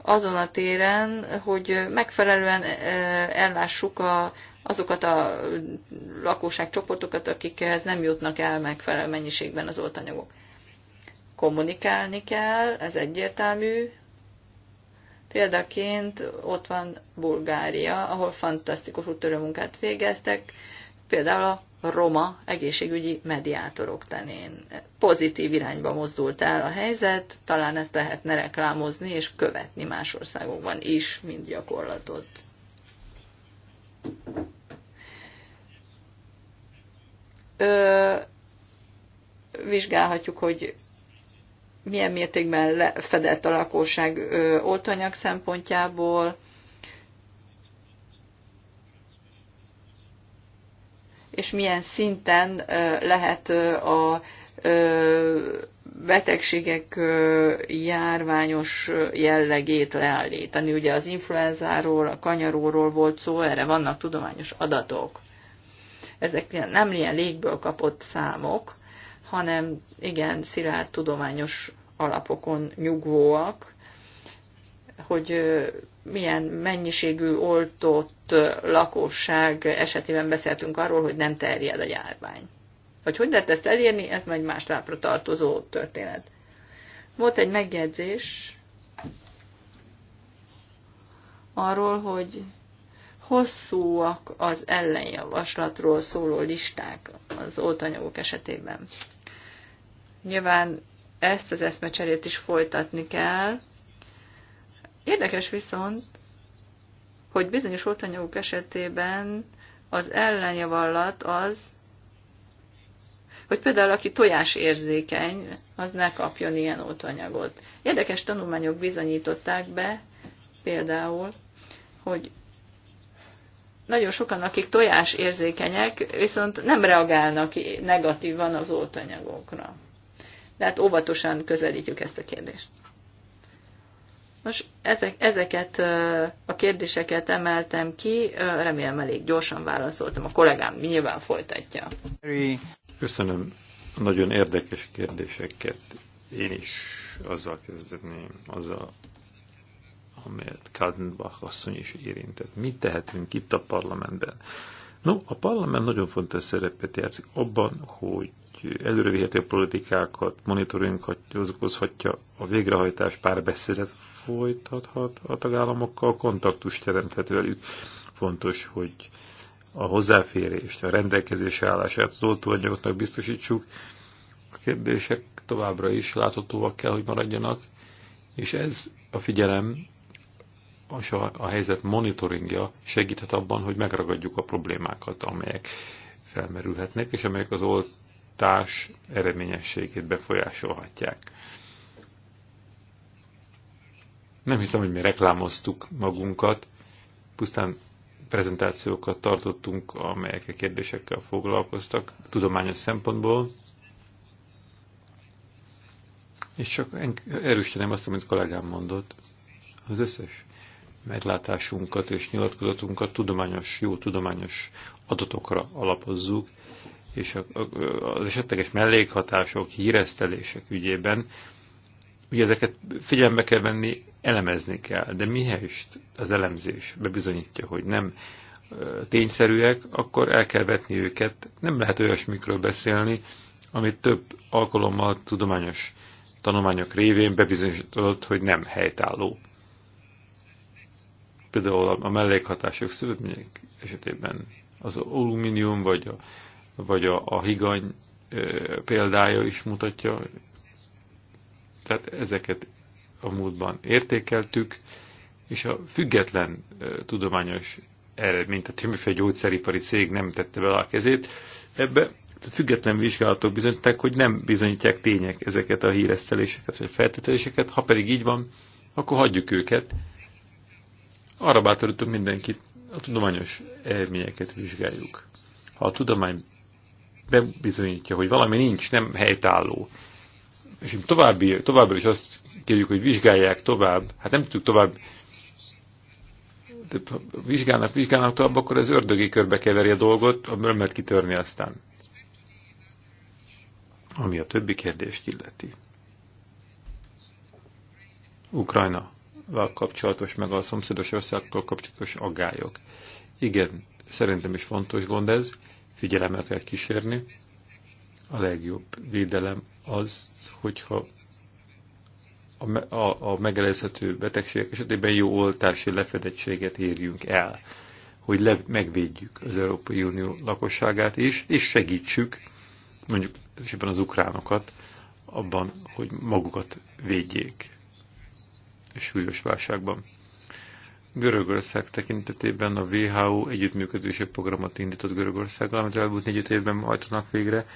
azon a téren, hogy megfelelően ellássuk a azokat a lakóságcsoportokat, akikhez nem jutnak el megfelelő mennyiségben az oltanyagok. Kommunikálni kell, ez egyértelmű. Példaként ott van Bulgária, ahol fantasztikus úttörő munkát végeztek, például a roma egészségügyi mediátorok tenén. Pozitív irányba mozdult el a helyzet, talán ezt lehetne reklámozni és követni más országokban is, mint gyakorlatot ö, vizsgálhatjuk, hogy milyen mértékben lefedett a lakosság ö, oltanyag szempontjából, és milyen szinten lehet a betegségek járványos jellegét leállítani. Ugye az influenzáról, a kanyaróról volt szó, erre vannak tudományos adatok ezek nem ilyen légből kapott számok, hanem igen, szilárd tudományos alapokon nyugvóak, hogy milyen mennyiségű oltott lakosság esetében beszéltünk arról, hogy nem terjed a járvány. vagy hogy lehet ezt elérni, ez majd más lápra tartozó történet. Volt egy megjegyzés arról, hogy hosszúak az ellenjavaslatról szóló listák az oltanyagok esetében. Nyilván ezt az eszmecserét is folytatni kell. Érdekes viszont, hogy bizonyos oltanyagok esetében az ellenjavallat az, hogy például aki tojás érzékeny, az ne kapjon ilyen oltanyagot. Érdekes tanulmányok bizonyították be, például, hogy nagyon sokan, akik tojás érzékenyek, viszont nem reagálnak negatívan az oltanyagokra. hát óvatosan közelítjük ezt a kérdést. Most ezek, ezeket a kérdéseket emeltem ki, remélem elég gyorsan válaszoltam. A kollégám nyilván folytatja. Köszönöm nagyon érdekes kérdéseket. Én is azzal kezdeném, azzal amelyet Kaldenbach asszony is érintett. Mit tehetünk itt a parlamentben? No, a parlament nagyon fontos szerepet játszik abban, hogy a politikákat monitoringozhatja, a végrehajtás párbeszédet folytathat a tagállamokkal, kontaktus teremthet velük. Fontos, hogy a hozzáférést, a rendelkezés állását az oltóanyagoknak biztosítsuk. A kérdések továbbra is láthatóak kell, hogy maradjanak, és ez a figyelem és a, a helyzet monitoringja segíthet abban, hogy megragadjuk a problémákat, amelyek felmerülhetnek, és amelyek az oltás eredményességét befolyásolhatják. Nem hiszem, hogy mi reklámoztuk magunkat, pusztán prezentációkat tartottunk, amelyek a kérdésekkel foglalkoztak tudományos szempontból, és csak erősítenem azt, amit kollégám mondott, az összes meglátásunkat és nyilatkozatunkat tudományos, jó tudományos adatokra alapozzuk, és az esetleges mellékhatások, híresztelések ügyében, ugye ezeket figyelembe kell venni, elemezni kell, de mihelyest az elemzés bebizonyítja, hogy nem tényszerűek, akkor el kell vetni őket. Nem lehet olyasmikről beszélni, amit több alkalommal tudományos tanulmányok révén bebizonyított, hogy nem helytálló például a mellékhatások szövődmények esetében az alumínium vagy a, vagy a, a higany példája is mutatja. Tehát ezeket a múltban értékeltük, és a független tudományos eredményt, a többféle gyógyszeripari cég nem tette bele a kezét ebbe, tehát független vizsgálatok bizonyítják, hogy nem bizonyítják tények ezeket a híreszteléseket, vagy feltételéseket, ha pedig így van, akkor hagyjuk őket, arra bátorítom mindenkit, a tudományos elményeket vizsgáljuk. Ha a tudomány bebizonyítja, hogy valami nincs, nem helytálló, és további, továbbra is azt kérjük, hogy vizsgálják tovább, hát nem tudjuk tovább, de ha vizsgálnak, vizsgálnak tovább, akkor az ördögi körbe keveri a dolgot, amiből mert kitörni aztán. Ami a többi kérdést illeti. Ukrajna kapcsolatos, meg a szomszédos országokkal kapcsolatos aggályok. Igen, szerintem is fontos gond ez, figyelemmel kell kísérni. A legjobb védelem az, hogyha a, a, a megelezhető betegségek esetében jó oltási lefedettséget érjünk el, hogy le, megvédjük az Európai Unió lakosságát is, és segítsük mondjuk az ukránokat abban, hogy magukat védjék súlyos válságban. Görögország tekintetében a WHO együttműködési programot indított Görögországgal, amit elmúlt négy évben hajtanak végre.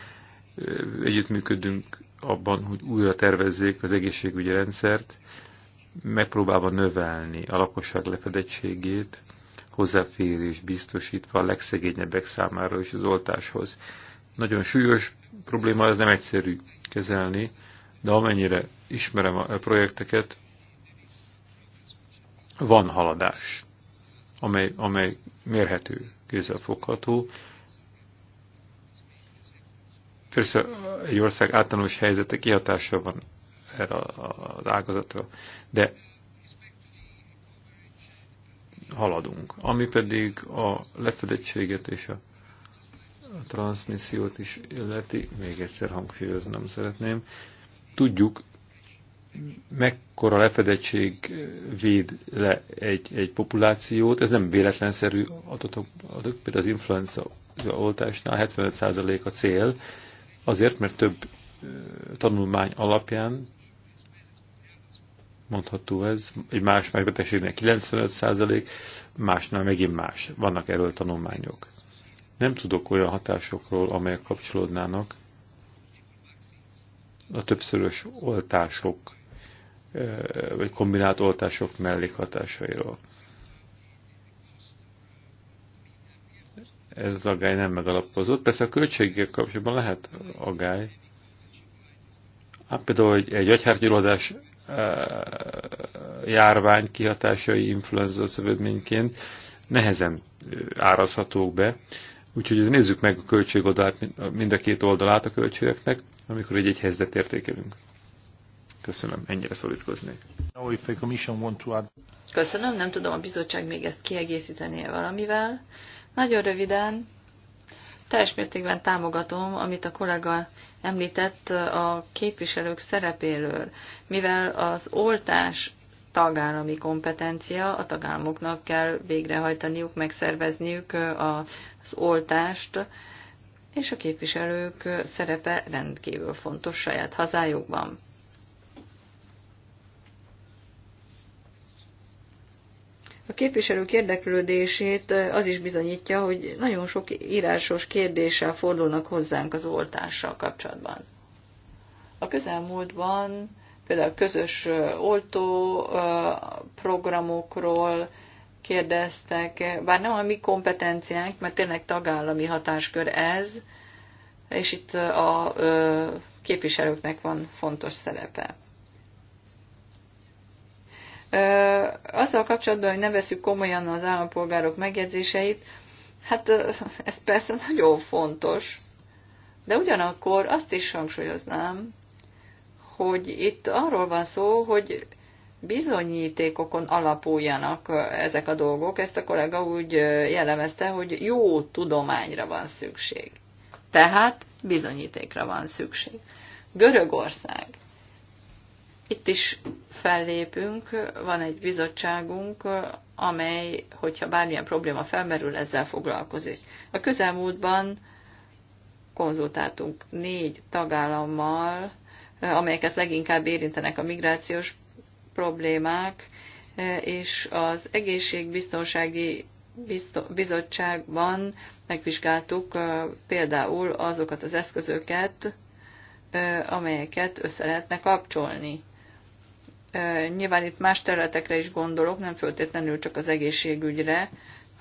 Együttműködünk abban, hogy újra tervezzék az egészségügyi rendszert, megpróbálva növelni a lakosság lefedettségét, hozzáférés biztosítva a legszegényebbek számára is az oltáshoz. Nagyon súlyos probléma, ez nem egyszerű kezelni, de amennyire ismerem a projekteket, van haladás, amely, amely mérhető, fogható. Persze egy ország általános helyzete kihatása van erre az ágazatra, de haladunk. Ami pedig a lefedettséget és a, a transmissziót is illeti, még egyszer hangsúlyozni nem szeretném, tudjuk, mekkora lefedettség véd le egy, egy populációt, ez nem véletlenszerű adatok, adatok például az influenza oltásnál 75% a cél, azért, mert több tanulmány alapján mondható ez, egy más-más betegségnek 95%, másnál megint más. Vannak erről tanulmányok. Nem tudok olyan hatásokról, amelyek kapcsolódnának a többszörös oltások vagy kombinált oltások mellékhatásairól. Ez az agály nem megalapozott. Persze a költségek kapcsolatban lehet agály. Hát például egy, egy agyhártyulódás járvány kihatásai influenza szövődményként nehezen árazhatók be. Úgyhogy nézzük meg a költségoldalát, mind a két oldalát a költségeknek, amikor egy-egy helyzet értékelünk. Köszönöm, ennyire szorítkoznék. Köszönöm, nem tudom, a bizottság még ezt -e valamivel. Nagyon röviden, teljes mértékben támogatom, amit a kollega említett a képviselők szerepéről, mivel az oltás tagállami kompetencia, a tagállamoknak kell végrehajtaniuk, megszervezniük az oltást, és a képviselők szerepe rendkívül fontos saját hazájukban. A képviselők érdeklődését eh, az is bizonyítja, hogy nagyon sok írásos kérdéssel fordulnak hozzánk az oltással kapcsolatban. A közelmúltban például a közös eh, oltó eh, programokról kérdeztek, bár nem a mi kompetenciánk, mert tényleg tagállami hatáskör ez, és itt a képviselőknek van fontos szerepe azzal kapcsolatban, hogy ne veszük komolyan az állampolgárok megjegyzéseit, hát ez persze nagyon fontos, de ugyanakkor azt is hangsúlyoznám, hogy itt arról van szó, hogy bizonyítékokon alapuljanak ezek a dolgok. Ezt a kollega úgy jellemezte, hogy jó tudományra van szükség. Tehát bizonyítékra van szükség. Görögország itt is fellépünk, van egy bizottságunk, amely, hogyha bármilyen probléma felmerül, ezzel foglalkozik. A közelmúltban konzultáltunk négy tagállammal, amelyeket leginkább érintenek a migrációs problémák, és az egészségbiztonsági bizottságban megvizsgáltuk például azokat az eszközöket, amelyeket össze lehetne kapcsolni. Nyilván itt más területekre is gondolok, nem föltétlenül csak az egészségügyre,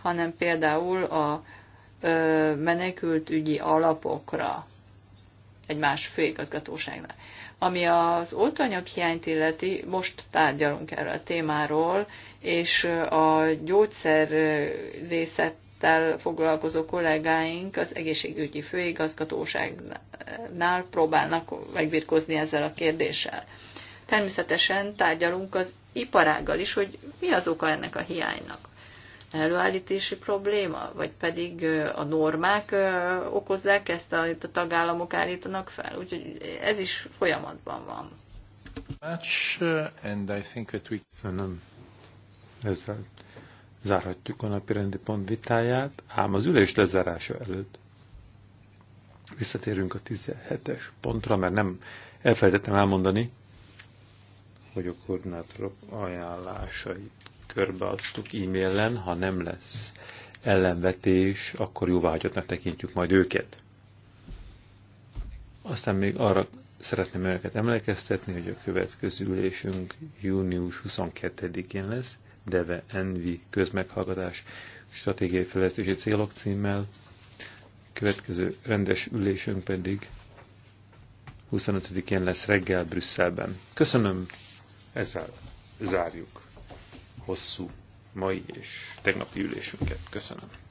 hanem például a menekültügyi alapokra egy más főigazgatóságnál. Ami az oltóanyag hiányt illeti, most tárgyalunk erről a témáról, és a gyógyszerrészettel foglalkozó kollégáink az egészségügyi főigazgatóságnál próbálnak megbirkózni ezzel a kérdéssel természetesen tárgyalunk az iparággal is, hogy mi az oka ennek a hiánynak. Előállítási probléma, vagy pedig a normák okozzák ezt, amit a tagállamok állítanak fel. Úgyhogy ez is folyamatban van. Uh, Köszönöm. Ezzel zárhatjuk a napi rendi pont vitáját, ám az ülés lezárása előtt visszatérünk a 17-es pontra, mert nem elfelejtettem elmondani, hogy a koordinátorok ajánlásait körbeadtuk e-mailen, ha nem lesz ellenvetés, akkor jóvágyottnak tekintjük majd őket. Aztán még arra szeretném önöket emlékeztetni, hogy a következő ülésünk június 22-én lesz, Deve Envi közmeghallgatás stratégiai fejlesztési célok címmel. Következő rendes ülésünk pedig 25-én lesz reggel Brüsszelben. Köszönöm! Ezzel zárjuk hosszú mai és tegnapi ülésünket. Köszönöm.